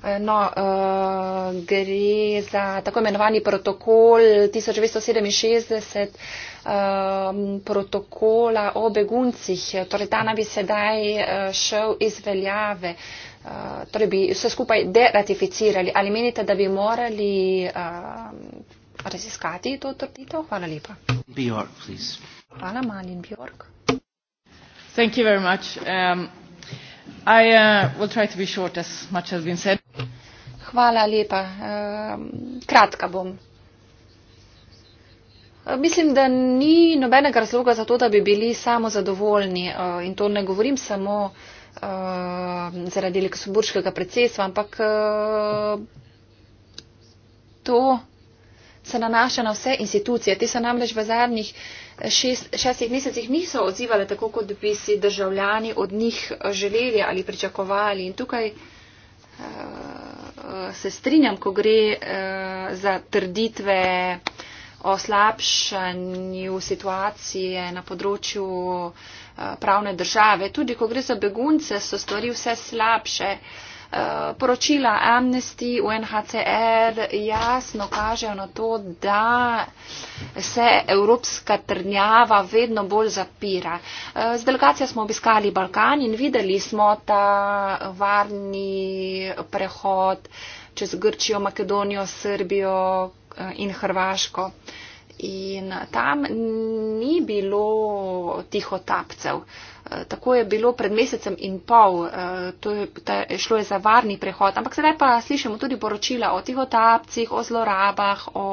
Speaker 3: Eh, no, uh, gre za tako imenovani protokol 1967 uh, ehm, protokola o beguncih. Torej, ta naj bi sedaj uh, šel iz veljave. Uh, torej, bi vse skupaj deratificirali. Ali menite, da bi morali uh, raziskati to trditev? Hvala lepa. Bjork, Hvala, Malin Bjork. Thank you very much.
Speaker 1: Um, Uh,
Speaker 3: Hvala lepa. Ehm, kratka bom. Mislim, da ni nobenega razloga za to, da bi bili samo zadovoljni eh, in to ne govorim samo eh, zaradi Leksoburškega predsedstva, ampak eh, to se nanaša na vse institucije. Te so namreč v zadnjih šestih mesecih niso odzivale tako, kot bi si državljani od njih želeli ali pričakovali. In tukaj eh, eh, se strinjam, ko gre eh, za trditve o slabšanju situacije na področju pravne države. Tudi, ko gre za begunce, so stvari vse slabše. Uh, poročila Amnesty, UNHCR jasno kažejo na to, da se evropska trdnjava vedno bolj zapira. Z delegacijo smo obiskali Balkan in videli smo ta varni prehod čez Grčijo, Makedonijo, Srbijo eh, in Hrvaško. In tam ni bilo tiho tapcev. Uh, Eh, tako je bilo pred mesecem in pol, eh, to je, ta, šlo je za varni prehod, ampak sedaj pa slišimo tudi poročila o tih otapcih, o zlorabah, o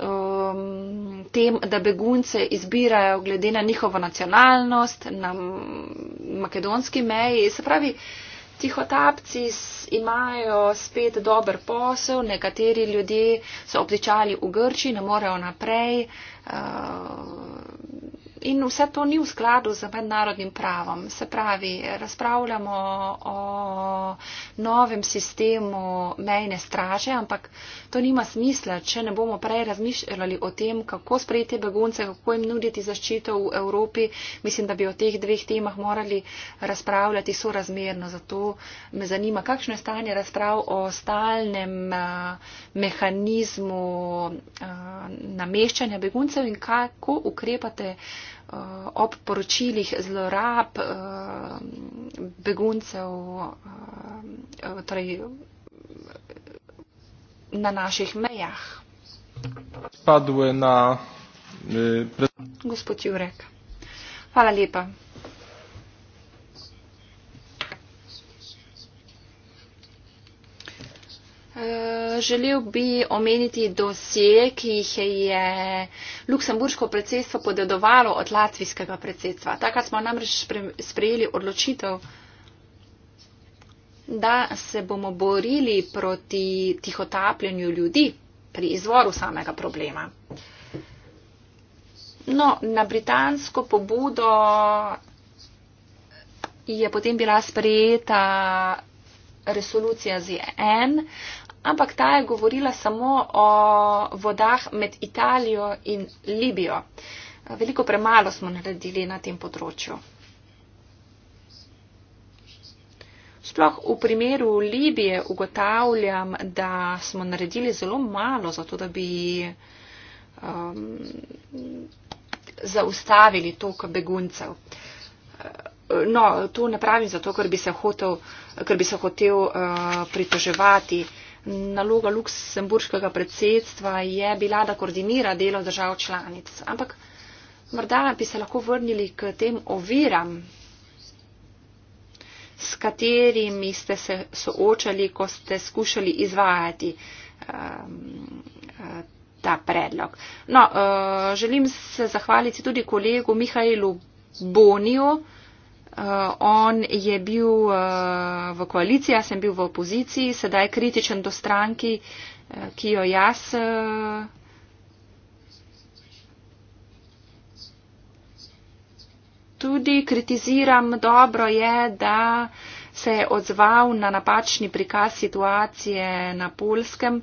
Speaker 3: um, tem, da begunce izbirajo glede na njihovo nacionalnost na makedonski meji. Se pravi, tih otapci imajo spet dober posel, nekateri ljudje so obdičali v Grči, ne morejo naprej. Uh, in vse to ni v skladu z mednarodnim pravom. Se pravi, razpravljamo o novem sistemu mejne straže, ampak to nima smisla, če ne bomo prej razmišljali o tem, kako sprejeti begunce, kako jim nuditi zaščito v Evropi. Mislim, da bi o teh dveh temah morali razpravljati sorazmerno. Zato me zanima, kakšno je stanje razprav o stalnem mehanizmu nameščanja beguncev in kako ukrepate Eh, ob poročilih zlorab eh, beguncev eh, torej, na naših mejah.
Speaker 2: Spadluje na. Gospod Jurek. Hvala lepa.
Speaker 3: Eh, želel bi omeniti dosije, ki jih je luksemburško predsedstvo podedovalo od latvijskega predsedstva. Takrat smo namreč sprejeli odločitev, da se bomo borili proti tihotapljenju ljudi pri izvoru samega problema. No, na britansko pobudo je potem bila sprejeta resolucija ZN, ampak ta je govorila samo o vodah med Italijo in Libijo. Veliko premalo smo naredili na tem področju. Sploh v primeru Libije ugotavljam, da smo naredili zelo malo za to, da bi um, zaustavili tok beguncev. No, to ne pravim zato, ker bi se hotel, bi se hotel uh, pritoževati. Uh, naloga luksemburškega predsedstva je bila, da koordinira delo držav članic. Ampak morda bi se lahko vrnili k tem oviram, s katerimi ste se soočali, ko ste skušali izvajati um, ta predlog. No, uh, želim se zahvaliti tudi kolegu Mihajlu Boniju, uh, Uh, on je bil uh, v koaliciji, jaz sem bil v opoziciji, sedaj je kritičen do stranki, uh, ki jo jaz. Uh, Tudi kritiziram, dobro je, da se je odzval na napačni prikaz situacije na polskem.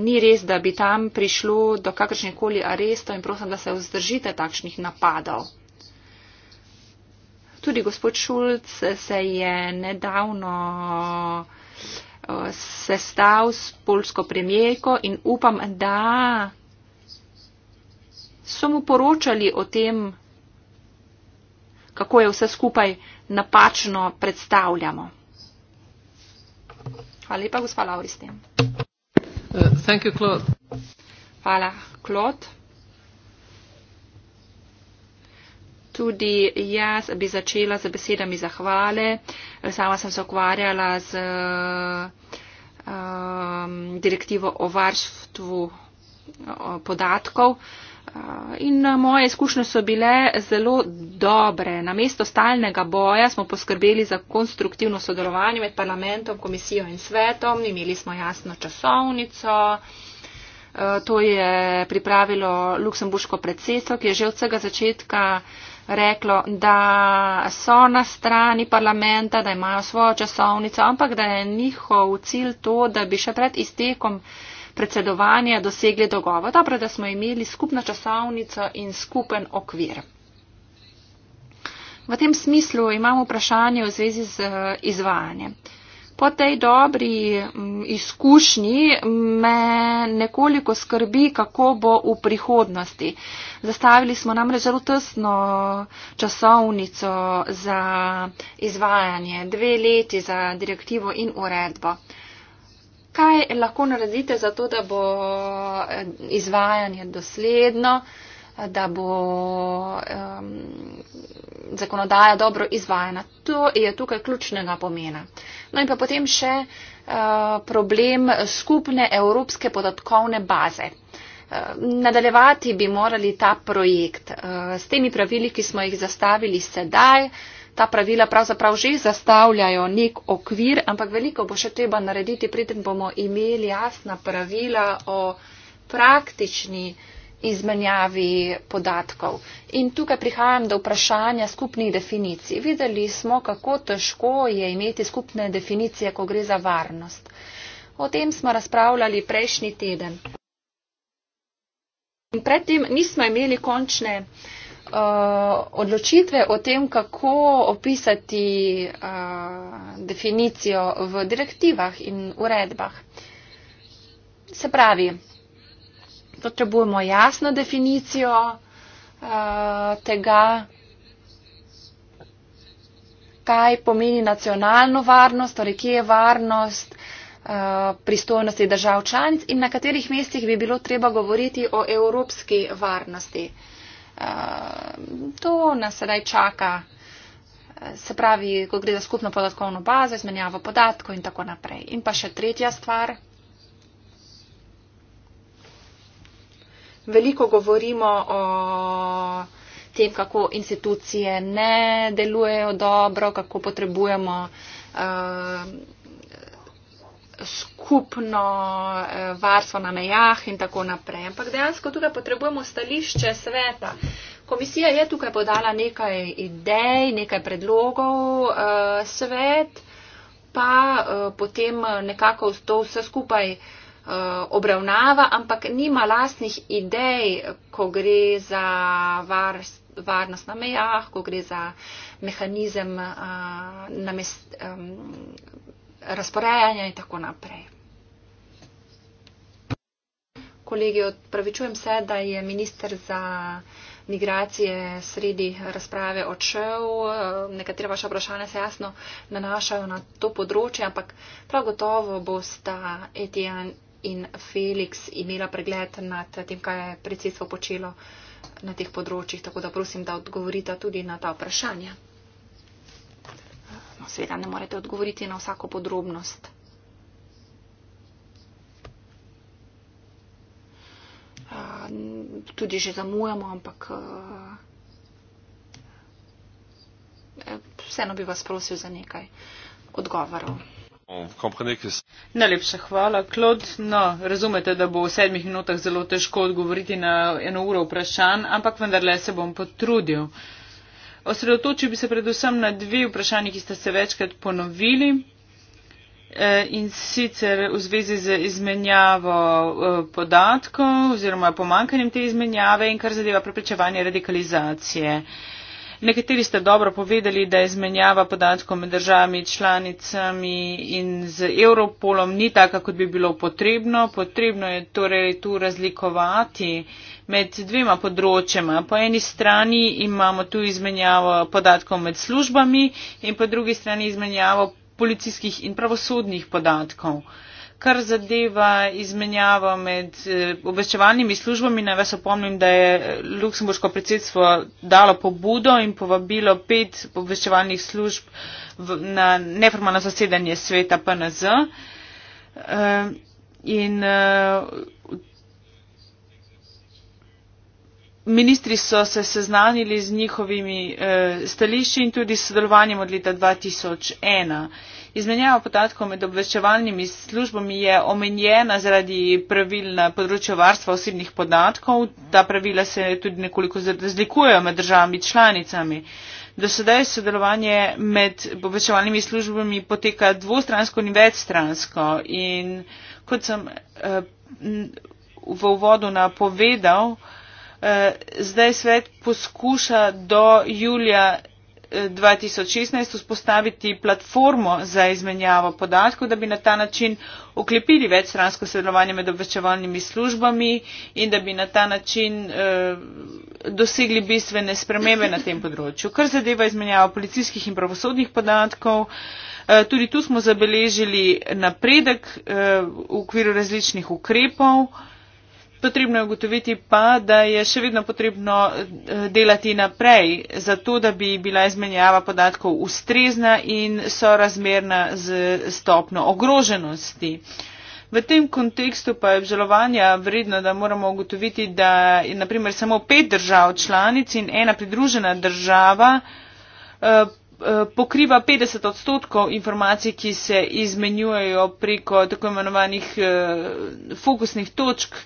Speaker 3: Ni res, da bi tam prišlo do kakršnekoli aresta in prosim, da se vzdržite takšnih napadov. Tudi gospod Šulc se je nedavno eh, sestav s polsko premijerko in upam, da so mu poročali o tem, kako je vse skupaj napačno predstavljamo. Hvala lepa, gospod Lauristin. Uh, eh, hvala, Klod. Tudi jaz bi začela z besedami zahvale. Sama sem se ukvarjala z um, direktivo o varstvu podatkov. Uh, in uh, moje izkušnje so bile zelo dobre. Na mesto stalnega boja smo poskrbeli za konstruktivno sodelovanje med parlamentom, komisijo in svetom. Imeli smo jasno časovnico. Uh, to je pripravilo luksemburško predsedstvo, ki je že od vsega začetka reklo, da so na strani parlamenta, da imajo svojo časovnico, ampak da je njihov cilj to, da bi še pred iztekom predsedovanja dosegli dogovor. Dobro, da smo imeli skupno časovnico in skupen okvir. V tem smislu imamo vprašanje v zvezi z eh, izvajanjem. Po tej dobri mm, izkušnji me nekoliko skrbi, kako bo v prihodnosti. Zastavili smo namreč zelo tesno časovnico za izvajanje, dve leti za direktivo in uredbo. Kaj lahko naredite za to, da bo eh, izvajanje dosledno? da bo um, zakonodaja dobro izvajana. To je tukaj ključnega pomena. No in pa potem še uh, problem skupne evropske podatkovne baze. Eh, nadaljevati bi morali ta projekt eh, s temi pravili, ki smo jih zastavili sedaj. Ta pravila pravzaprav že zastavljajo nek okvir, ampak veliko bo še treba narediti, preden bomo imeli jasna pravila o praktični uh, izmenjavi podatkov. In tukaj prihajam do vprašanja skupnih definicij. Videli smo, kako težko je imeti skupne definicije, ko gre za varnost. O tem smo razpravljali prejšnji teden. In predtem nismo imeli končne uh, odločitve o tem, kako opisati uh, definicijo v direktivah in uredbah. Se pravi, potrebujemo jasno definicijo uh, tega, kaj pomeni nacionalno varnost, torej kje je varnost eh, pristojnosti držav članic in na katerih mestih bi bilo treba govoriti o evropski varnosti. Eh, to nas sedaj čaka, se pravi, ko gre za skupno podatkovno bazo, izmenjavo podatkov in tako naprej. In pa še tretja stvar, veliko govorimo o tem, kako institucije ne delujejo dobro, kako potrebujemo uh, skupno uh, varstvo na mejah in tako naprej. Ampak dejansko tukaj potrebujemo stališče sveta. Komisija je tukaj podala nekaj idej, nekaj predlogov, uh, svet pa uh, potem nekako to vse skupaj uh, Eh, obravnava, ampak nima lastnih idej, ko gre za varstvo varnost na mejah, ko gre za mehanizem a, eh, namest, a, razporejanja in tako naprej. Kolegi, odpravičujem se, da je minister za migracije sredi razprave odšel. Eh, nekatera vaša vprašanja se jasno nanašajo na to področje, ampak prav gotovo bosta Etienne in Felix imela pregled nad tem, kaj je predsedstvo počelo na teh področjih. Tako da prosim, da odgovorite tudi na ta vprašanja. No, sveda ne morete odgovoriti na vsako podrobnost. Tudi že zamujamo, ampak e, vseeno bi vas prosil za nekaj
Speaker 1: odgovorov. Komprenik. Najlepša hvala, Klod. No, razumete, da bo v sedmih minutah zelo težko odgovoriti na eno uro vprašanj, ampak vendarle se bom potrudil. Osredotočil bi se predvsem na dve vprašanji, ki ste se večkrat ponovili eh, in sicer v zvezi z izmenjavo eh, podatkov oziroma pomankanjem te izmenjave in kar zadeva preprečevanje radikalizacije. Nekateri ste dobro povedali, da je zmenjava podatkov med državami, članicami in z Europolom ni taka, kot bi bilo potrebno. Potrebno je torej tu razlikovati med dvema področjema. Po eni strani imamo tu izmenjavo podatkov med službami in po drugi strani izmenjavo policijskih in pravosodnih podatkov. Kar zadeva izmenjavo med eh, obveščevalnimi službami, naj vas opomnim, da je Luksemburško predsedstvo dalo pobudo in povabilo pet obveščevalnih služb na neformalno zasedanje sveta PNZ. Eh, in eh, ministri so se seznanili z njihovimi stališči in tudi sodelovanjem od leta 2001. Izmenjava podatkov med obveščevalnimi službami je omenjena zaradi pravil na področju varstva osebnih podatkov. Ta pravila se tudi nekoliko razlikujejo med državami članicami. Do sedaj sodelovanje med obveščevalnimi službami poteka dvostransko in večstransko. In kot sem eh, v uvodu napovedal, eh, zdaj svet poskuša do julija 2016 vzpostaviti platformo za izmenjavo podatkov, da bi na ta način oklepili več stransko sodelovanje med obveščevalnimi službami in da bi na ta način eh, dosegli bistvene spremembe na tem področju. Kar zadeva izmenjavo policijskih in pravosodnih podatkov, eh, tudi tu smo zabeležili napredek eh, v okviru različnih ukrepov. Eh, Potrebno je ugotoviti pa, da je še vedno potrebno eh, delati naprej, zato da bi bila izmenjava podatkov ustrezna in sorazmerna z stopno ogroženosti. V tem kontekstu pa je obžalovanja vredno, da moramo ugotoviti, da je naprimer samo pet držav članic in ena pridružena država eh, eh, pokriva 50 odstotkov informacij, ki se izmenjujejo preko tako imenovanih fokusnih točk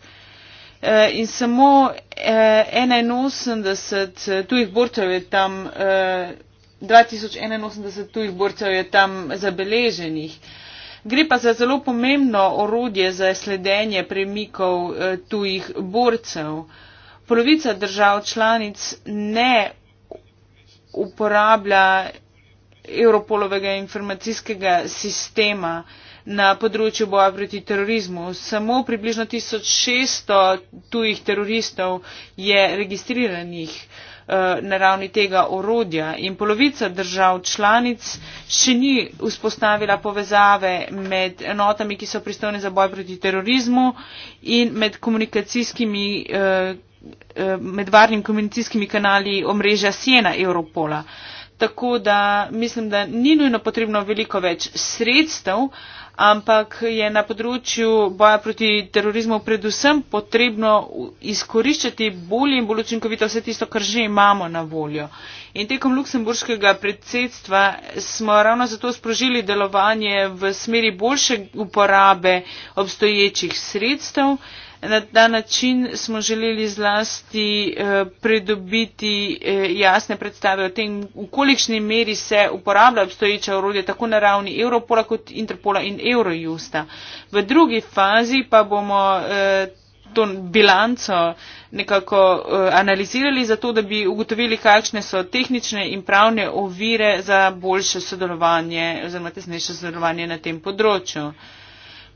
Speaker 1: Eh, in samo 81 eh, eh, tujih borcev je tam, 2081 tujih borcev je tam zabeleženih. Gre pa za zelo pomembno orodje za sledenje premikov tujih borcev. Polovica držav članic ne uporablja Europolovega informacijskega sistema na področju boja proti terorizmu. Samo približno 1600 tujih teroristov je registriranih eh, na ravni tega orodja in polovica držav članic še ni vzpostavila povezave med enotami, ki so pristojne za boj proti terorizmu in med komunikacijskimi, eh, eh, med varnim komunikacijskimi kanali omrežja Siena Europola. Tako da mislim, da ni nujno potrebno veliko več sredstev, ampak je na področju boja proti terorizmu predvsem potrebno izkoriščati bolje in bolj učinkovito vse tisto, kar že imamo na voljo. In tekom luksemburškega predsedstva smo ravno zato sprožili delovanje v smeri boljše uporabe obstoječih sredstev na ta način smo želeli zlasti eh, pridobiti eh, jasne predstave o tem, v kolikšni meri se uporablja obstoječa orodja tako na ravni Europola kot Interpola in Eurojusta. V drugi fazi pa bomo eh, to bilanco nekako eh, analizirali zato, da bi ugotovili, kakšne so tehnične in pravne ovire za boljše sodelovanje oziroma tesnejše sodelovanje na tem področju.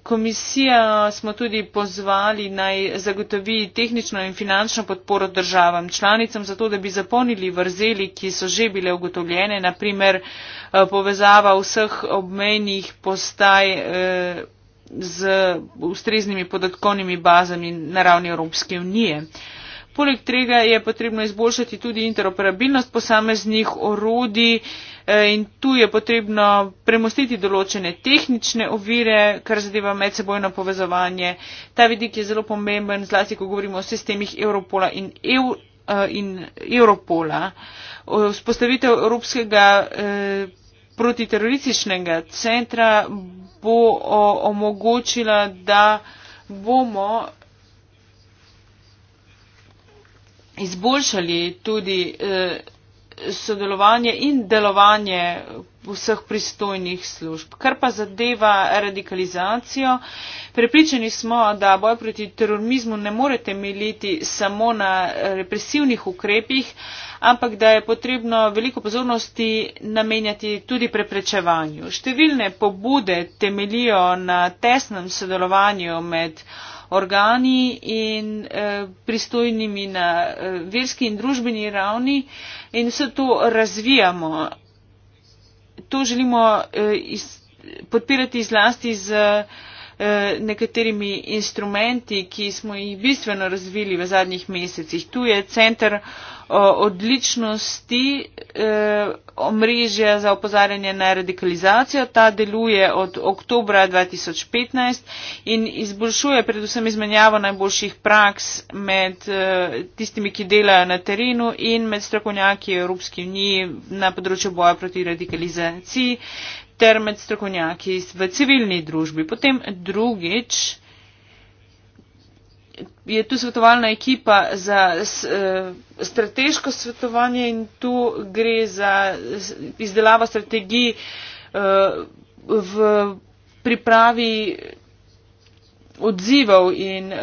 Speaker 1: Komisija smo tudi pozvali naj zagotovi tehnično in finančno podporo državam članicam, zato da bi zapolnili vrzeli, ki so že bile ugotovljene, naprimer eh, povezava vseh obmejnih postaj eh, z ustreznimi podatkovnimi bazami na ravni Evropske unije. Poleg tega je potrebno izboljšati tudi interoperabilnost posameznih orodij Eh, in tu je potrebno premostiti določene tehnične ovire, kar zadeva medsebojno povezovanje. Ta vidik je zelo pomemben, zlasti, ko govorimo o sistemih Europola in, EU, eh, in Europola. Vzpostavitev Evropskega eh, protiterorističnega centra bo omogočila, da bomo izboljšali tudi sodelovanje in delovanje vseh pristojnih služb. Kar pa zadeva radikalizacijo, prepričani smo, da boj proti terorizmu ne more temeljiti samo na represivnih ukrepih, ampak da je potrebno veliko pozornosti namenjati tudi preprečevanju. Številne pobude temelijo na tesnem sodelovanju med organi in eh, pristojnimi na eh, verski in družbeni ravni. Eh, in vse to razvijamo. To želimo eh, iz, podpirati zlasti z eh, nekaterimi instrumenti, ki smo jih bistveno razvili v zadnjih mesecih. Tu je centr uh, odličnosti eh, omrežja za opozarjanje na radikalizacijo. Ta deluje od oktobra 2015 in izboljšuje predvsem izmenjavo najboljših praks med eh, tistimi, ki delajo na terenu in med strokovnjaki Evropske unije na področju boja proti radikalizaciji ter med strokovnjaki v civilni družbi. Potem drugič je tu svetovalna ekipa za eh, strateško svetovanje in tu gre za izdelavo strategij eh, v pripravi odzivov in uh,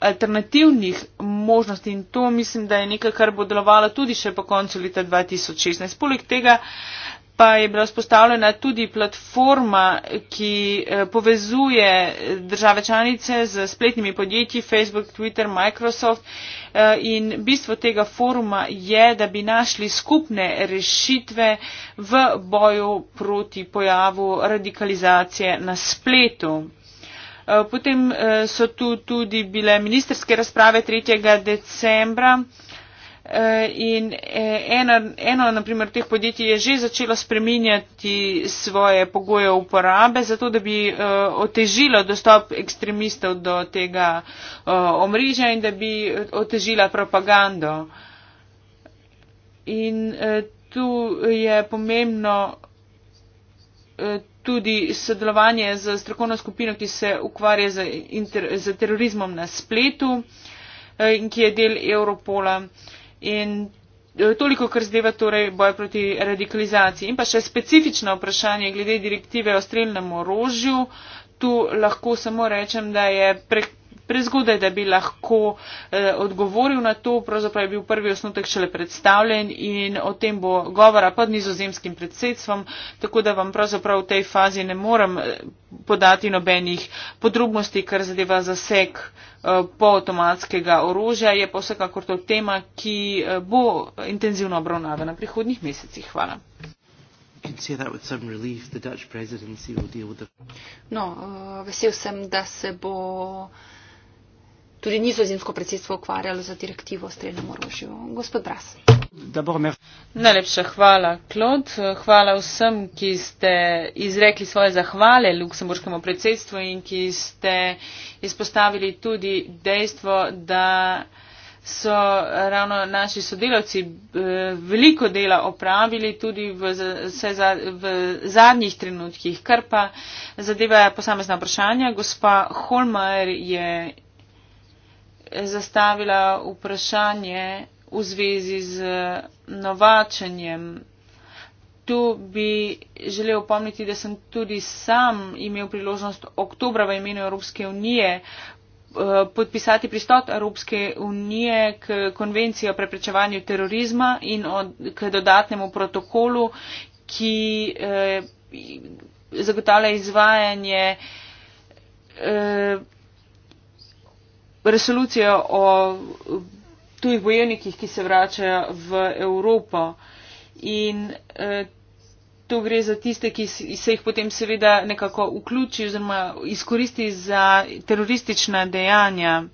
Speaker 1: alternativnih možnosti in to mislim, da je nekaj, kar bo delovalo tudi še po koncu leta 2016. Poleg tega uh, pa je bila vzpostavljena tudi platforma, ki eh, povezuje države članice z spletnimi podjetji Facebook, Twitter, Microsoft eh, in bistvo tega foruma je, da bi našli skupne rešitve v boju proti pojavu radikalizacije na spletu. Eh, potem so tu tudi bile ministerske razprave 3. decembra Eh, in eh, ena, ena naprimer teh podjetij je že začela spreminjati svoje pogoje uporabe, zato da bi uh, eh, otežila dostop ekstremistov do tega uh, omrežja in da bi otežila propagando. In uh, tu je pomembno tudi sodelovanje z strokovno skupino, ki se ukvarja z, inter, z terorizmom na spletu in ki je del Europola in eh, toliko, kar zdeva torej boj proti radikalizaciji. In pa še specifično vprašanje glede direktive o streljnem orožju. Tu lahko samo rečem, da je prek prezgodaj, da bi lahko eh, odgovoril na to. Pravzaprav je bil prvi osnutek šele predstavljen in o tem bo govora pod nizozemskim predsedstvom, tako da vam pravzaprav v tej fazi ne morem eh, podati nobenih podrobnosti, kar zadeva zaseg eh, poautomatskega orožja, je pa vsekakor to tema, ki eh, bo intenzivno obravnavana v prihodnjih mesecih. Hvala.
Speaker 3: No, vesel sem, da se bo tudi nizozemsko predsedstvo ukvarjalo z direktivo o strelnem orožju. Gospod Bras.
Speaker 1: Najlepša hvala, Klod. Hvala vsem, ki ste izrekli svoje zahvale luksemburškemu predsedstvu in ki ste izpostavili tudi dejstvo, da so ravno naši sodelavci eh, veliko dela opravili tudi v, za, v zadnjih trenutkih, kar pa zadeva posamezna vprašanja. Gospa Holmer je zastavila vprašanje v zvezi z novačenjem. Tu bi želel pomniti, da sem tudi sam imel priložnost oktobra v imenu Evropske unije eh, podpisati pristop Evropske unije k konvenciji o preprečevanju terorizma in od, k dodatnemu protokolu, ki eh, zagotavlja izvajanje eh, resolucijo o eh, tujih bojevnikih, ki se vračajo v Evropo. In eh, tu gre za tiste, ki se jih potem seveda nekako vključi oziroma izkoristi za teroristična dejanja. Eh,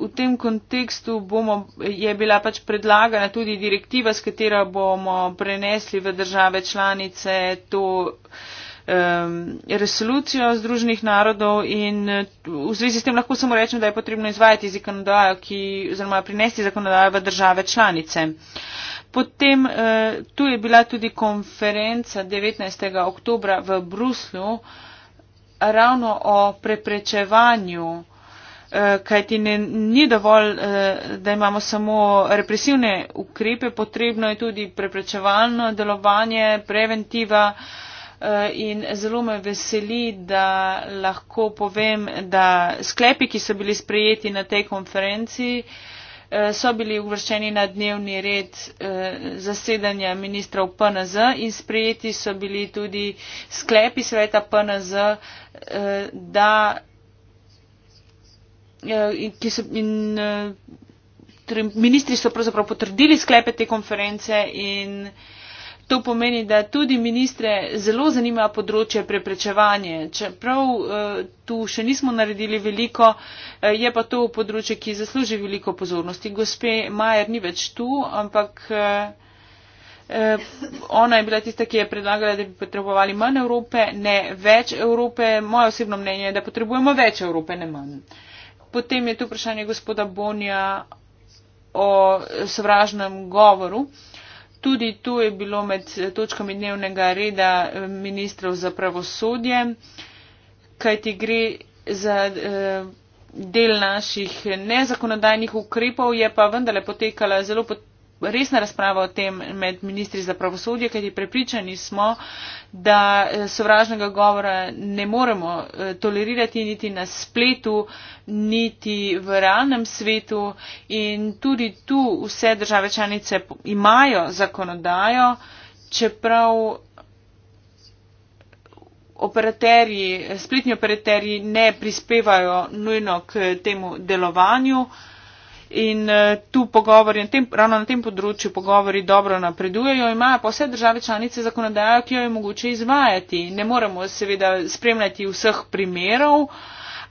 Speaker 1: v tem kontekstu bomo, je bila pač predlagana tudi direktiva, s katero bomo prenesli v države članice to resolucijo Združenih narodov in eh, v zvezi s tem lahko samo rečem, da je potrebno izvajati zakonodajo, ki oziroma prinesti zakonodajo v države članice. Potem eh, tu je bila tudi konferenca 19. oktobra v Bruslu ravno o preprečevanju, eh, kajti ne, ni dovolj, da imamo samo represivne ukrepe, potrebno je tudi preprečevalno delovanje, preventiva. Eh, in zelo me veseli, da lahko povem, da sklepi, ki so bili sprejeti na tej konferenci, eh, so bili uvrščeni na dnevni red eh, zasedanja ministrov PNZ in sprejeti so bili tudi sklepi sveta PNZ, da, ki so. In, torej Ministri so pravzaprav potrdili sklepe te konference in uh, To pomeni, da tudi ministre zelo zanima področje preprečevanje. Čeprav eh, tu še nismo naredili veliko, eh, je pa to področje, ki zasluži veliko pozornosti. Gospe Majer ni več tu, ampak eh, ona je bila tista, ki je predlagala, da bi potrebovali manj Evrope, ne več Evrope. Moje osebno mnenje je, da potrebujemo več Evrope, ne manj. Potem je tu vprašanje gospoda Bonja o sovražnem govoru. Uh, Tudi tu je bilo med točkami dnevnega reda eh, ministrov za pravosodje, kajti gre za eh, del naših nezakonodajnih ukrepov, je pa vendarle potekala zelo potrebna resna razprava o tem med ministri za pravosodje, kajti prepričani smo, da eh, sovražnega govora ne moremo eh, tolerirati niti na spletu, niti v realnem svetu in tudi tu vse države članice imajo zakonodajo, čeprav operaterji, spletni operaterji ne prispevajo nujno k temu delovanju in eh, tu pogovori, tem, ravno na tem področju pogovori dobro napredujejo, imajo pa vse države članice zakonodajo, ki jo je mogoče izvajati. Ne moremo seveda spremljati vseh primerov,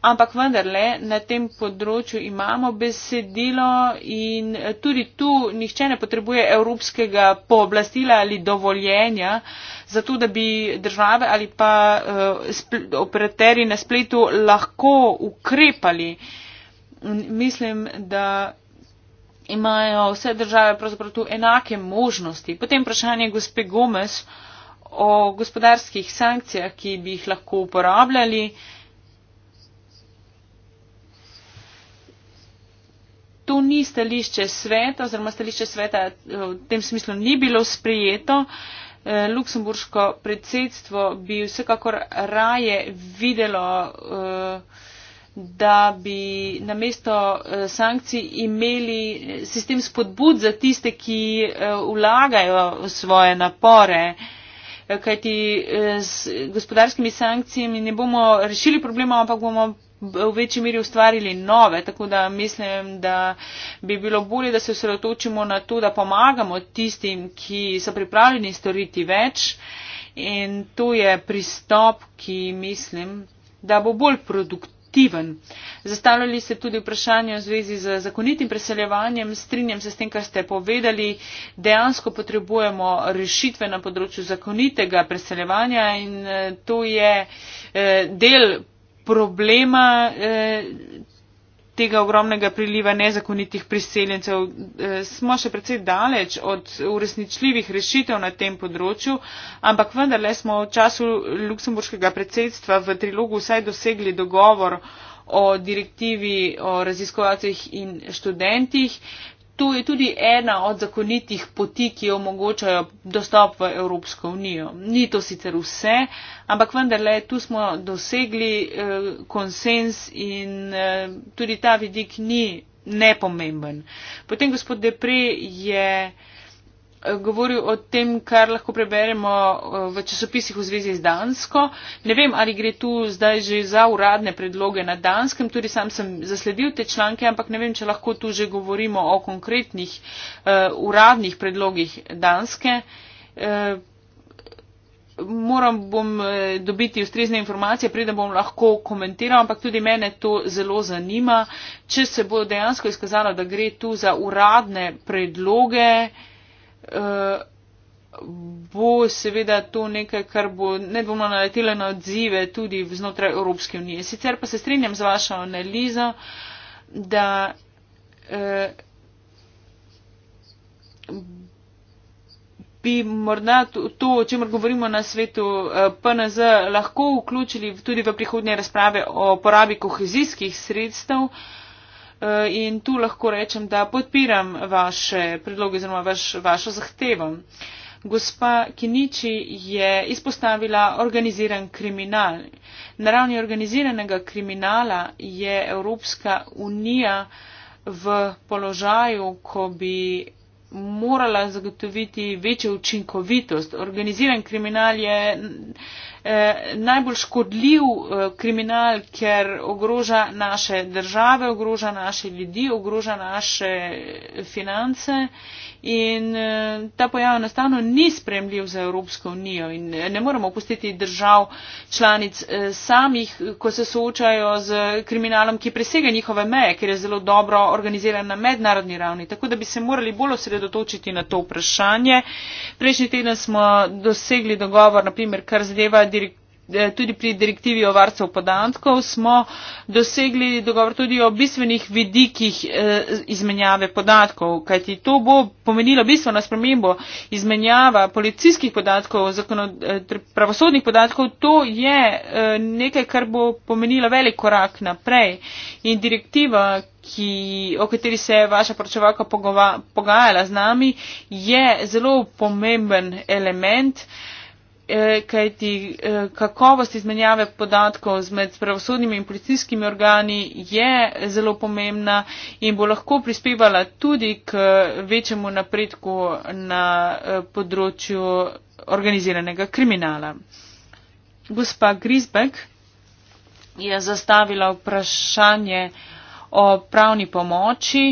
Speaker 1: ampak vendarle na tem področju imamo besedilo in eh, tudi tu nihče ne potrebuje evropskega pooblastila ali dovoljenja za to, da bi države ali pa uh, eh, operateri na spletu lahko ukrepali. Uh, mislim, da imajo vse države pravzaprav tu enake možnosti. Potem vprašanje gospe Gomez o gospodarskih sankcijah, ki bi jih lahko uporabljali. To ni stališče sveta, oziroma stališče sveta eh, v tem smislu ni bilo sprijeto. Eh, luksemburško predsedstvo bi vsekakor raje videlo. Uh, da bi namesto eh, sankcij imeli eh, sistem spodbud za tiste, ki eh, vlagajo svoje napore. Kajti z gospodarskimi sankcijami ne bomo rešili problema, ampak bomo v večji meri ustvarili nove. Tako da mislim, da bi bilo bolje, da se osredotočimo na to, da pomagamo tistim, ki so pripravljeni storiti več. In to je pristop, ki mislim, da bo bolj produktiven aktiven. Zastavljali ste tudi vprašanje v zvezi z zakonitim preseljevanjem. Strinjam se s tem, kar ste povedali. Dejansko potrebujemo rešitve na področju zakonitega preseljevanja in eh, to je eh, del problema. Eh, tega ogromnega priliva nezakonitih priseljencev. E, smo še predvsej daleč od uresničljivih rešitev na tem področju, ampak vendarle smo v času luksemburškega predsedstva v trilogu vsaj dosegli dogovor o direktivi o raziskovalcih in študentih, to je tudi ena od zakonitih poti, ki omogočajo dostop v Evropsko unijo. Ni to sicer vse, ampak vendarle tu smo dosegli eh, konsens in eh, tudi ta vidik ni nepomemben. Potem gospod Depre je govoril o tem, kar lahko preberemo eh, v časopisih v zvezi z Dansko. Ne vem, ali gre tu zdaj že za uradne predloge na Danskem, tudi sam sem zasledil te članke, ampak ne vem, če lahko tu že govorimo o konkretnih uh, uradnih predlogih Danske. Uh, Moram bom dobiti ustrezne informacije, preden bom lahko komentiral, ampak tudi mene to zelo zanima, če se bo dejansko izkazalo, da gre tu za uradne predloge, eh, bo seveda to nekaj, kar bo nedvomno naletelo na odzive tudi znotraj Evropske unije. Sicer pa se strinjam z vašo analizo, da eh, bi morda to, o čemer govorimo na svetu eh, PNZ, lahko vključili tudi v prihodnje razprave o porabi kohezijskih sredstev. Eh, in tu lahko rečem, da podpiram vaše predloge oziroma vaš, vašo zahtevo. Gospa Kiniči je izpostavila organiziran kriminal. Na ravni organiziranega kriminala je Evropska unija v položaju, ko bi morala zagotoviti večjo učinkovitost. Organiziran kriminal je Eh, najbolj škodljiv eh, kriminal, ker ogroža naše države, ogroža naše ljudi, ogroža naše finance In eh, ta pojav enostavno ni spremljiv za Evropsko unijo in ne moremo pustiti držav članic eh, samih, ko se soočajo z kriminalom, ki presega njihove meje, ker je zelo dobro organiziran na mednarodni ravni. Tako da bi se morali bolj osredotočiti na to vprašanje. Prejšnji teden smo dosegli dogovor, naprimer, kar zadeva direktiva. Eh, tudi pri direktivi o varstvu podatkov smo dosegli dogovor tudi o bistvenih vidikih eh, izmenjave podatkov, kajti to bo pomenilo bistveno spremembo izmenjava policijskih podatkov, eh, pravosodnih podatkov, to je nekaj, kar bo pomenilo velik korak naprej. In direktiva, ki, o kateri se je vaša poročevalka pogajala z nami, je zelo pomemben element. Eh, kajti eh, kakovost izmenjave podatkov med pravosodnimi in policijskimi organi je zelo pomembna in bo lahko prispevala tudi k večjemu napredku na eh, področju organiziranega kriminala. Gospa Grisbek je zastavila vprašanje o pravni pomoči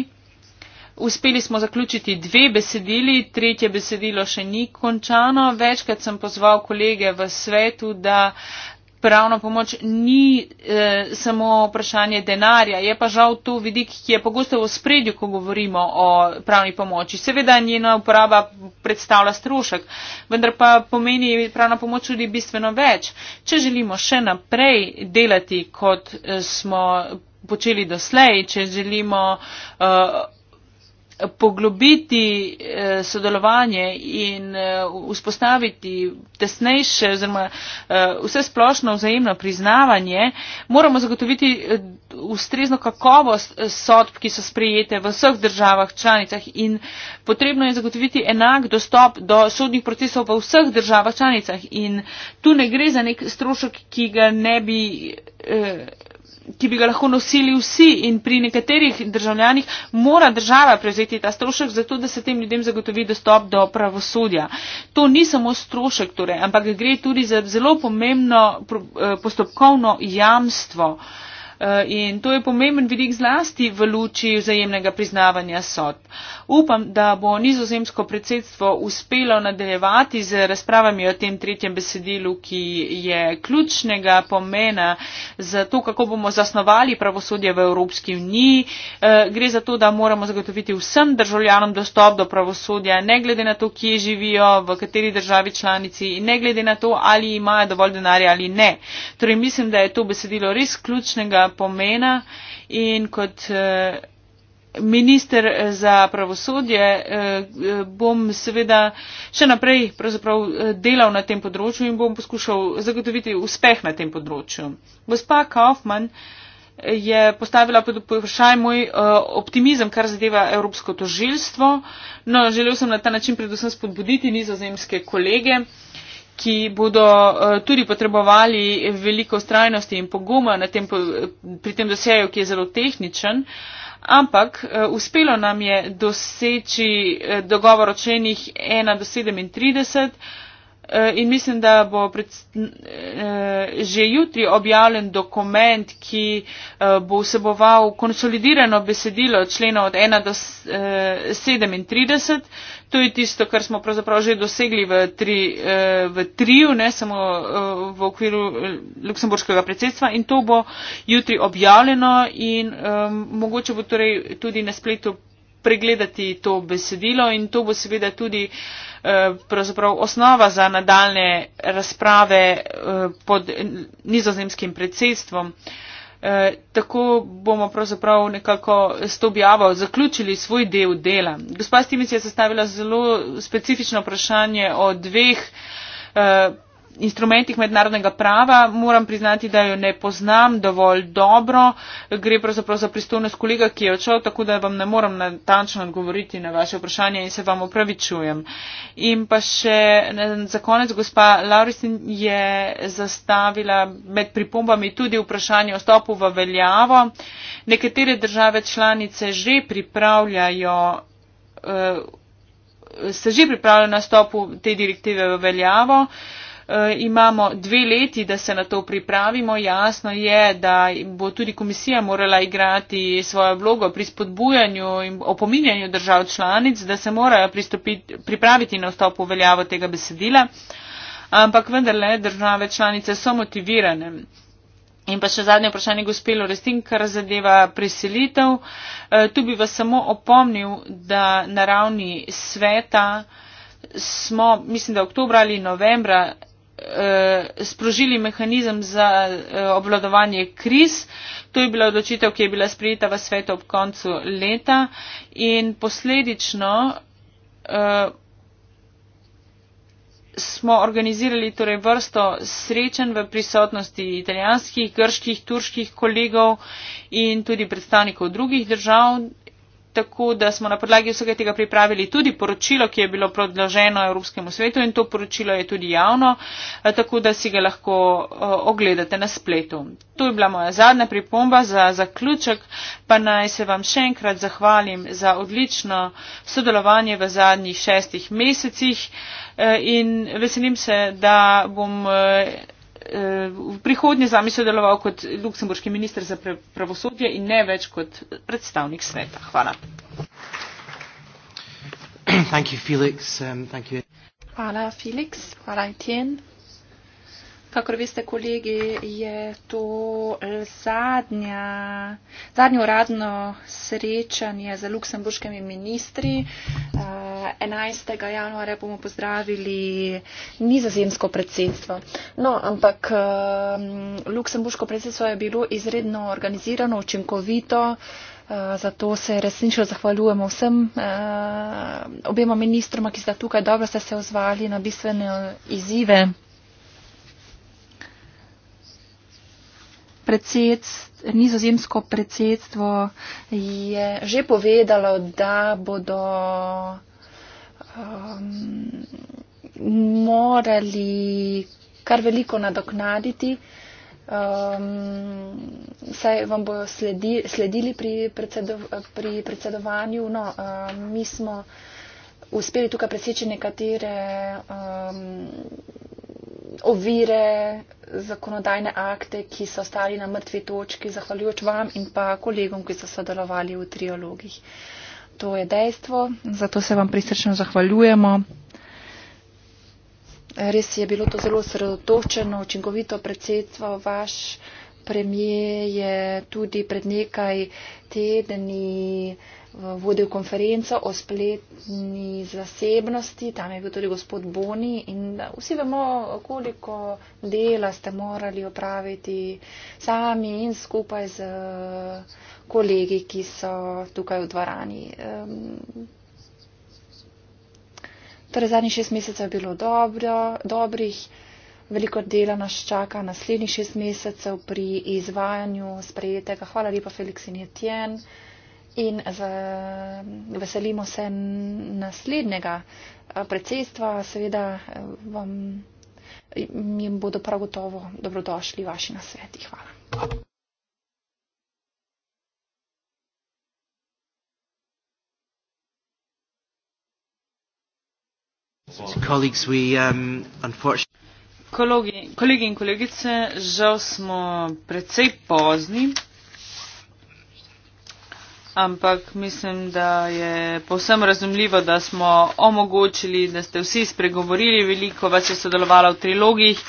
Speaker 1: uspeli smo zaključiti dve besedili, tretje besedilo še ni končano. Večkrat sem pozval kolege v svetu, da pravna pomoč ni eh, samo vprašanje denarja. Je pa žal to vidik, ki je pogosto v spredju, ko govorimo o pravni pomoči. Seveda njena uporaba predstavlja strošek, vendar pa pomeni pravna pomoč tudi bistveno več. Če želimo še naprej delati, kot eh, smo počeli doslej, če želimo. Eh, poglobiti eh, sodelovanje in eh, vzpostaviti tesnejše oziroma eh, vse splošno vzajemno priznavanje, moramo zagotoviti ustrezno kakovost sodb, ki so sprejete v vseh državah članicah in potrebno je zagotoviti enak dostop do sodnih procesov v vseh državah članicah in tu ne gre za nek strošek, ki ga ne bi. Eh, ki bi ga lahko nosili vsi in pri nekaterih državljanih mora država prevzeti ta strošek, zato da se tem ljudem zagotovi dostop do pravosodja. To ni samo strošek, torej, ampak gre tudi za zelo pomembno eh, postopkovno jamstvo. Uh, Eh, in to je pomemben vidik zlasti v luči vzajemnega priznavanja sod. Upam, da bo nizozemsko predsedstvo uspelo nadaljevati z razpravami o tem tretjem besedilu, ki je ključnega pomena za to, kako bomo zasnovali pravosodje v Evropski uniji. Eh, gre za to, da moramo zagotoviti vsem državljanom dostop do pravosodja, ne glede na to, kje živijo, v kateri državi članici in ne glede na to, ali imajo dovolj denarja ali ne. Torej, mislim, da je to besedilo res ključnega pomena in kot eh, minister za pravosodje eh, bom seveda še naprej eh, delal na tem področju in bom poskušal zagotoviti uspeh na tem področju. Gospa Kaufmann je postavila pod vprašaj moj optimizem, kar zadeva evropsko toživstvo. No, želel sem na ta način predvsem spodbuditi nizozemske kolege ki bodo eh, tudi potrebovali veliko ustrajnosti in poguma tem, pri tem dosejo, ki je zelo tehničen. Ampak eh, uspelo nam je doseči eh, dogovor o členih 1 do 37. Eh, in mislim, da bo pred, eh, že jutri objavljen dokument, ki eh, bo vseboval konsolidirano besedilo člena od 1 do 37. To je tisto, kar smo pravzaprav že dosegli v, tri, v triju, ne samo v okviru Luksemburškega predsedstva in to bo jutri objavljeno in mogoče bo torej tudi na spletu pregledati to besedilo in to bo seveda tudi eh, pravzaprav osnova za nadaljne razprave eh, pod nizozemskim predsedstvom. Eh, tako bomo pravzaprav nekako s to objavo zaključili svoj del dela. Gospa Stimic je sestavila zelo specifično vprašanje o dveh instrumentih mednarodnega prava. Moram priznati, da jo ne poznam dovolj dobro. Gre pravzaprav za pristojnost kolega, ki je odšel, tako da vam ne morem natančno odgovoriti na vaše vprašanje in se vam opravičujem. In pa še za konec, gospa Laurisin je zastavila med pripombami tudi vprašanje o stopu v veljavo. Nekatere države članice že pripravljajo. Uh, se že pripravljajo na stopu te direktive v veljavo. Uh, E, imamo dve leti, da se na to pripravimo. Jasno je, da bo tudi komisija morala igrati svojo vlogo pri spodbujanju in opominjanju držav članic, da se morajo pripraviti na vstop v veljavo tega besedila. Ampak vendarle države članice so motivirane. In pa še zadnje vprašanje, gospe Lorestin, kar zadeva preselitev. E, tu bi vas samo opomnil, da na ravni sveta smo, mislim, da oktobra ali novembra Eh, sprožili mehanizem za eh, obvladovanje kriz. To je bila odločitev, ki je bila sprejeta v svetu ob koncu leta in posledično eh, smo organizirali torej vrsto srečanj v prisotnosti italijanskih, grških, turških kolegov in tudi predstavnikov drugih držav tako da smo na podlagi vsega tega pripravili tudi poročilo, ki je bilo predloženo Evropskemu svetu in to poročilo je tudi javno, eh, tako da si ga lahko eh, ogledate na spletu. To je bila moja zadnja pripomba za zaključek, pa naj se vam še enkrat zahvalim za odlično sodelovanje v zadnjih šestih mesecih eh, in veselim se, da bom Eh, v prihodnje z vami sodeloval kot luksemburški minister za pravosodje in ne več kot predstavnik sveta. Hvala.
Speaker 2: Thank you, Felix. Um, thank you.
Speaker 3: Hvala, Felix. Hvala, Etienne. Kakor veste, kolegi, je to zadnja, zadnje uradno srečanje za luksemburškimi ministri. 11. Eh, januarja bomo pozdravili nizozemsko predsedstvo. No, ampak eh, luksemburško predsedstvo je bilo izredno organizirano, učinkovito. Eh, zato se resnično zahvaljujemo vsem obema ministroma, ki sta tukaj dobro ste se ozvali na bistvene izzive predsedstvo, nizozemsko predsedstvo je že povedalo, da bodo um, morali kar veliko nadoknaditi. Um, saj vam bojo sledi, sledili pri, predsedo, pri predsedovanju. No, um, mi smo uspeli tukaj preseči nekatere um, ovire, zakonodajne akte, ki so stali na mrtvi točki, zahvaljujoč vam in pa kolegom, ki so sodelovali v triologih. To je dejstvo, zato se vam pristrčno zahvaljujemo. Res je bilo to zelo sredotočeno, učinkovito predsedstvo. Vaš premije je tudi pred nekaj tedni vodil konferenco o spletni zasebnosti, tam je bil tudi gospod Boni in vsi vemo, koliko dela ste morali opraviti sami in skupaj z eh, kolegi, ki so tukaj v dvorani. Ehm, torej, zadnjih šest mesecev je bilo dobro, dobrih. Veliko dela nas čaka naslednjih šest mesecev pri izvajanju sprejetega. Hvala lepa, Felix in Etienne in eh, z, veselimo se naslednjega eh, predsedstva, seveda eh, vam, jim bodo prav gotovo dobrodošli vaši nasveti. Hvala.
Speaker 1: Um, kolegi in kolegice, žal smo precej pozni ampak mislim, da je povsem razumljivo, da smo omogočili, da ste vsi spregovorili, veliko vas je sodelovalo v trilogih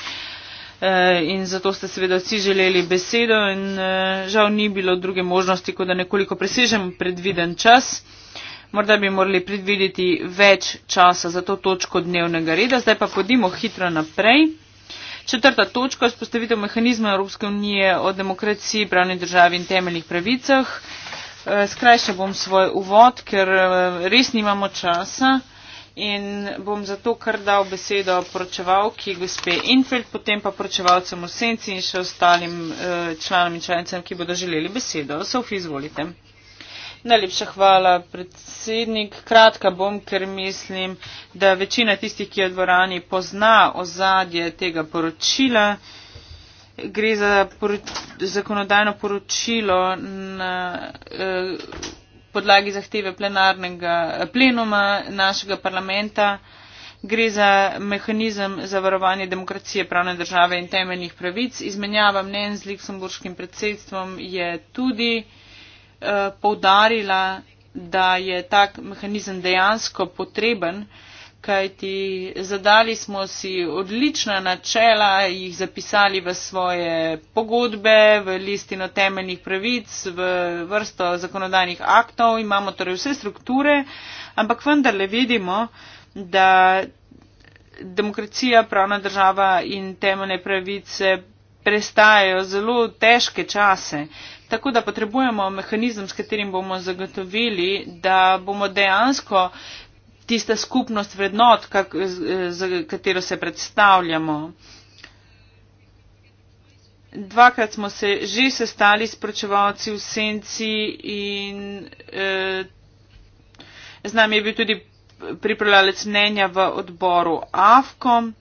Speaker 1: eh, in zato ste seveda vsi želeli besedo in eh, žal ni bilo druge možnosti, kot da nekoliko presežem predviden čas. Morda bi morali predvideti več časa za to točko dnevnega reda, zdaj pa podimo hitro naprej. Četrta točka, spostavitev mehanizma Evropske unije o demokraciji, pravni državi in temeljnih pravicah. Eh, skrajšal bom svoj uvod, ker eh, res nimamo časa in bom zato kar dal besedo poročevalki gospe Infeld, potem pa poročevalcem v senci in še ostalim eh, članom in članicam, ki bodo želeli besedo. Sofi, izvolite. Najlepša hvala, predsednik. Kratka bom, ker mislim, da večina tistih, ki je v dvorani, pozna ozadje tega poročila gre za poroč, zakonodajno poročilo na eh, podlagi zahteve plenarnega plenuma našega parlamenta. Gre za mehanizem za varovanje demokracije, pravne države in temeljnih pravic. Izmenjava mnen z Liksemburškim predsedstvom je tudi eh, povdarila, da je tak mehanizem dejansko potreben kajti zadali smo si odlična načela, jih zapisali v svoje pogodbe, v listino temeljnih pravic, v vrsto zakonodajnih aktov, imamo torej vse strukture, ampak vendarle vidimo, da demokracija, pravna država in temeljne pravice prestajajo zelo težke čase. Tako da potrebujemo mehanizem, s katerim bomo zagotovili, da bomo dejansko tista skupnost vrednot, kak, za katero se predstavljamo. Dvakrat smo se že sestali s pročevalci v senci in eh, z nami je bil tudi pripravljalec mnenja v odboru AFKOM.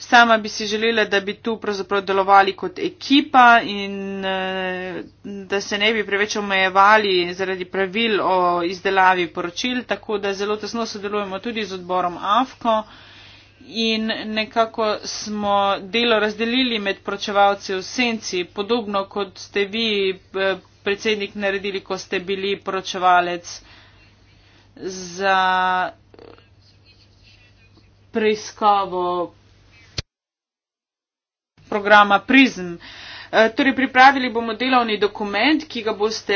Speaker 1: Sama bi si želela, da bi tu pravzaprav delovali kot ekipa in eh, da se ne bi preveč omejevali zaradi pravil o izdelavi poročil, tako da zelo tesno sodelujemo tudi z odborom AFKO in nekako smo delo razdelili med poročevalce v senci, podobno kot ste vi eh, predsednik naredili, ko ste bili poročevalec za preiskavo programa PRISM. Eh, torej, pripravili bomo delovni dokument, ki ga boste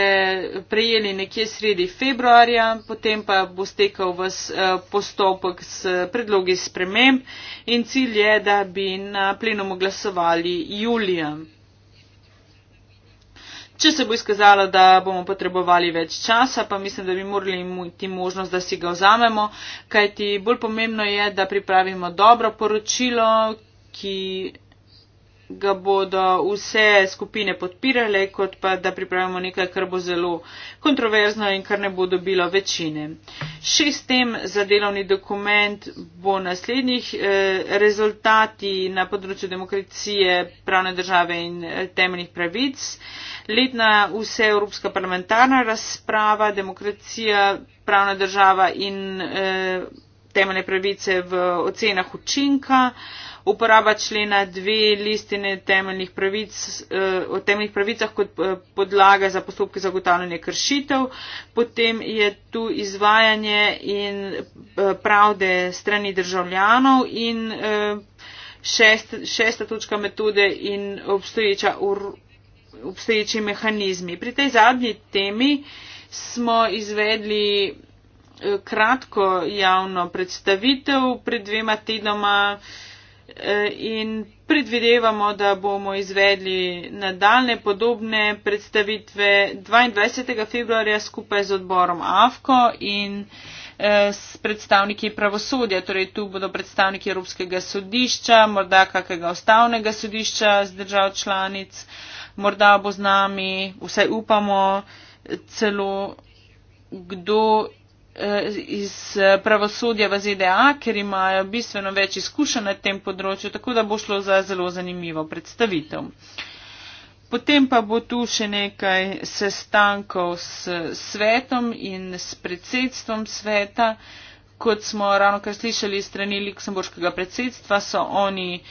Speaker 1: prejeli nekje sredi februarja, potem pa bo stekal v eh, postopek s predlogi sprememb in cilj je, da bi na plenumu glasovali julija. Če se bo izkazalo, da bomo potrebovali več časa, pa mislim, da bi morali imeti možnost, da si ga vzamemo, kajti bolj pomembno je, da pripravimo dobro poročilo, ki ga bodo vse skupine podpirale, kot pa da pripravimo nekaj, kar bo zelo kontroverzno in kar ne bo dobilo večine. Šest tem za delovni dokument bo naslednjih. Eh, rezultati na področju demokracije, pravne države in eh, temeljnih pravic. Letna vseevropska parlamentarna razprava, demokracija, pravna država in eh, temeljne pravice v ocenah učinka uporaba člena dve listine temeljnih pravic, eh, o temeljnih pravicah kot eh, podlaga za postopke zagotavljanja kršitev, potem je tu izvajanje in eh, pravde strani državljanov in šest, šesta točka metode in obstoječa ur, obstoječi mehanizmi. Pri tej zadnji temi smo izvedli kratko javno predstavitev pred dvema tednoma in predvidevamo, da bomo izvedli nadaljne podobne predstavitve 22. februarja skupaj z odborom AFKO in eh, s predstavniki pravosodja. Torej, tu bodo predstavniki Evropskega sodišča, morda kakega ostavnega sodišča z držav članic, morda bo z nami, vsaj upamo, celo kdo Eh, iz eh, pravosodja v ZDA, ker imajo bistveno več izkušenj na tem področju, tako da bo šlo za zelo zanimivo predstavitev. Potem pa bo tu še nekaj sestankov s svetom in s predsedstvom sveta. Kot smo ravno kar slišali strani Luksemburškega predsedstva, so oni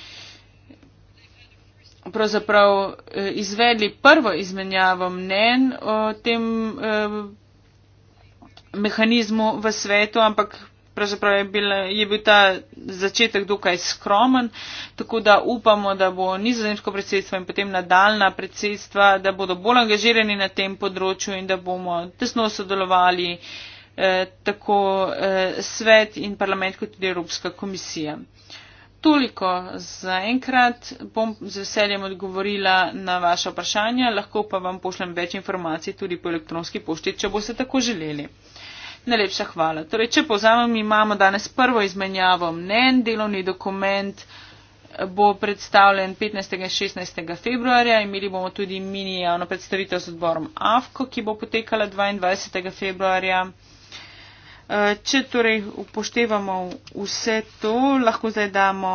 Speaker 1: pravzaprav eh, izvedli prvo izmenjavo mnen o tem. Eh, mehanizmu v svetu, ampak pravzaprav je, bila, je bil ta začetek dokaj skromen, tako da upamo, da bo nizozemsko predsedstvo in potem nadaljna predsedstva, da bodo bolj angažirani na tem področju in da bomo tesno sodelovali eh, tako eh, svet in parlament kot tudi Evropska komisija. Toliko za enkrat. Bom z veseljem odgovorila na vaše vprašanja, lahko pa vam pošljem več informacij tudi po elektronski pošti, če boste tako želeli. Najlepša hvala. Torej, če povzamem, imamo danes prvo izmenjavo mnen, delovni dokument eh, bo predstavljen 15. in 16. februarja. Imeli bomo tudi mini javno predstavitev z odborom AFKO, ki bo potekala 22. februarja. Eh, če torej upoštevamo vse to, lahko zdaj damo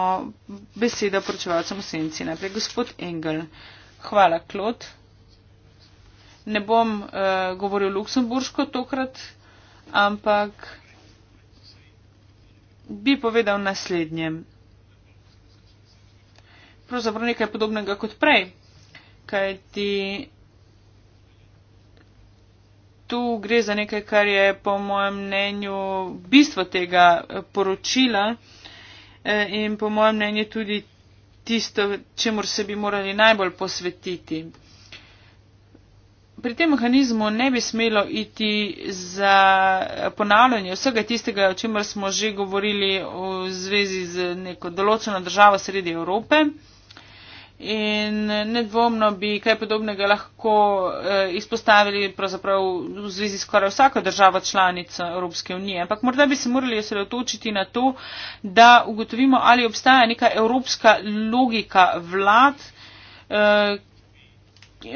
Speaker 1: besedo poročevalcem v senci. Najprej gospod Engel. Hvala, Klod. Ne bom uh, govoril luksemburško tokrat, ampak bi povedal naslednje. Pravzaprav nekaj podobnega kot prej, kajti tu gre za nekaj, kar je po mojem mnenju bistvo tega eh, poročila eh, in po mojem mnenju tudi tisto, čemu se bi morali najbolj posvetiti pri tem mehanizmu ne bi smelo iti za ponavljanje vsega tistega, o čemer smo že govorili v zvezi z neko določeno državo sredi Evrope. In nedvomno bi kaj podobnega lahko eh, izpostavili pravzaprav v zvezi s skoraj vsako državo članico Evropske unije. Ampak morda bi se morali osredotočiti na to, da ugotovimo, ali obstaja neka evropska logika vlad, eh,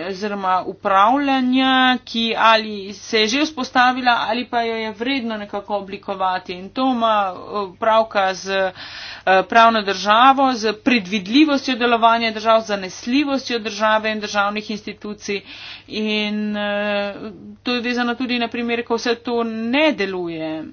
Speaker 1: oziroma upravljanja, ki ali se je že vzpostavila ali pa jo je vredno nekako oblikovati. In to ima eh, pravka z eh, pravno državo, z predvidljivostjo delovanja držav, zanesljivostjo države in državnih institucij. In eh, to je vezano tudi na primer, ko vse to ne deluje.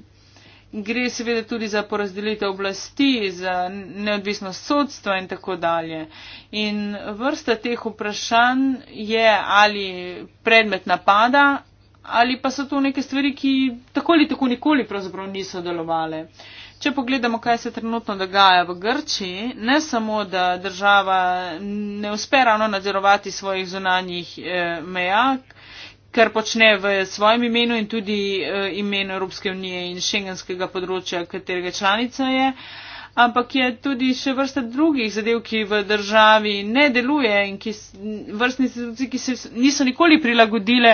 Speaker 1: Gre seveda tudi za porazdelitev oblasti, za neodvisnost sodstva in tako dalje. In vrsta teh vprašanj je ali predmet napada, ali pa so to neke stvari, ki tako ali tako nikoli pravzaprav niso delovale. Če pogledamo, kaj se trenutno dogaja v Grčiji, ne samo, da država ne uspe ravno nadzorovati svojih zunanjih eh, mejak, kar počne v svojem imenu in tudi eh, imenu Evropske unije in šengenskega področja, katerega članica je. Ampak je tudi še vrsta drugih zadev, ki v državi ne deluje in ki vrstni institucije, ki se niso nikoli prilagodile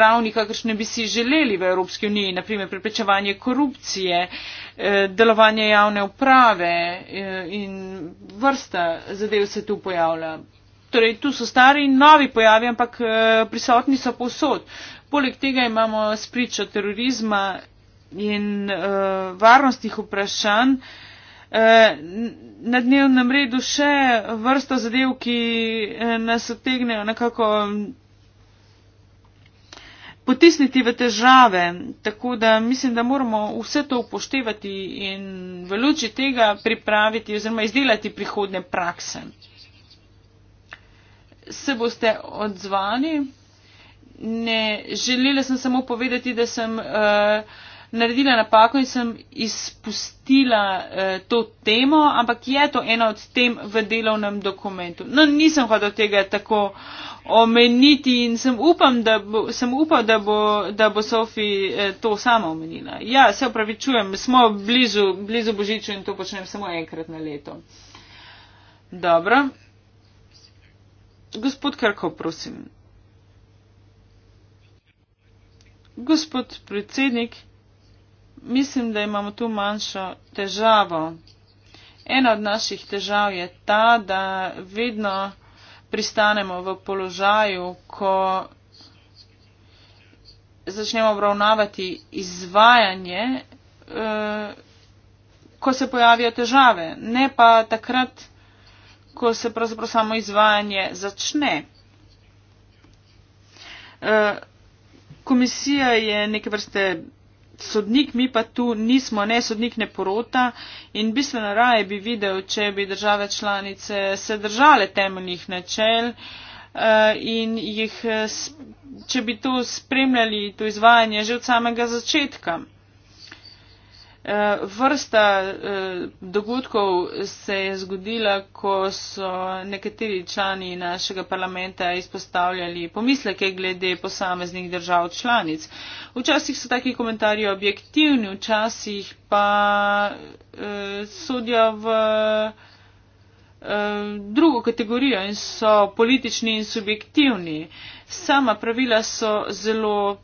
Speaker 1: ravni, kakršne bi si želeli v Evropski uniji, naprimer preprečevanje korupcije, eh, delovanje javne uprave eh, in vrsta zadev se tu pojavlja. Torej, tu so stari in novi pojavi, ampak eh, prisotni so povsod. Poleg tega imamo spričo terorizma in uh, varnostnih vprašanj. Uh, na dnevnem redu še vrsto zadev, ki nas otegnejo nekako potisniti v težave. Tako da mislim, da moramo vse to upoštevati in v luči tega pripraviti oziroma izdelati prihodne prakse se boste odzvali. Ne, želela sem samo povedati, da sem uh, naredila napako in sem izpustila uh, to temo, ampak je to ena od tem v delovnem dokumentu. No, nisem hodila tega tako omeniti in sem upam, da bo, sem upal, da bo, da bo Sofi eh, to sama omenila. Ja, se upravičujem, smo blizu, blizu Božiču in to počnem samo enkrat na leto. Dobro. Gospod Krko, prosim. Gospod predsednik, mislim, da imamo tu manjšo težavo. Ena od naših težav je ta, da vedno pristanemo v položaju, ko začnemo obravnavati izvajanje, eh, ko se pojavijo težave, ne pa takrat, ko se pravzaprav samo izvajanje začne. E, komisija je neke vrste sodnik, mi pa tu nismo ne sodnik, ne porota in bistveno raje bi videl, če bi države članice se držale temeljnih načel e, in jih, če bi to spremljali, to izvajanje že od samega začetka. Eh, vrsta eh, dogodkov se je zgodila, ko so nekateri člani našega parlamenta izpostavljali pomisleke glede posameznih držav članic. Včasih so taki komentarji objektivni, včasih pa eh, sodijo v eh, drugo kategorijo in so politični in subjektivni. Sama pravila so zelo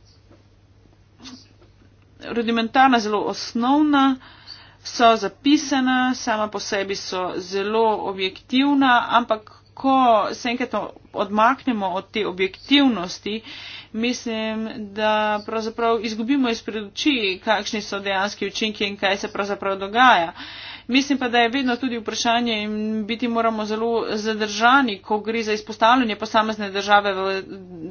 Speaker 1: rudimentarna, zelo osnovna, so zapisana, sama po sebi so zelo objektivna, ampak ko se enkrat odmaknemo od te objektivnosti, mislim, da pravzaprav izgubimo iz predoči, kakšni so dejanski učinki in kaj se pravzaprav dogaja. Uh, Mislim pa, da je vedno tudi vprašanje in biti moramo zelo zadržani, ko gre za izpostavljanje posamezne države v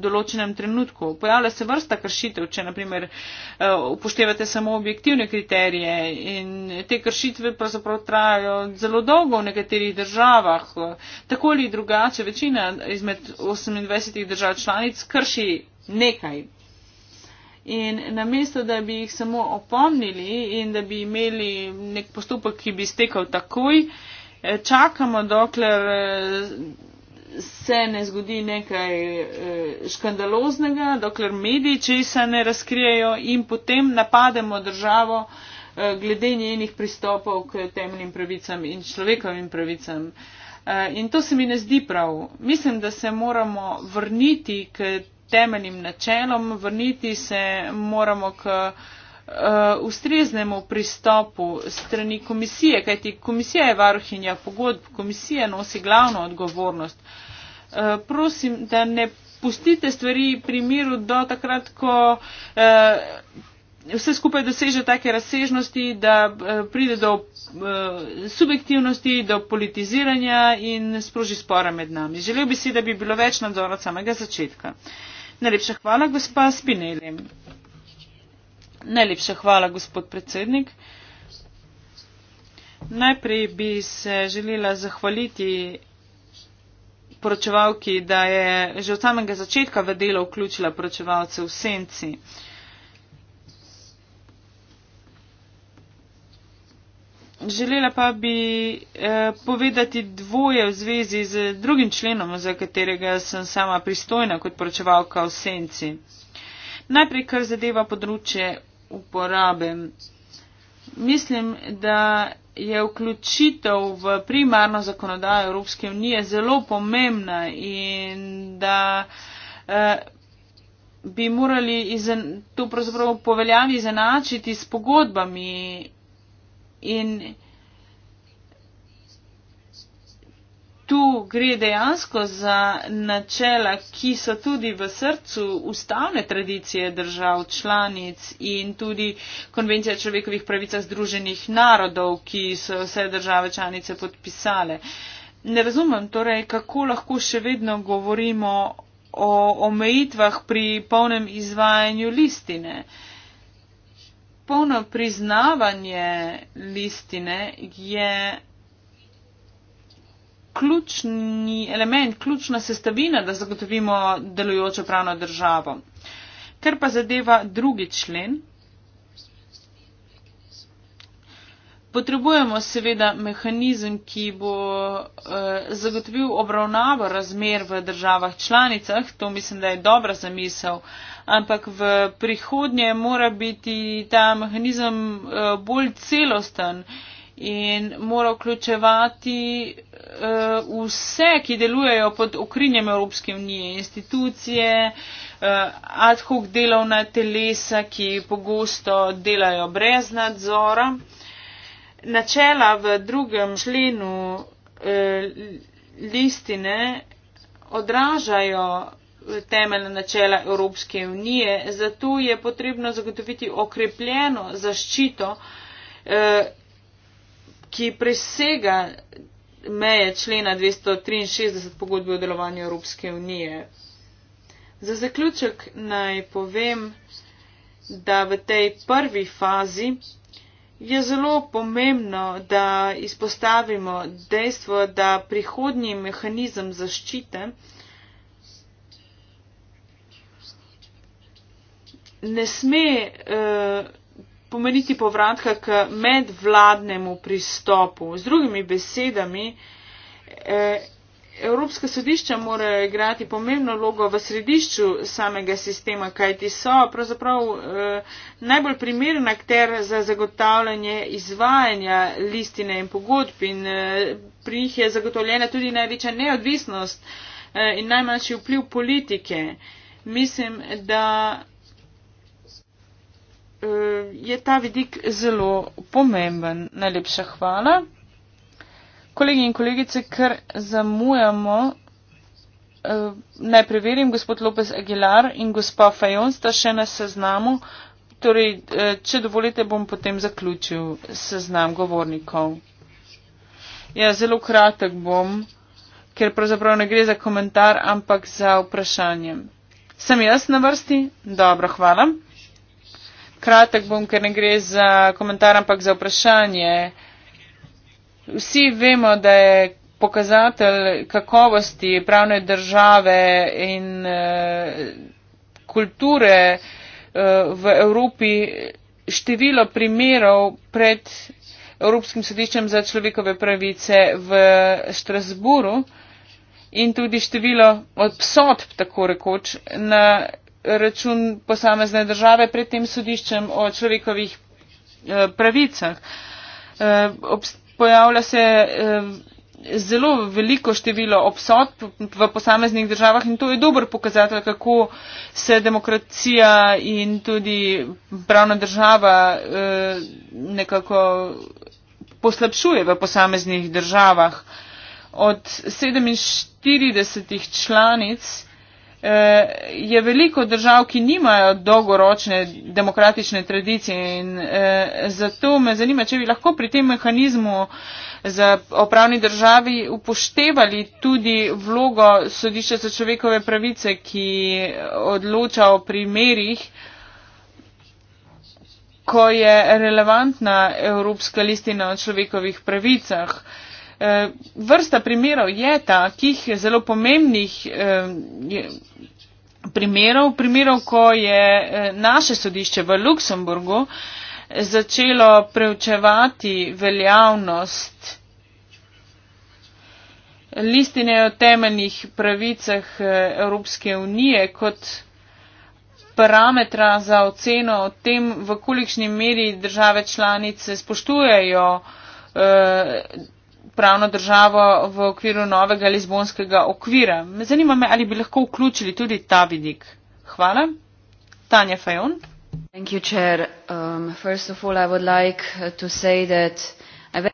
Speaker 1: določenem trenutku. Pojavlja se vrsta kršitev, če naprimer eh, upoštevate samo objektivne kriterije in te kršitve pravzaprav trajajo zelo dolgo v nekaterih državah. Tako ali drugače, večina izmed 28 držav članic krši nekaj In namesto, da bi jih samo opomnili in da bi imeli nek postopek, ki bi stekal takoj, eh, čakamo, dokler eh, se ne zgodi nekaj eh, škandaloznega, dokler mediji česa ne razkrijejo in potem napademo državo glede njenih pristopov k temeljnim pravicam in človekovim pravicam. In to se mi ne zdi prav. Mislim, da se moramo vrniti k temeljnim načelom, vrniti se moramo k eh, ustreznemu pristopu strani komisije, kajti komisija je varuhinja pogodb, komisija nosi glavno odgovornost. Eh, prosim, da ne pustite stvari pri miru do takrat, ko eh, vse skupaj doseže take razsežnosti, da pride do subjektivnosti, do politiziranja in sproži spora med nami. Želel bi si, da bi bilo več nadzora od samega začetka. Najlepša hvala, gospa Spinelli. Najlepša hvala, gospod predsednik. Najprej bi se želela zahvaliti poročevalki, da je že od samega začetka v delo vključila poročevalce v senci. Uh, Želela pa bi eh, povedati dvoje v zvezi z drugim členom, za katerega sem sama pristojna kot poročevalka v senci. Najprej, kar zadeva področje uporabe. Mislim, da je vključitev v primarno zakonodajo Evropske unije zelo pomembna in da eh, bi morali izen, to pravzaprav poveljavi izenačiti s pogodbami in tu gre dejansko za načela, ki so tudi v srcu ustavne tradicije držav članic in tudi konvencija človekovih pravica združenih narodov, ki so vse države članice podpisale. Ne razumem torej, kako lahko še vedno govorimo o omejitvah pri polnem izvajanju listine. Uh, polno priznavanje listine je ključni element, ključna sestavina, da zagotovimo delujočo pravno državo. Ker pa zadeva drugi člen, Potrebujemo seveda mehanizem, ki bo eh, zagotovil obravnavo razmer v državah članicah, to mislim, da je dobra zamisel, ampak v prihodnje mora biti ta mehanizem eh, bolj celosten in mora vključevati eh, vse, ki delujejo pod okrinjem Evropske unije, institucije, eh, ad hoc delovna telesa, ki pogosto delajo brez nadzora načela v drugem členu eh, listine odražajo temeljna načela Evropske unije, zato je potrebno zagotoviti okrepljeno zaščito, eh, ki presega meje člena 263 pogodbe o delovanju Evropske unije. Za zaključek naj povem, da v tej prvi fazi je zelo pomembno, da izpostavimo dejstvo, da prihodnji mehanizem zaščite ne sme eh, pomeniti povratka k medvladnemu pristopu. Z drugimi besedami, eh, Evropska sodišča morajo igrati pomembno vlogo v središču samega sistema, kajti so pravzaprav eh, najbolj primeren akter za zagotavljanje izvajanja listine in pogodb in eh, pri njih je zagotovljena tudi največja neodvisnost eh, in najmanjši vpliv politike. Mislim, da eh, je ta vidik zelo pomemben. Najlepša hvala kolegi in kolegice, ker zamujamo, eh, naj preverim, gospod Lopez Aguilar in gospa Fajon sta še na seznamu. Torej, eh, če dovolite, bom potem zaključil seznam govornikov. Ja, zelo kratek bom, ker pravzaprav ne gre za komentar, ampak za vprašanje. Sem jaz na vrsti? Dobro, hvala. Kratek bom, ker ne gre za komentar, ampak za vprašanje. Vsi vemo, da je pokazatelj kakovosti pravne države in uh, kulture uh, v Evropi število primerov pred Evropskim sodiščem za človekove pravice v Štrasburu in tudi število obsodb, tako rekoč, na račun posamezne države pred tem sodiščem o človekovih uh, pravicah. Uh, pojavlja se eh, zelo veliko število obsodb v posameznih državah in to je dober pokazatelj, kako se demokracija in tudi pravna država eh, nekako poslabšuje v posameznih državah. Od 47 članic Eh, je veliko držav, ki nimajo dolgoročne demokratične tradicije in eh, zato me zanima, če bi lahko pri tem mehanizmu za opravni državi upoštevali tudi vlogo sodišča za človekove pravice, ki odloča o primerjih, ko je relevantna Evropska listina o človekovih pravicah. Eh, vrsta primerov je ta, kih zelo pomembnih eh, primerov, primerov, ko je eh, naše sodišče v Luksemburgu začelo preučevati veljavnost listine o temeljnih pravicah Evropske unije kot parametra za oceno o tem, v kolikšni meri države članice spoštujejo pravno državo v okviru novega lizbonskega okvira. Zanima me, ali bi lahko vključili tudi ta vidik. Hvala. Tanja Fajon. You, um, like uh, very...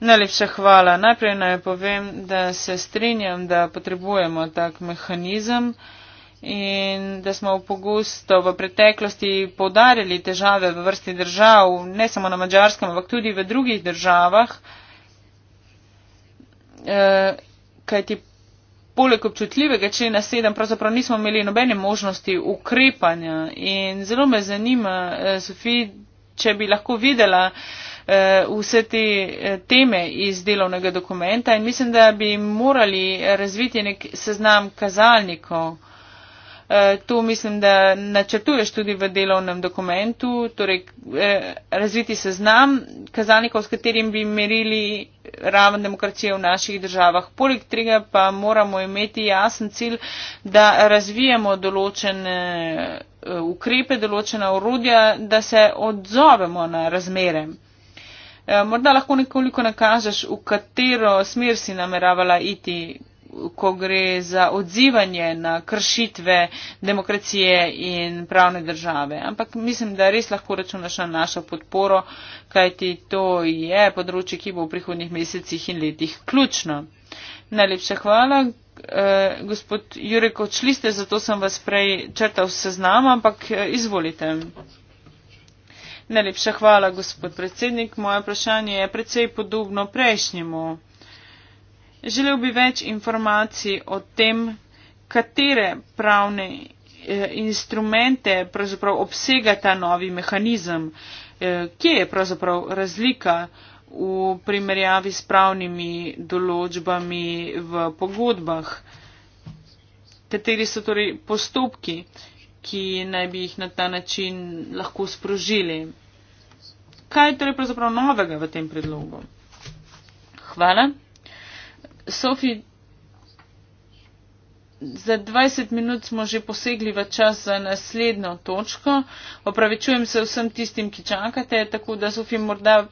Speaker 1: Najlepša hvala. Najprej naj povem, da se strinjam, da potrebujemo tak mehanizem in da smo pogosto v preteklosti podarili težave v vrsti držav, ne samo na mačarskem, ampak tudi v drugih državah. Eh, kaj ti poleg občutljivega člena sedem pravzaprav nismo imeli nobene možnosti ukrepanja. In zelo me zanima, eh, Sofi, če bi lahko videla eh, vse te teme iz delovnega dokumenta in mislim, da bi morali razviti nek seznam kazalnikov. Eh, tu mislim, da načrtuješ tudi v delovnem dokumentu, torej eh, razviti seznam kazalnikov, s katerim bi merili raven demokracije v naših državah. Poleg tega pa moramo imeti jasen cilj, da razvijemo določene eh, ukrepe, določena orodja, da se odzovemo na razmere. Morda lahko nekoliko nakažeš, v katero smer si nameravala iti ko gre za odzivanje na kršitve demokracije in pravne države. Ampak mislim, da res lahko računaš na našo podporo, kajti to je področje, ki bo v prihodnjih mesecih in letih ključno. Najlepša hvala. Eh, gospod Jurek, odšli ste, zato sem vas prej črtal seznam, ampak eh, izvolite. Najlepša hvala, gospod predsednik. Moje vprašanje je precej podobno prejšnjemu. Želel bi več informacij o tem, katere pravne eh, instrumente pravzaprav obsega ta novi mehanizem, eh, kje je pravzaprav razlika v primerjavi s pravnimi določbami v pogodbah, kateri so torej postopki, ki naj bi jih na ta način lahko sprožili. Kaj je torej pravzaprav novega v tem predlogu? Hvala. Sophie za 20 minut smo že posegli v čas za naslednjo točko. Opravičujem se vsem tistim, ki čakate, tako da Sofi, morda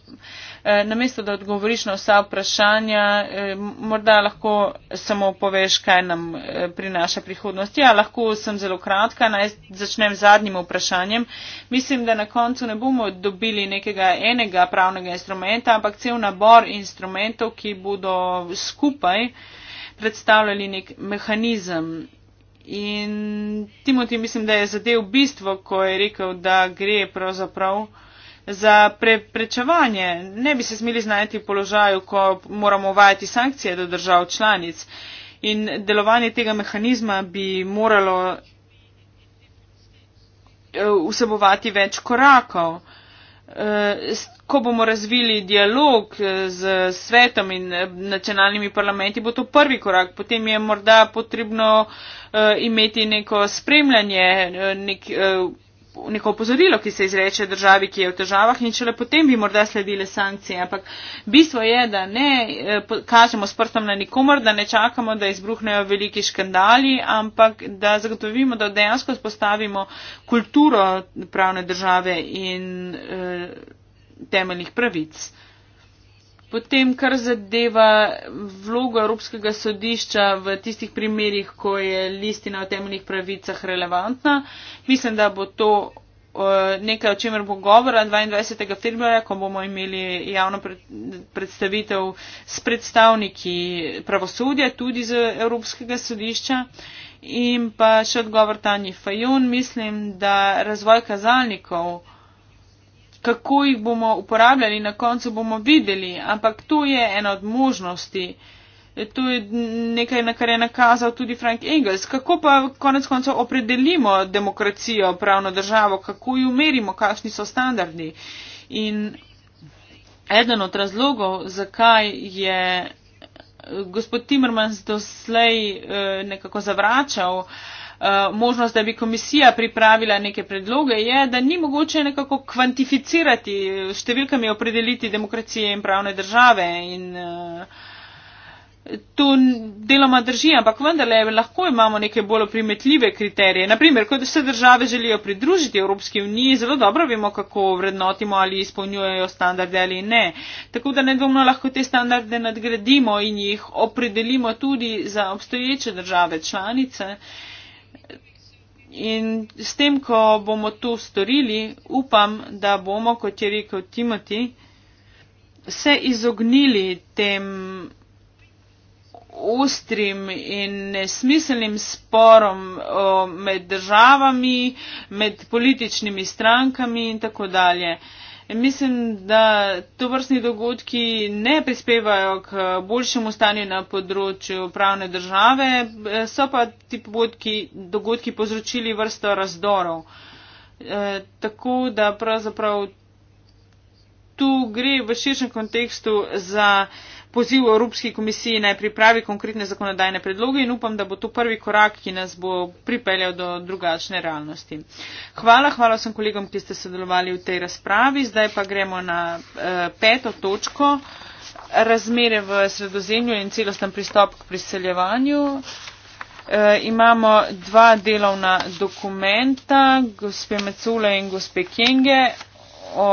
Speaker 1: eh, namesto, da odgovoriš na vsa vprašanja, eh, morda lahko samo poveš, kaj nam eh, prinaša prihodnost. Ja, lahko sem zelo kratka, naj začnem z zadnjim vprašanjem. Mislim, da na koncu ne bomo dobili nekega enega pravnega instrumenta, ampak cel nabor instrumentov, ki bodo skupaj predstavljali nek mehanizem. In Timothy mislim, da je zadev bistvo, ko je rekel, da gre pravzaprav za preprečevanje. Ne bi se smeli znajti v položaju, ko moramo uvajati sankcije do držav članic. In delovanje tega mehanizma bi moralo eh, vsebovati več korakov. Eh, ko bomo razvili dialog eh, z svetom in eh, nacionalnimi parlamenti, bo to prvi korak. Potem je morda potrebno imeti neko spremljanje, nek, neko opozorilo, ki se izreče državi, ki je v težavah in šele potem bi morda sledile sankcije. Ampak bistvo je, da ne eh, kažemo s prstom na nikomor, da ne čakamo, da izbruhnejo veliki škandali, ampak da zagotovimo, da dejansko spostavimo kulturo pravne države in eh, temeljnih pravic. Potem, kar zadeva vlogo Evropskega sodišča v tistih primerjih, ko je listina o temeljnih pravicah relevantna, mislim, da bo to eh, nekaj, o čemer bo govora 22. februarja, ko bomo imeli javno predstavitev s predstavniki pravosodja, tudi z Evropskega sodišča. In pa še odgovor Tanji Fajun, mislim, da razvoj kazalnikov kako jih bomo uporabljali, na koncu bomo videli, ampak to je ena od možnosti. E, to je nekaj, na kar je nakazal tudi Frank Engels. Kako pa konec koncev opredelimo demokracijo, pravno državo, kako jo merimo, kakšni so standardi? In eden od razlogov, zakaj je e, gospod Timmermans doslej e, nekako zavračal, Eh, možnost, da bi komisija pripravila neke predloge, je, da ni mogoče nekako kvantificirati številkami opredeliti demokracije in pravne države. In, eh, To deloma drži, ampak vendarle lahko imamo neke bolj primetljive kriterije. Naprimer, ko se države želijo pridružiti Evropski uniji, zelo dobro vemo, kako vrednotimo ali izpolnjujejo standarde ali ne. Tako da nedvomno lahko te standarde nadgradimo in jih opredelimo tudi za obstoječe države članice. Uh, In s tem, ko bomo to storili, upam, da bomo, kot je rekel Timothy, se izognili tem ostrim in nesmiselnim sporom med državami, med političnimi strankami in tako dalje. Mislim, da to vrstni dogodki ne prispevajo k boljšemu stanju na področju pravne države, so pa ti dogodki povzročili vrsto razdorov. E, tako da pravzaprav tu gre v širšem kontekstu za poziv Evropski komisiji naj pripravi konkretne zakonodajne predloge in upam, da bo to prvi korak, ki nas bo pripeljal do drugačne realnosti. Hvala, hvala vsem kolegom, ki ste sodelovali v tej razpravi. Zdaj pa gremo na eh, peto točko. Razmere v sredozemlju in celosten pristop k priseljevanju. E, imamo dva delovna dokumenta, gospe Mecule in gospe Kenge, o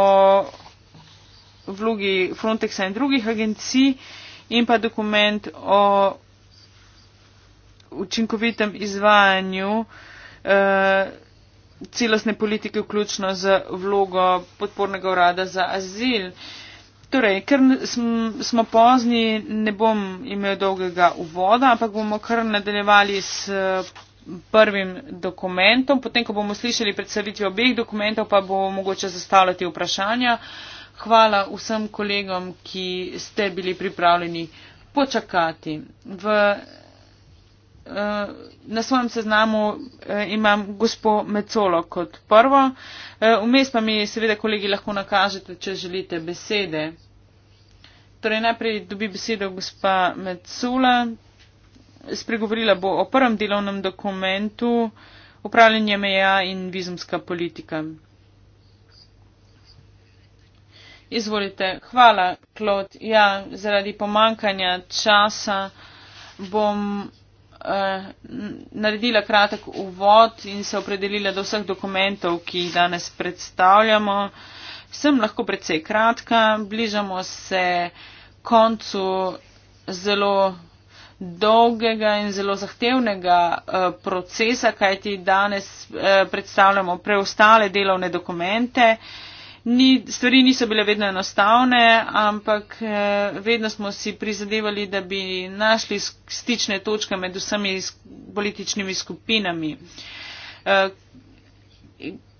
Speaker 1: vlogi Frontexa in drugih agencij in pa dokument o učinkovitem izvajanju e, celostne politike, vključno z vlogo podpornega urada za azil. Torej, ker smo pozni, ne bom imel dolgega uvoda, ampak bomo kar nadaljevali s eh, prvim dokumentom. Potem, ko bomo slišali predstavitve obeh dokumentov, pa bo mogoče zastavljati vprašanja. Uh, hvala vsem kolegom, ki ste bili pripravljeni počakati. V, eh, na svojem seznamu eh, imam gospo Mecolo kot prvo. Eh, vmes pa mi seveda kolegi lahko nakažete, če želite besede. Torej najprej dobi besedo gospa Mecula. Spregovorila bo o prvem delovnem dokumentu upravljanje meja in vizumska politika. Izvolite. Hvala, Klod. Ja, zaradi pomankanja časa bom eh, naredila kratek uvod in se opredelila do vseh dokumentov, ki jih danes predstavljamo. Sem lahko predvsej kratka. Bližamo se koncu zelo dolgega in zelo zahtevnega eh, procesa, kajti danes eh, predstavljamo preostale delovne dokumente. Eh, ni, stvari niso bile vedno enostavne, ampak eh, vedno smo si prizadevali, da bi našli stične točke med vsemi političnimi skupinami. Eh,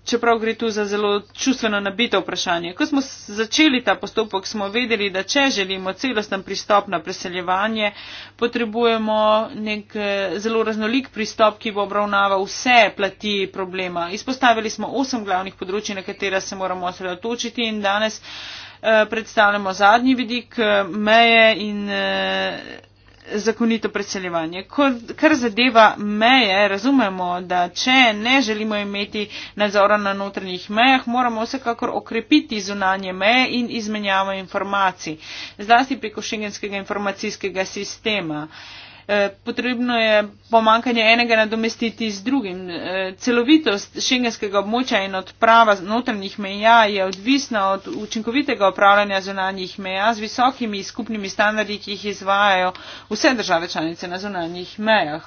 Speaker 1: čeprav gre tu za zelo čustveno nabito vprašanje. Ko smo začeli ta postopek, smo vedeli, da če želimo celosten pristop na preseljevanje, potrebujemo nek eh, zelo raznolik pristop, ki bo obravnaval vse plati problema. Izpostavili smo osem glavnih področji, na katera se moramo osredotočiti in danes eh, predstavljamo zadnji vidik eh, meje in. Eh, zakonito preseljevanje. Kot kar zadeva meje, razumemo, da če ne želimo imeti nadzora na notranjih mejah, moramo vsekakor okrepiti zunanje meje in izmenjavo informacij, zlasti preko šengenskega informacijskega sistema. Eh, potrebno je pomankanje enega nadomestiti z drugim. Eh, celovitost šengenskega območja in odprava notranjih meja je odvisna od učinkovitega upravljanja zunanjih meja z visokimi skupnimi standardi, ki jih izvajajo vse države članice na zunanjih mejah.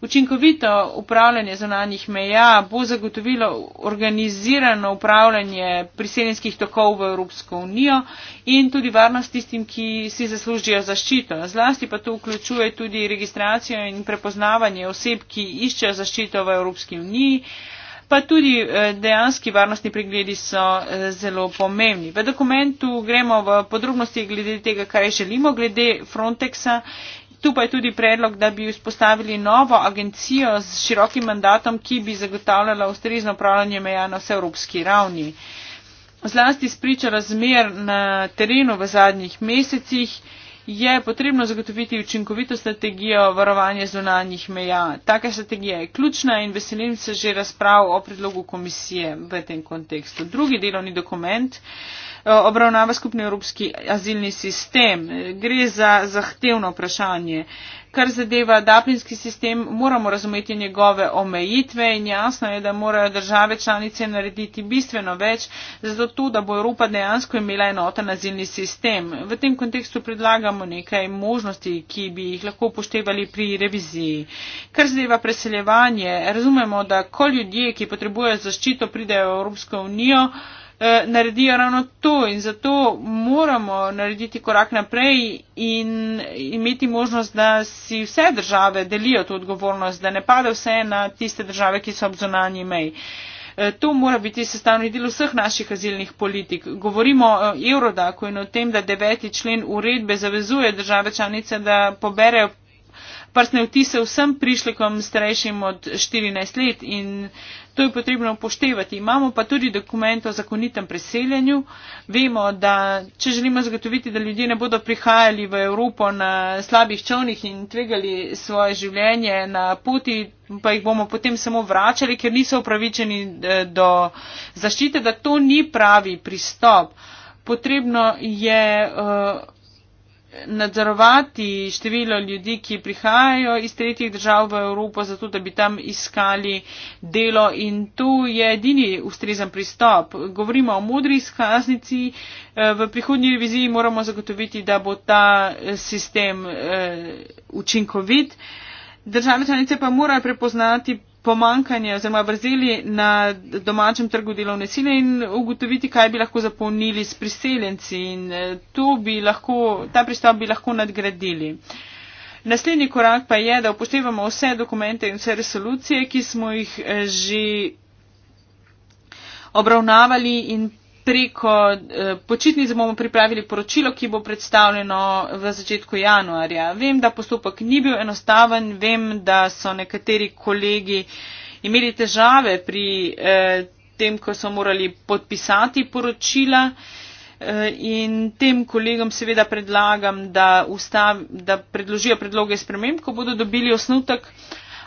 Speaker 1: Učinkovito upravljanje zunanjih meja bo zagotovilo organizirano upravljanje priseljenskih tokov v Evropsko unijo in tudi varnost tistim, ki si zaslužijo zaščito. Zlasti pa to vključuje tudi registracijo in prepoznavanje oseb, ki iščejo zaščito v Evropski uniji. Pa tudi eh, dejanski varnostni pregledi so eh, zelo pomembni. V dokumentu gremo v podrobnosti glede tega, kaj želimo glede Frontexa Tu pa je tudi predlog, da bi vzpostavili novo agencijo z širokim mandatom, ki bi zagotavljala ustrezno upravljanje meja na vseevropski ravni. Zlasti spriča razmer na terenu v zadnjih mesecih je potrebno zagotoviti učinkovito strategijo varovanja zunanjih meja. Taka strategija je ključna in veselim se že razprav o predlogu komisije v tem kontekstu. Drugi delovni dokument uh, obravnava skupni evropski azilni sistem. Gre za zahtevno vprašanje. Kar zadeva daplinski sistem, moramo razumeti njegove omejitve in jasno je, da morajo države članice narediti bistveno več, zato da bo Evropa dejansko imela enoten azilni sistem. V tem kontekstu predlagamo nekaj možnosti, ki bi jih lahko upoštevali pri reviziji. Kar zadeva preseljevanje, razumemo, da ko ljudje, ki potrebujejo zaščito, pridejo v Evropsko unijo, Eh, naredijo ravno to in zato moramo narediti korak naprej in imeti možnost, da si vse države delijo to odgovornost, da ne pade vse na tiste države, ki so ob zonanji meji. Eh, to mora biti sestavni del vseh naših azilnih politik. Govorimo o Eurodaku in o tem, da deveti člen uredbe zavezuje države članice, da poberejo prsne vtise vsem prišlekom starejšim od 14 let in to je potrebno upoštevati. Imamo pa tudi dokument o zakonitem preseljenju. Vemo, da če želimo zagotoviti, da ljudje ne bodo prihajali v Evropo na slabih čovnih in tvegali svoje življenje na poti, pa jih bomo potem samo vračali, ker niso upravičeni eh, do zaščite, da to ni pravi pristop. Potrebno je. Uh, nadzorovati število ljudi, ki prihajajo iz tretjih držav v Evropo, zato da bi tam iskali delo in tu je edini ustrezen pristop. Govorimo o modri izkaznici, eh, v prihodnji reviziji moramo zagotoviti, da bo ta eh, sistem eh, učinkovit. Države članice pa morajo prepoznati pomankanje oziroma vrzeli na domačem trgu delovne sile in ugotoviti, kaj bi lahko zapolnili s priseljenci in eh, bi lahko, ta pristop bi lahko nadgradili. Naslednji korak pa je, da upoštevamo vse dokumente in vse resolucije, ki smo jih eh, že obravnavali in preko eh, počitnic bomo pripravili poročilo, ki bo predstavljeno v začetku januarja. Vem, da postopek ni bil enostaven, vem, da so nekateri kolegi imeli težave pri eh, tem, ko so morali podpisati poročila. Eh, in tem kolegom seveda predlagam, da, ustav, da predložijo predloge sprememb, ko bodo dobili osnutek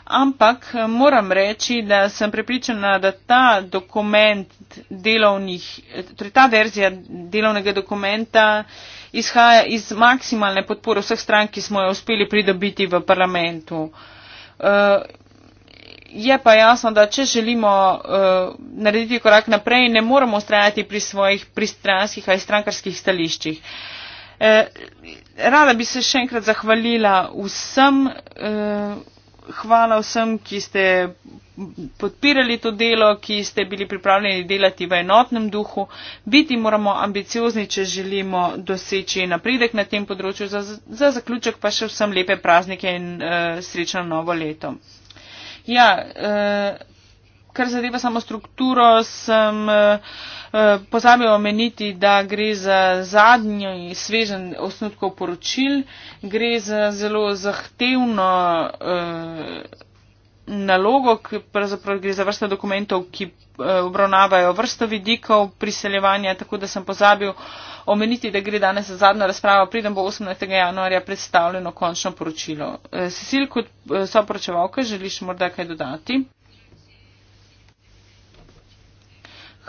Speaker 1: ampak eh, moram reči, da sem prepričana, da ta dokument delovnih, eh, torej ta verzija delovnega dokumenta izhaja iz maksimalne podpore vseh stran, ki smo jo uspeli pridobiti v parlamentu. Eh, je pa jasno, da če želimo narediti korak naprej, ne moramo ustrajati pri svojih pristranskih ali strankarskih stališčih. Rada bi se še enkrat zahvalila vsem, hvala vsem, ki ste podpirali to delo, ki ste bili pripravljeni delati v enotnem duhu. Biti moramo ambiciozni, če želimo doseči napredek na tem področju. Za, za zaključek pa še vsem lepe praznike in uh, srečno novo leto. Ja, uh, kar zadeva samo strukturo, sem eh, eh, pozabil omeniti, da gre za zadnji svežen osnutkov poročil, gre za zelo zahtevno eh, nalogo, pravzaprav gre za vrsto dokumentov, ki obravnavajo vrsto vidikov priseljevanja, tako da sem pozabil omeniti, da gre danes za zadnjo razpravo, pridem bo 18. januarja predstavljeno končno poročilo. Sesil, kot soporočevalka, želiš morda kaj dodati?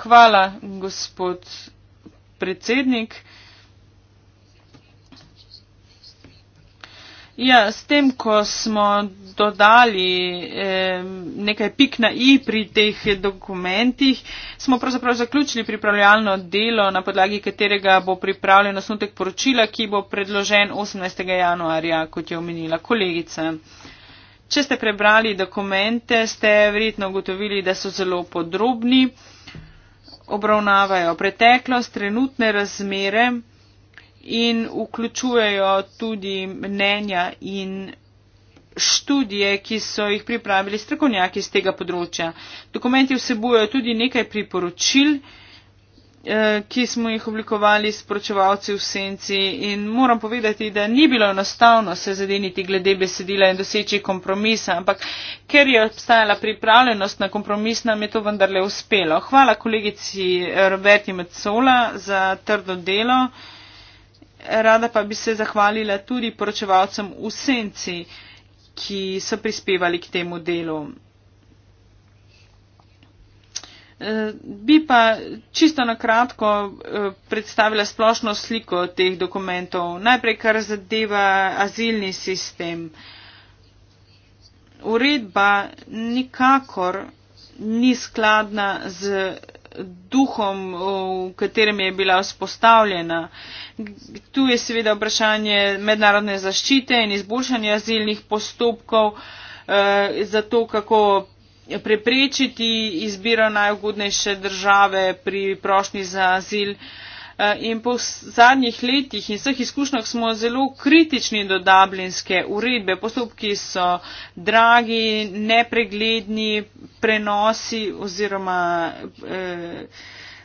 Speaker 1: Hvala, gospod predsednik. Ja, s tem, ko smo dodali eh, nekaj pik na i pri teh dokumentih, smo pravzaprav zaključili pripravljalno delo, na podlagi katerega bo pripravljen osnutek poročila, ki bo predložen 18. januarja, kot je omenila kolegica. Če ste prebrali dokumente, ste verjetno ugotovili, da so zelo podrobni obravnavajo preteklost, trenutne razmere in vključujejo tudi mnenja in študije, ki so jih pripravili strokovnjaki z tega področja. Dokumenti vsebujejo tudi nekaj priporočil, Eh, ki smo jih oblikovali s pročevalci v senci in moram povedati, da ni bilo enostavno se zadeniti glede besedila in doseči kompromisa, ampak ker je obstajala pripravljenost na kompromis, nam je to vendarle uspelo. Hvala kolegici Roberti Macola za trdo delo. Rada pa bi se zahvalila tudi pročevalcem v senci, ki so prispevali k temu delu. Bi pa čisto na kratko eh, predstavila splošno sliko teh dokumentov. Najprej, kar zadeva azilni sistem. Uredba nikakor ni skladna z duhom, v katerem je bila vzpostavljena. Tu je seveda vprašanje mednarodne zaščite in izboljšanja azilnih postopkov, eh, zato kako preprečiti izbiro najugodnejše države pri prošnji za azil. E, in po zadnjih letih in vseh izkušnjah smo zelo kritični do dublinske uredbe. Postopki so dragi, nepregledni, prenosi oziroma eh,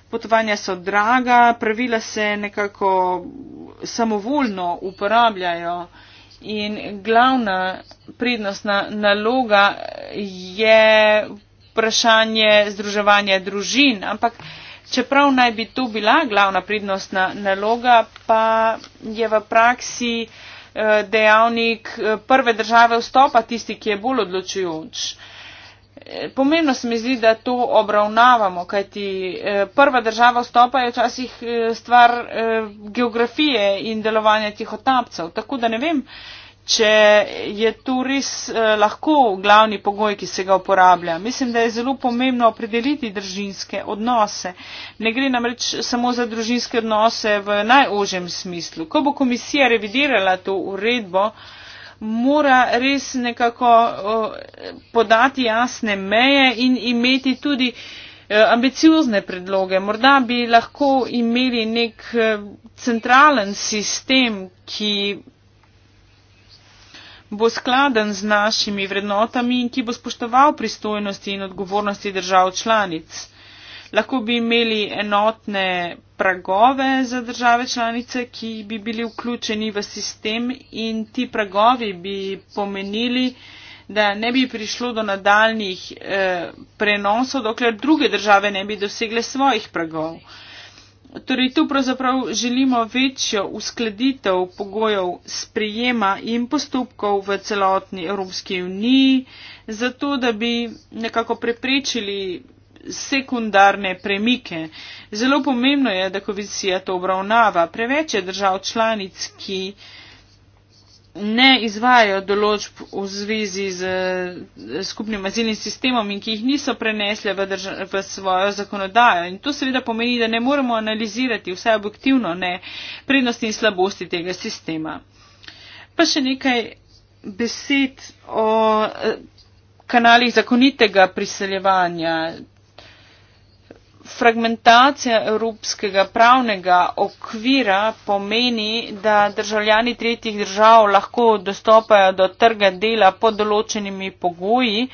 Speaker 1: potovanja so draga, pravila se nekako samovoljno uporabljajo. Eh, in glavna prednostna naloga je vprašanje združevanja družin. Ampak čeprav naj bi to bila glavna prednostna naloga, pa je v praksi eh, dejavnik eh, prve države vstopa tisti, ki je bolj odločujoč. Pomembno se mi zdi, da to obravnavamo, kajti eh, prva država vstopa je včasih eh, stvar eh, geografije in delovanja tihotapcev. Tako da ne vem, če je tu res lahko glavni pogoj, ki se ga uporablja. Mislim, da je zelo pomembno opredeliti družinske odnose. Ne gre namreč samo za družinske odnose v najožjem smislu. Ko bo komisija revidirala to uredbo, mora res nekako podati jasne meje in imeti tudi e, ambiciozne predloge. Morda bi lahko imeli nek e, centralen sistem, ki bo skladen z našimi vrednotami in ki bo spoštoval pristojnosti in odgovornosti držav članic. Lahko bi imeli enotne pragove za države članice, ki bi bili vključeni v sistem in ti pragovi bi pomenili, da ne bi prišlo do nadaljnih eh, prenosov, dokler druge države ne bi dosegle svojih pragov. Torej, tu pravzaprav želimo večjo uskladitev pogojev sprejema in postopkov v celotni Evropski uniji, zato da bi nekako preprečili sekundarne premike. Eh, Zelo pomembno je, da komisija to obravnava. Preveč je držav članic, ki ne izvajajo določb v zvezi z skupnim azilnim sistemom in ki jih niso prenesle v, v svojo zakonodajo. In to seveda pomeni, da ne moremo analizirati vse objektivno, ne prednosti in slabosti tega sistema. Pa še nekaj besed o eh, kanalih zakonitega priseljevanja fragmentacija evropskega pravnega okvira pomeni, da državljani tretjih držav lahko dostopajo do trga dela pod določenimi pogoji.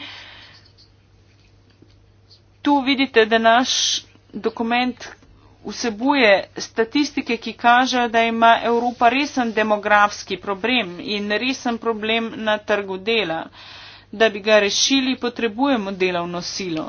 Speaker 1: Tu vidite, da naš dokument vsebuje statistike, ki kažejo, da ima Evropa resen demografski problem in resen problem na trgu dela. Da bi ga rešili, potrebujemo delovno silo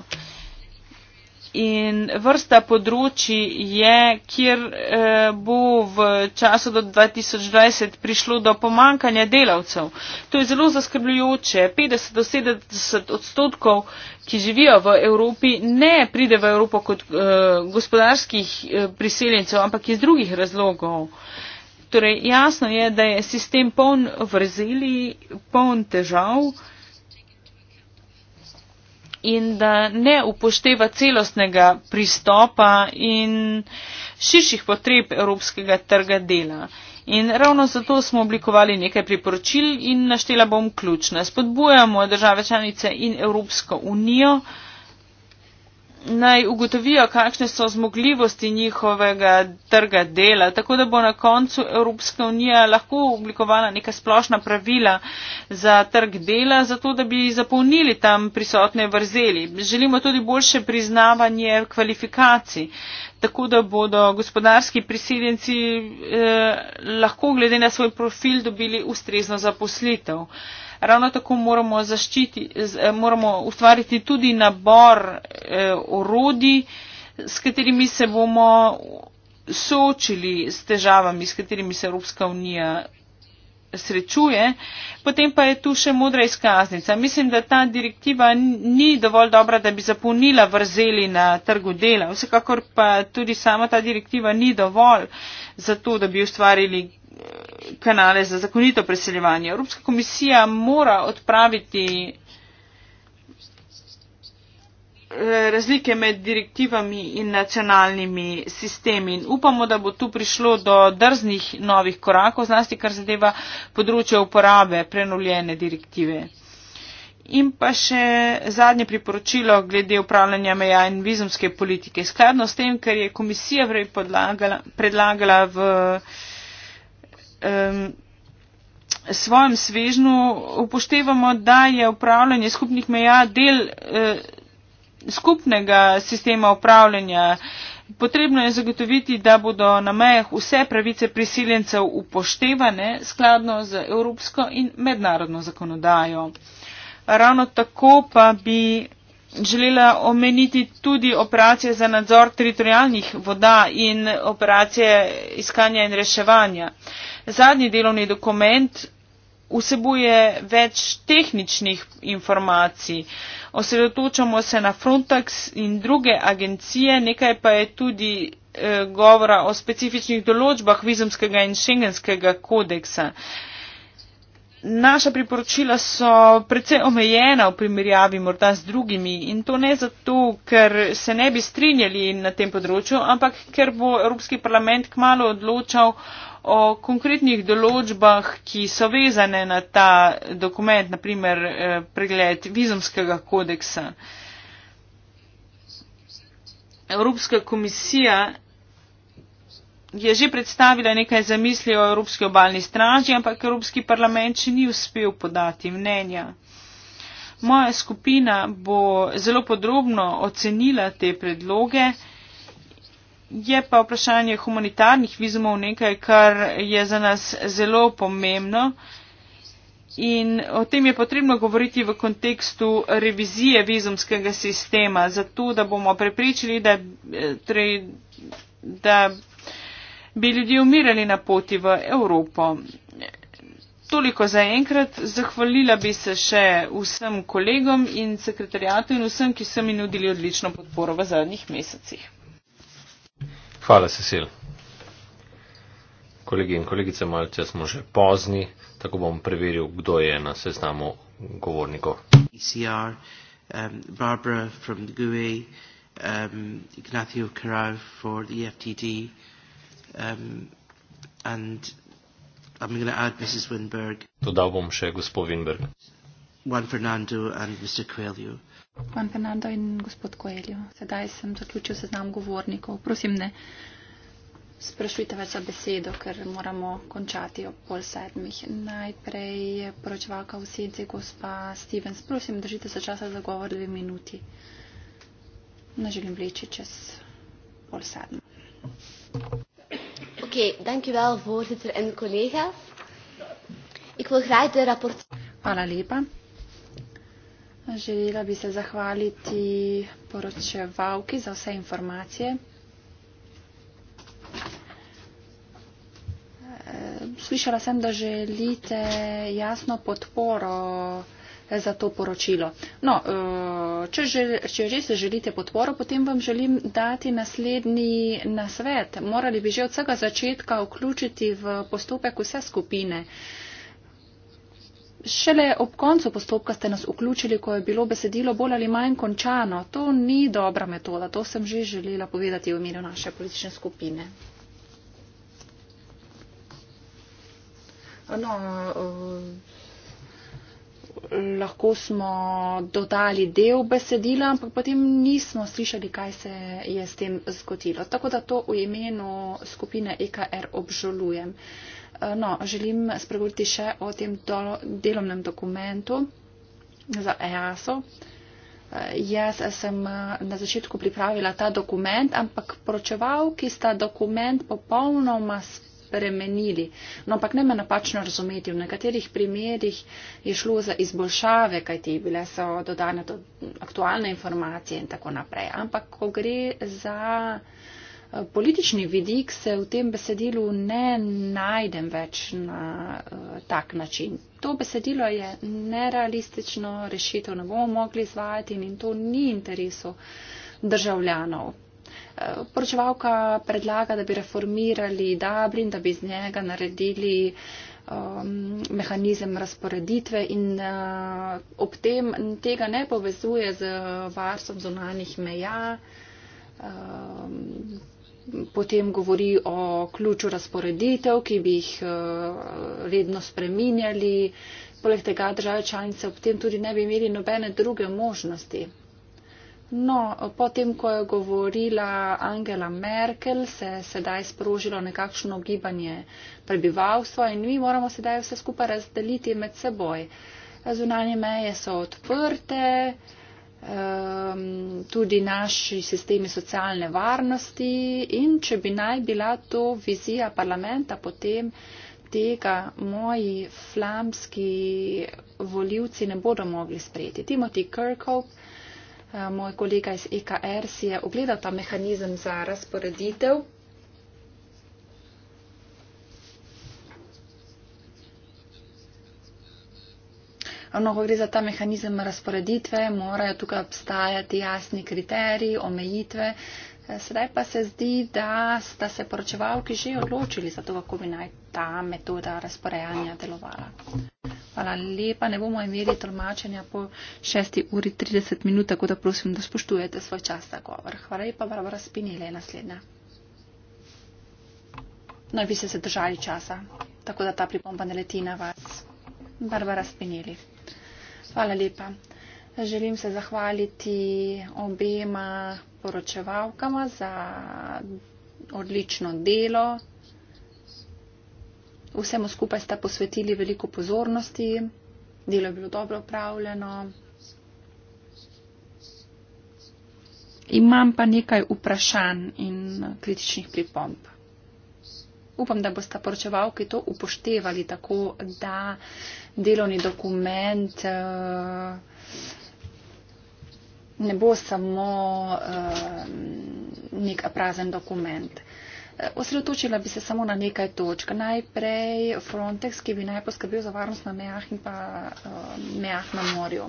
Speaker 1: in vrsta področji je, kjer eh, bo v času do 2020 prišlo do pomankanja delavcev. To je zelo zaskrbljujoče. 50 do 70 odstotkov, ki živijo v Evropi, ne pride v Evropo kot eh, gospodarskih eh, priseljencev, ampak iz drugih razlogov. Torej, jasno je, da je sistem poln vrzeli, poln težav in da ne upošteva celostnega pristopa in širših potreb evropskega trga dela. In ravno zato smo oblikovali nekaj priporočil in naštela bom ključna. Spodbujamo države članice in Evropsko unijo, naj ugotovijo, kakšne so zmogljivosti njihovega trga dela, tako da bo na koncu Evropska unija lahko oblikovala neka splošna pravila za trg dela, zato da bi zapolnili tam prisotne vrzeli. Želimo tudi boljše priznavanje kvalifikacij, tako da bodo gospodarski prisiljenci eh, lahko glede na svoj profil dobili ustrezno zaposlitev. Eh, ravno tako moramo, zaščiti, eh, moramo ustvariti tudi nabor eh, orodij, s katerimi se bomo soočili s težavami, s katerimi se Evropska unija srečuje. Potem pa je tu še modra izkaznica. Mislim, da ta direktiva ni dovolj dobra, da bi zapolnila vrzeli na trgu dela. Vsekakor pa tudi sama ta direktiva ni dovolj za to, da bi ustvarili eh, kanale za zakonito preseljevanje. Evropska komisija mora odpraviti eh, razlike med direktivami in nacionalnimi sistemi. In upamo, da bo tu prišlo do drznih novih korakov, zlasti kar zadeva področje uporabe prenovljene direktive. In pa še zadnje priporočilo glede upravljanja meja in vizumske politike. Skladno s tem, kar je komisija predlagala, predlagala v um, svojem svežnu upoštevamo, da je upravljanje skupnih meja del uh, skupnega sistema upravljanja. Potrebno je zagotoviti, da bodo na mejah vse pravice priseljencev upoštevane skladno z evropsko in mednarodno zakonodajo. Ravno tako pa bi želela omeniti tudi operacije za nadzor teritorijalnih voda in operacije iskanja in reševanja. Uh, zadnji delovni dokument vsebuje več tehničnih informacij. Osredotočamo se na Frontex in druge agencije, nekaj pa je tudi eh, govora o specifičnih določbah vizumskega in šengenskega kodeksa. Naša priporočila so precej omejena v primerjavi morda z drugimi in to ne zato, ker se ne bi strinjali na tem področju, ampak ker bo Evropski parlament kmalo odločal o konkretnih določbah, ki so vezane na ta dokument, naprimer eh, pregled vizumskega kodeksa. Evropska komisija je že predstavila nekaj zamisli o Evropski obalni straži, ampak Evropski parlament še ni uspel podati mnenja. Moja skupina bo zelo podrobno ocenila te predloge. Je pa vprašanje humanitarnih vizumov nekaj, kar je za nas zelo pomembno. In o tem je potrebno govoriti v kontekstu revizije vizumskega sistema, zato da bomo prepričali, da, torej, da bi ljudje umirali na poti v Evropo. Toliko za enkrat. Zahvalila bi se še vsem kolegom in sekretarjatu in vsem, ki so mi nudili odlično podporo v zadnjih mesecih.
Speaker 2: Hvala, Cecil. Kolegi in kolegice, malce smo že pozni, tako bom preveril, kdo je na seznamu govornikov. ECR, um, Barbara from the GUE, um, Ignacio Carau for the EFTD, um, and I'm going to add Mrs. Winberg. Dodal bom še gospod Winberg. Juan Fernando and Mr. Coelho.
Speaker 3: Juan Fernando in gospod Koeljo. Sedaj sem zaključil seznam govornikov. Prosim, ne sprašujte več za besedo, ker moramo končati ob pol sedmih. Najprej je poročevalka v senci gospa Stevens. Prosim, držite se časa za govor dve minuti. Ne želim vleči čez pol sedem. Ok, dankjewel, voorzitter in collega. Ik wil graag de rapport... Hvala lepa. Želela bi se zahvaliti poročevalki za vse informacije. Slišala sem, da želite jasno podporo za to poročilo. No, eh, če, žel, če res želite podporo, potem vam želim dati naslednji nasvet. Morali bi že od vsega začetka vključiti v postopek vse skupine. Šele ob koncu postopka ste nas vključili, ko je bilo besedilo bolj ali manj končano. To ni dobra metoda, to sem že želela povedati v imenu naše politične skupine. No, lahko smo dodali del besedila, ampak potem nismo slišali, kaj se je s tem zgodilo. Tako da to v imenu skupine EKR obžalujem no, želim spregovoriti še o tem dolo, delovnem dokumentu za EASO. Jaz sem eh, na začetku pripravila ta dokument, ampak poročevalki sta dokument popolnoma spremenili. No, ampak ne me napačno razumeti, v nekaterih primerjih je šlo za izboljšave, kajti bile so dodane do aktualne informacije in tako naprej. Ampak ko gre za. Uh, politični vidik se v tem besedilu ne najdem več na eh, tak način. To besedilo je nerealistično, rešitev ne bomo mogli izvajati in to ni interesu državljanov. Eh, poročevalka predlaga, da bi reformirali Dublin, da bi iz njega naredili um, mehanizem razporeditve in uh, ob tem tega ne povezuje z varstvom zunanih meja. Um, potem govori o ključu razporeditev, ki bi jih eh, redno spreminjali. Poleg tega države članice ob tem tudi ne bi imeli nobene druge možnosti. No, potem, ko je govorila Angela Merkel, se je sedaj sprožilo nekakšno gibanje prebivalstva in mi moramo sedaj vse skupaj razdeliti med seboj. Zunanje meje so odprte. Ehm, tudi naši sistemi socialne varnosti in če bi naj bila to vizija parlamenta, potem tega moji flamski voljivci ne bodo mogli sprejeti. Timothy Kirkhope, eh, moj kolega iz EKR, si je ogledal ta mehanizem za razporeditev. Ravno ko gre za ta mehanizem razporeditve, morajo tukaj obstajati jasni kriteriji, omejitve. Eh, sedaj pa se zdi, da sta se poročevalki že odločili za to, kako bi naj ta metoda razporejanja delovala. Hvala lepa. Ne bomo imeli tolmačenja po 6. uri 30 minut, tako da prosim, da spoštujete svoj čas za govor. Hvala lepa, Barbara Spinile, naslednja. Naj bi se držali časa, tako da ta pripomba ne leti na vas. Barbara Spinelli. Hvala lepa. Želim se zahvaliti obema poročevalkama za odlično delo. Vsemu skupaj sta posvetili veliko pozornosti, delo je bilo dobro upravljeno. Imam pa nekaj vprašanj in kritičnih pripomb. Upam, da boste poročevalki to upoštevali tako, da delovni dokument eh, ne bo samo eh, nek prazen dokument. Eh, osredotočila bi se samo na nekaj točk. Najprej Frontex, ki bi naj poskrbel za varnost na mejah in pa mejah na morju.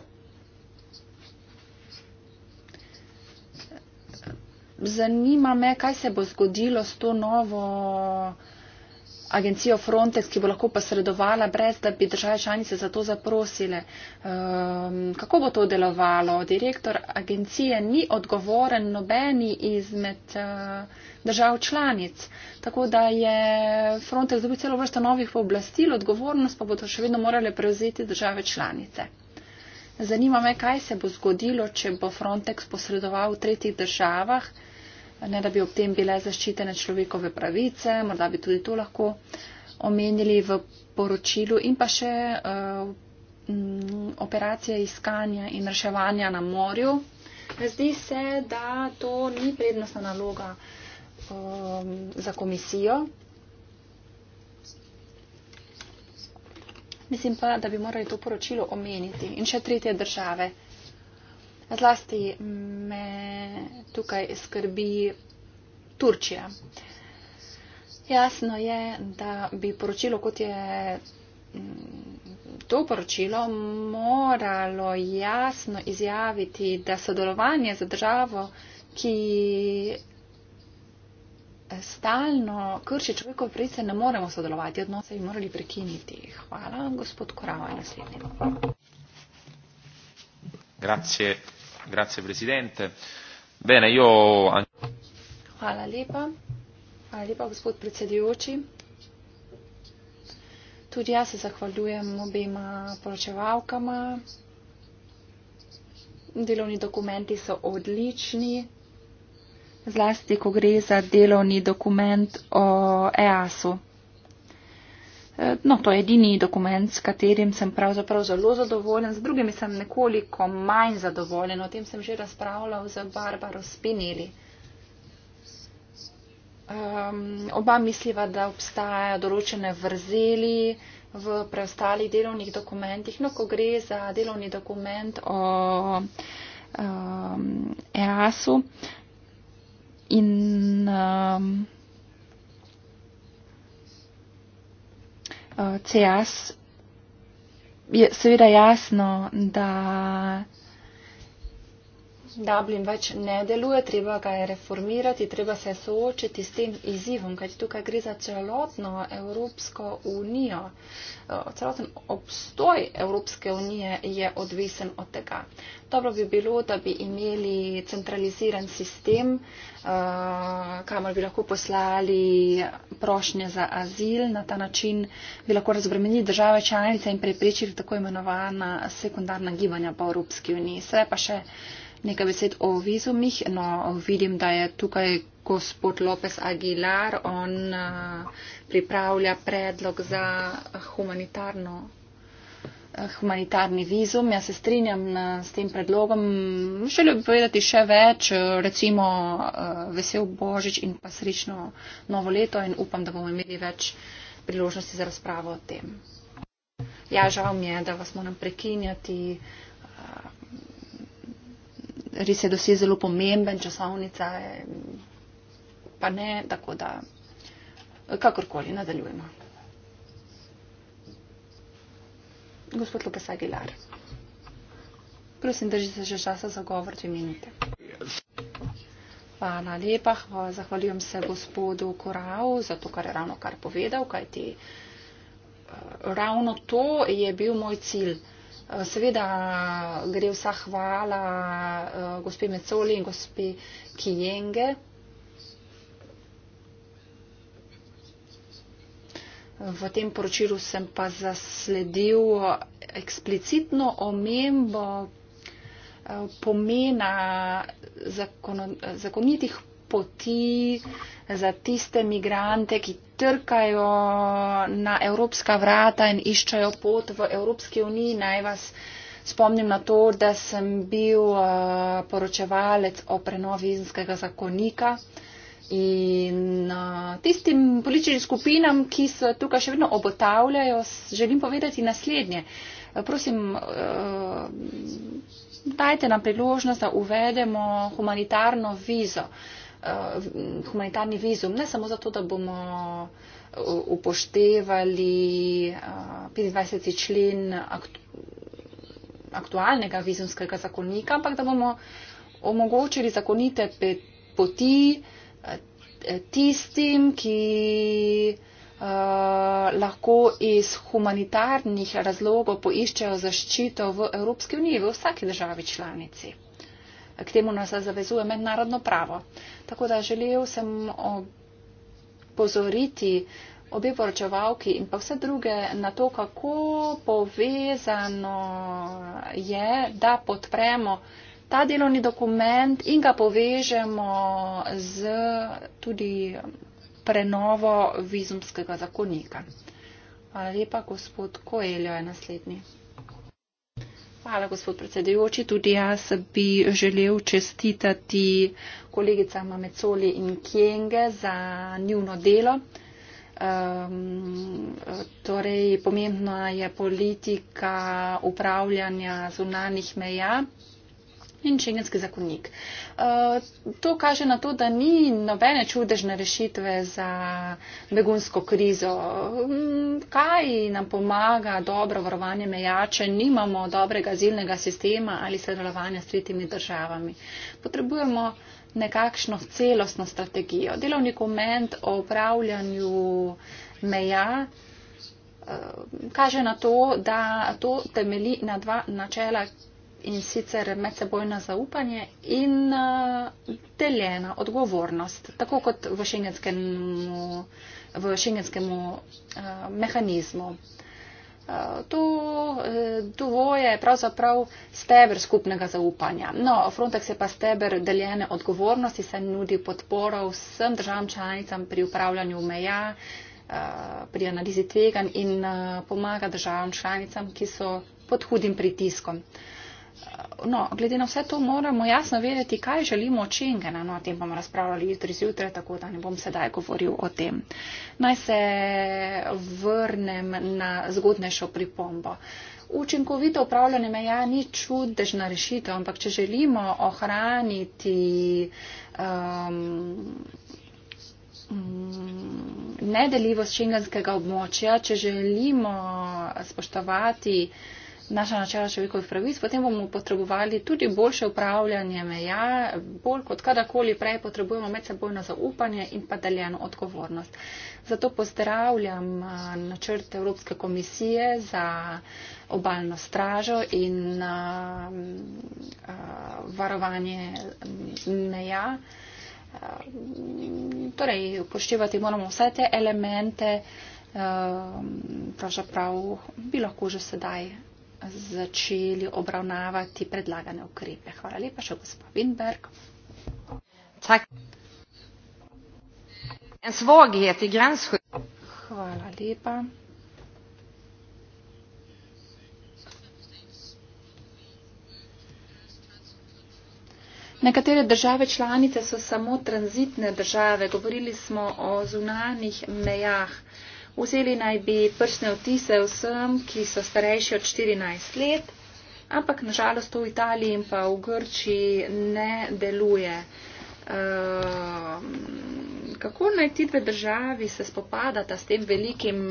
Speaker 3: Zanima me, kaj se bo zgodilo s to novo agencijo Frontex, ki bo lahko posredovala, brez da bi države članice za to zaprosile. Um, kako bo to delovalo? Direktor agencije ni odgovoren nobeni izmed uh, držav članic, tako da je Frontex dobil celo vrsto novih pooblastil, odgovornost pa bodo še vedno morale prevzeti države članice. Zanima me, kaj se bo zgodilo, če bo Frontex posredoval v tretjih državah ne da bi ob tem bile zaščitene človekove pravice, morda bi tudi to lahko omenili v poročilu in pa še uh, m, operacije iskanja in reševanja na morju. Zdi se, da to ni prednostna naloga um, za komisijo. Mislim pa, da bi morali to poročilo omeniti in še tretje države. Zlasti me tukaj skrbi Turčija. Jasno je, da bi poročilo, kot je mm, to poročilo, moralo jasno izjaviti, da sodelovanje z državo, ki stalno krši človekov pravice, ne moremo sodelovati. Odnose bi morali prekiniti. Hvala, gospod Korava, naslednji.
Speaker 2: Grazie. Grazie presidente. Bene, io...
Speaker 3: Hvala lepa. Hvala lepa, gospod predsedujoči. Tudi jaz se zahvaljujem obema poročevalkama. Delovni dokumenti so odlični. Zlasti, ko gre za delovni dokument o EAS-u. No, to je edini dokument, s katerim sem pravzaprav zelo zadovoljen, z drugimi sem nekoliko manj zadovoljen. O tem sem že razpravljal z Barbaro Spinelli. Um, oba misliva, da obstajajo določene vrzeli v preostalih delovnih dokumentih. No, ko gre za delovni dokument o um, ehm, EAS-u in. Um, CAS, eh, je seveda jasno, da Dublin več ne deluje, treba ga je reformirati, treba se soočiti s tem izzivom, kajti tukaj gre za celotno Evropsko unijo. Eh, celoten obstoj Evropske unije je odvisen od tega. Dobro bi bilo, da bi imeli centraliziran sistem, eh, kamor bi lahko poslali prošnje za azil. Na ta način bi lahko razbremenili države članice in preprečili tako imenovana sekundarna gibanja po Evropski uniji. Sve pa še nekaj besed o vizumih. No, vidim, da je tukaj gospod Lopes Aguilar, on uh, pripravlja predlog za humanitarno. Eh, humanitarni vizum. Jaz se strinjam eh, s tem predlogom. Želim povedati še več, recimo vesel Božič in pa srečno novo leto in upam, da bomo imeli več priložnosti za razpravo o tem. Ja, žal mi je, da vas moram prekinjati res je dosje zelo pomemben, časovnica je pa ne, tako da kakorkoli nadaljujemo. Gospod Lopes Aguilar, prosim, drži se že časa za govor, dve minute. Hvala lepa, zahvaljujem se gospodu Korau za to, kar je ravno kar povedal, kajti eh, ravno to je bil moj cilj. Eh, seveda eh, gre vsa hvala eh, gospe Mecoli in gospe Kijenge. V tem poročilu sem pa zasledil eksplicitno omembo pomena zakonitih poti za tiste migrante, ki trkajo na evropska vrata in iščajo pot v Evropski uniji. Naj vas spomnim na to, da sem bil eh, poročevalec o prenovi izinskega zakonika in eh, tistim političnim skupinam, ki se tukaj še vedno obotavljajo, želim povedati naslednje. Eh, prosim, dajte nam priložnost, da uvedemo humanitarno vizo. Eh, humanitarni vizum, ne samo zato, da bomo eh, upoštevali 25. Eh, člen aktualnega vizumskega zakonika, ampak da bomo omogočili zakonite poti tistim, ki lahko iz humanitarnih razlogov poiščejo zaščito v Evropski uniji, v vsaki državi članici k temu nas zavezuje mednarodno pravo. Tako da želel sem opozoriti obe poročevalki in pa vse druge na to, kako povezano je, da podpremo ta delovni dokument in ga povežemo z tudi prenovo vizumskega zakonika. Hvala lepa, gospod Koeljo je naslednji. Hvala, gospod predsedujoči. Tudi jaz bi želel čestitati kolegicama Mecoli in Kjenge za njuno delo. Um, torej, pomembna je politika upravljanja zunanih meja in šengenski zakonnik. Uh, eh, to kaže na to, da ni nobene čudežne rešitve za begunsko krizo. Mm, kaj nam pomaga dobro varovanje meja, če nimamo dobrega azilnega sistema ali sodelovanja s tretjimi državami? Potrebujemo nekakšno celostno strategijo. Delovni koment o upravljanju meja uh, kaže na to, da to temeli na dva načela in sicer medsebojno zaupanje in eh, deljena odgovornost, tako kot v šengenskemu, v šengenskemu eh, mehanizmu. Eh, tu dvoje je pravzaprav steber skupnega zaupanja. No, Frontex je pa steber deljene odgovornosti, saj nudi podporo vsem državam članicam pri upravljanju meja, pri analizi tveganj in pomaga državam članicam, ki so pod hudim pritiskom. No, glede na vse to moramo jasno vedeti, kaj želimo od Schengena. No, o tem bomo razpravljali jutri zjutraj, tako da ne bom sedaj govoril o tem. Naj se vrnem na zgodnejšo pripombo. Učinkovito upravljanje meja ni čudežna rešitev, ampak če želimo ohraniti um, mm, nedeljivost šengenskega območja, če želimo spoštovati naša načela človekovih pravic, potem bomo potrebovali tudi boljše upravljanje meja, bolj kot kadarkoli prej potrebujemo medsebojno zaupanje in pa deljeno odgovornost. Zato pozdravljam eh, načrt Evropske komisije za obaljno stražo in a, eh, a, eh, varovanje meja. Torej, upoštevati moramo vse te elemente, pravzaprav bi lahko že sedaj začeli obravnavati predlagane ukrepe. Hvala lepa še gospod Winberg. Hvala lepa. Nekatere države članice so samo tranzitne države. Govorili smo o zunanjih mejah. Vzeli naj bi prsne vtise vsem, ki so starejši od 14 let, ampak nažalost v Italiji in pa v Grčiji ne deluje. Ehm, kako naj ti dve državi se spopadata s tem velikim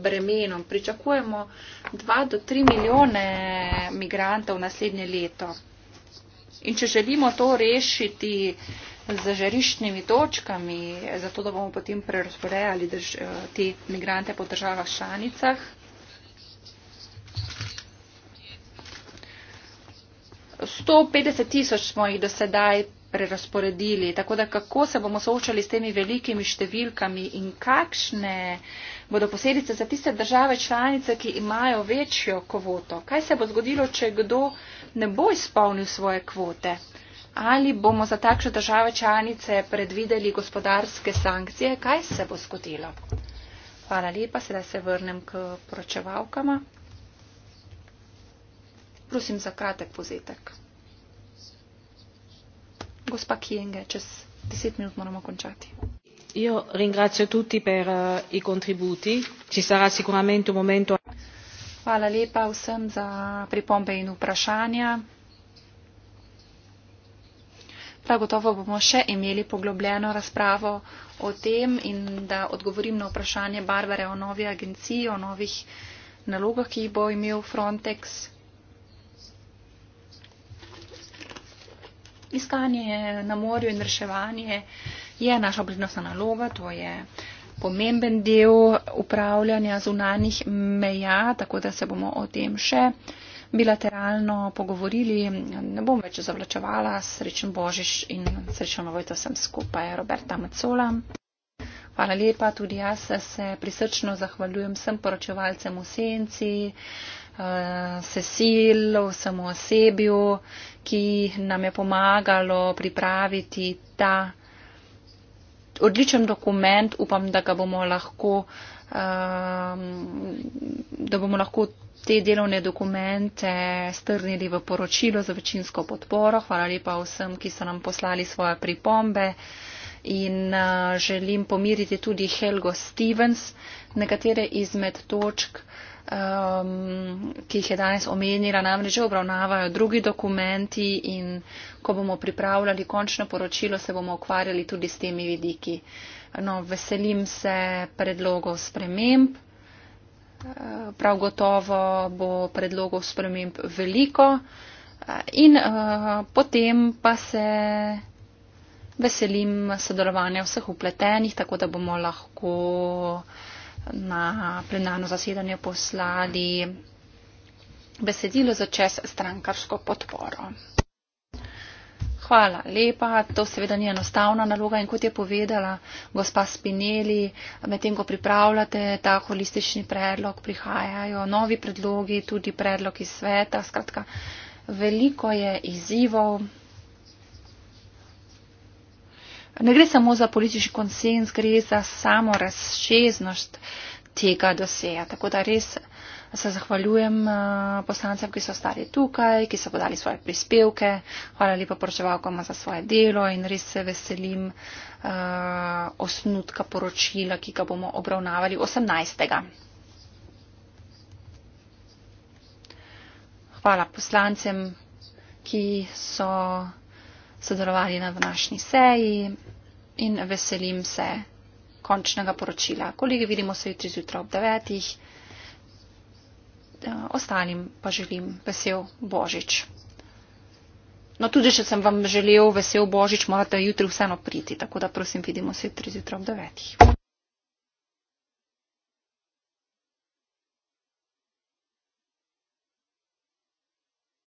Speaker 3: bremenom? Pričakujemo 2 do 3 milijone migrantov naslednje leto. In če želimo to rešiti, z žariščnimi točkami, zato da bomo potem prerasporejali drž, eh, te migrante po državah članicah. Sto petdeset tisoč smo jih do sedaj prerasporedili, tako da kako se bomo soočali s temi velikimi številkami in kakšne bodo posledice za tiste države članice, ki imajo večjo kvoto. Kaj se bo zgodilo, če kdo ne bo izpolnil svoje kvote? ali bomo za takšne države članice predvideli gospodarske sankcije, kaj se bo zgodilo. Hvala lepa, sedaj se vrnem k poročevalkama. Prosim za kratek pozetek. Gospa Kienge, čez deset minut moramo končati.
Speaker 1: Io ringrazio tutti per uh, i contributi. Ci sarà sicuramente un momento.
Speaker 3: Hvala lepa vsem za pripombe in vprašanja. Prav gotovo bomo še imeli poglobljeno razpravo o tem in da odgovorim na vprašanje Barbare o novi agenciji, o novih nalogah, ki jih bo imel Frontex. Iskanje na morju in reševanje je naša obrednostna naloga, to je pomemben del upravljanja zunanih meja, tako da se bomo o tem še bilateralno pogovorili. Ne bom več zavlačevala, srečen Božiš in srečno novojto sem skupaj, Roberta Macola. Hvala lepa, tudi jaz se prisrčno zahvaljujem vsem poročevalcem v Senci, eh, Cecil, vsemu osebju, ki nam je pomagalo pripraviti ta odličen dokument. Upam, da ga bomo lahko eh, da bomo lahko te delovne dokumente strnili v poročilo za večinsko podporo. Hvala lepa vsem, ki so nam poslali svoje pripombe. In uh, želim pomiriti tudi Helgo Stevens, nekatere izmed točk, um, ki jih je danes omenila, namreč že obravnavajo drugi dokumenti in ko bomo pripravljali končno poročilo, se bomo ukvarjali tudi s temi vidiki. No, veselim se predlogov sprememb. Eh, prav gotovo bo predlogov sprememb veliko eh, in eh, potem pa se veselim sodelovanja vseh upletenih, tako da bomo lahko na plenarno zasedanje poslali besedilo za čez strankarsko podporo. Hvala lepa. To seveda ni enostavna naloga in kot je povedala gospa Spinelli, medtem ko pripravljate ta holistični predlog, prihajajo novi predlogi, tudi predlog iz sveta. Skratka, veliko je izzivov. Ne gre samo za politični konsens, gre za samo razšeznost tega doseja. Tako da res se zahvaljujem eh, poslancem, ki so ostali tukaj, ki so podali svoje prispevke. Hvala lepa poročevalkama za svoje delo in res se veselim eh, osnutka poročila, ki ga bomo obravnavali 18. Hvala poslancem, ki so sodelovali na današnji seji in veselim se končnega poročila. Kolegi, vidimo se jutri zjutraj ob devetih. Eh, ostalim pa želim vesel Božič. No, tudi če sem vam želel vesel Božič, morate jutri vseeno priti, tako da prosim, vidimo se jutri zjutraj ob devetih.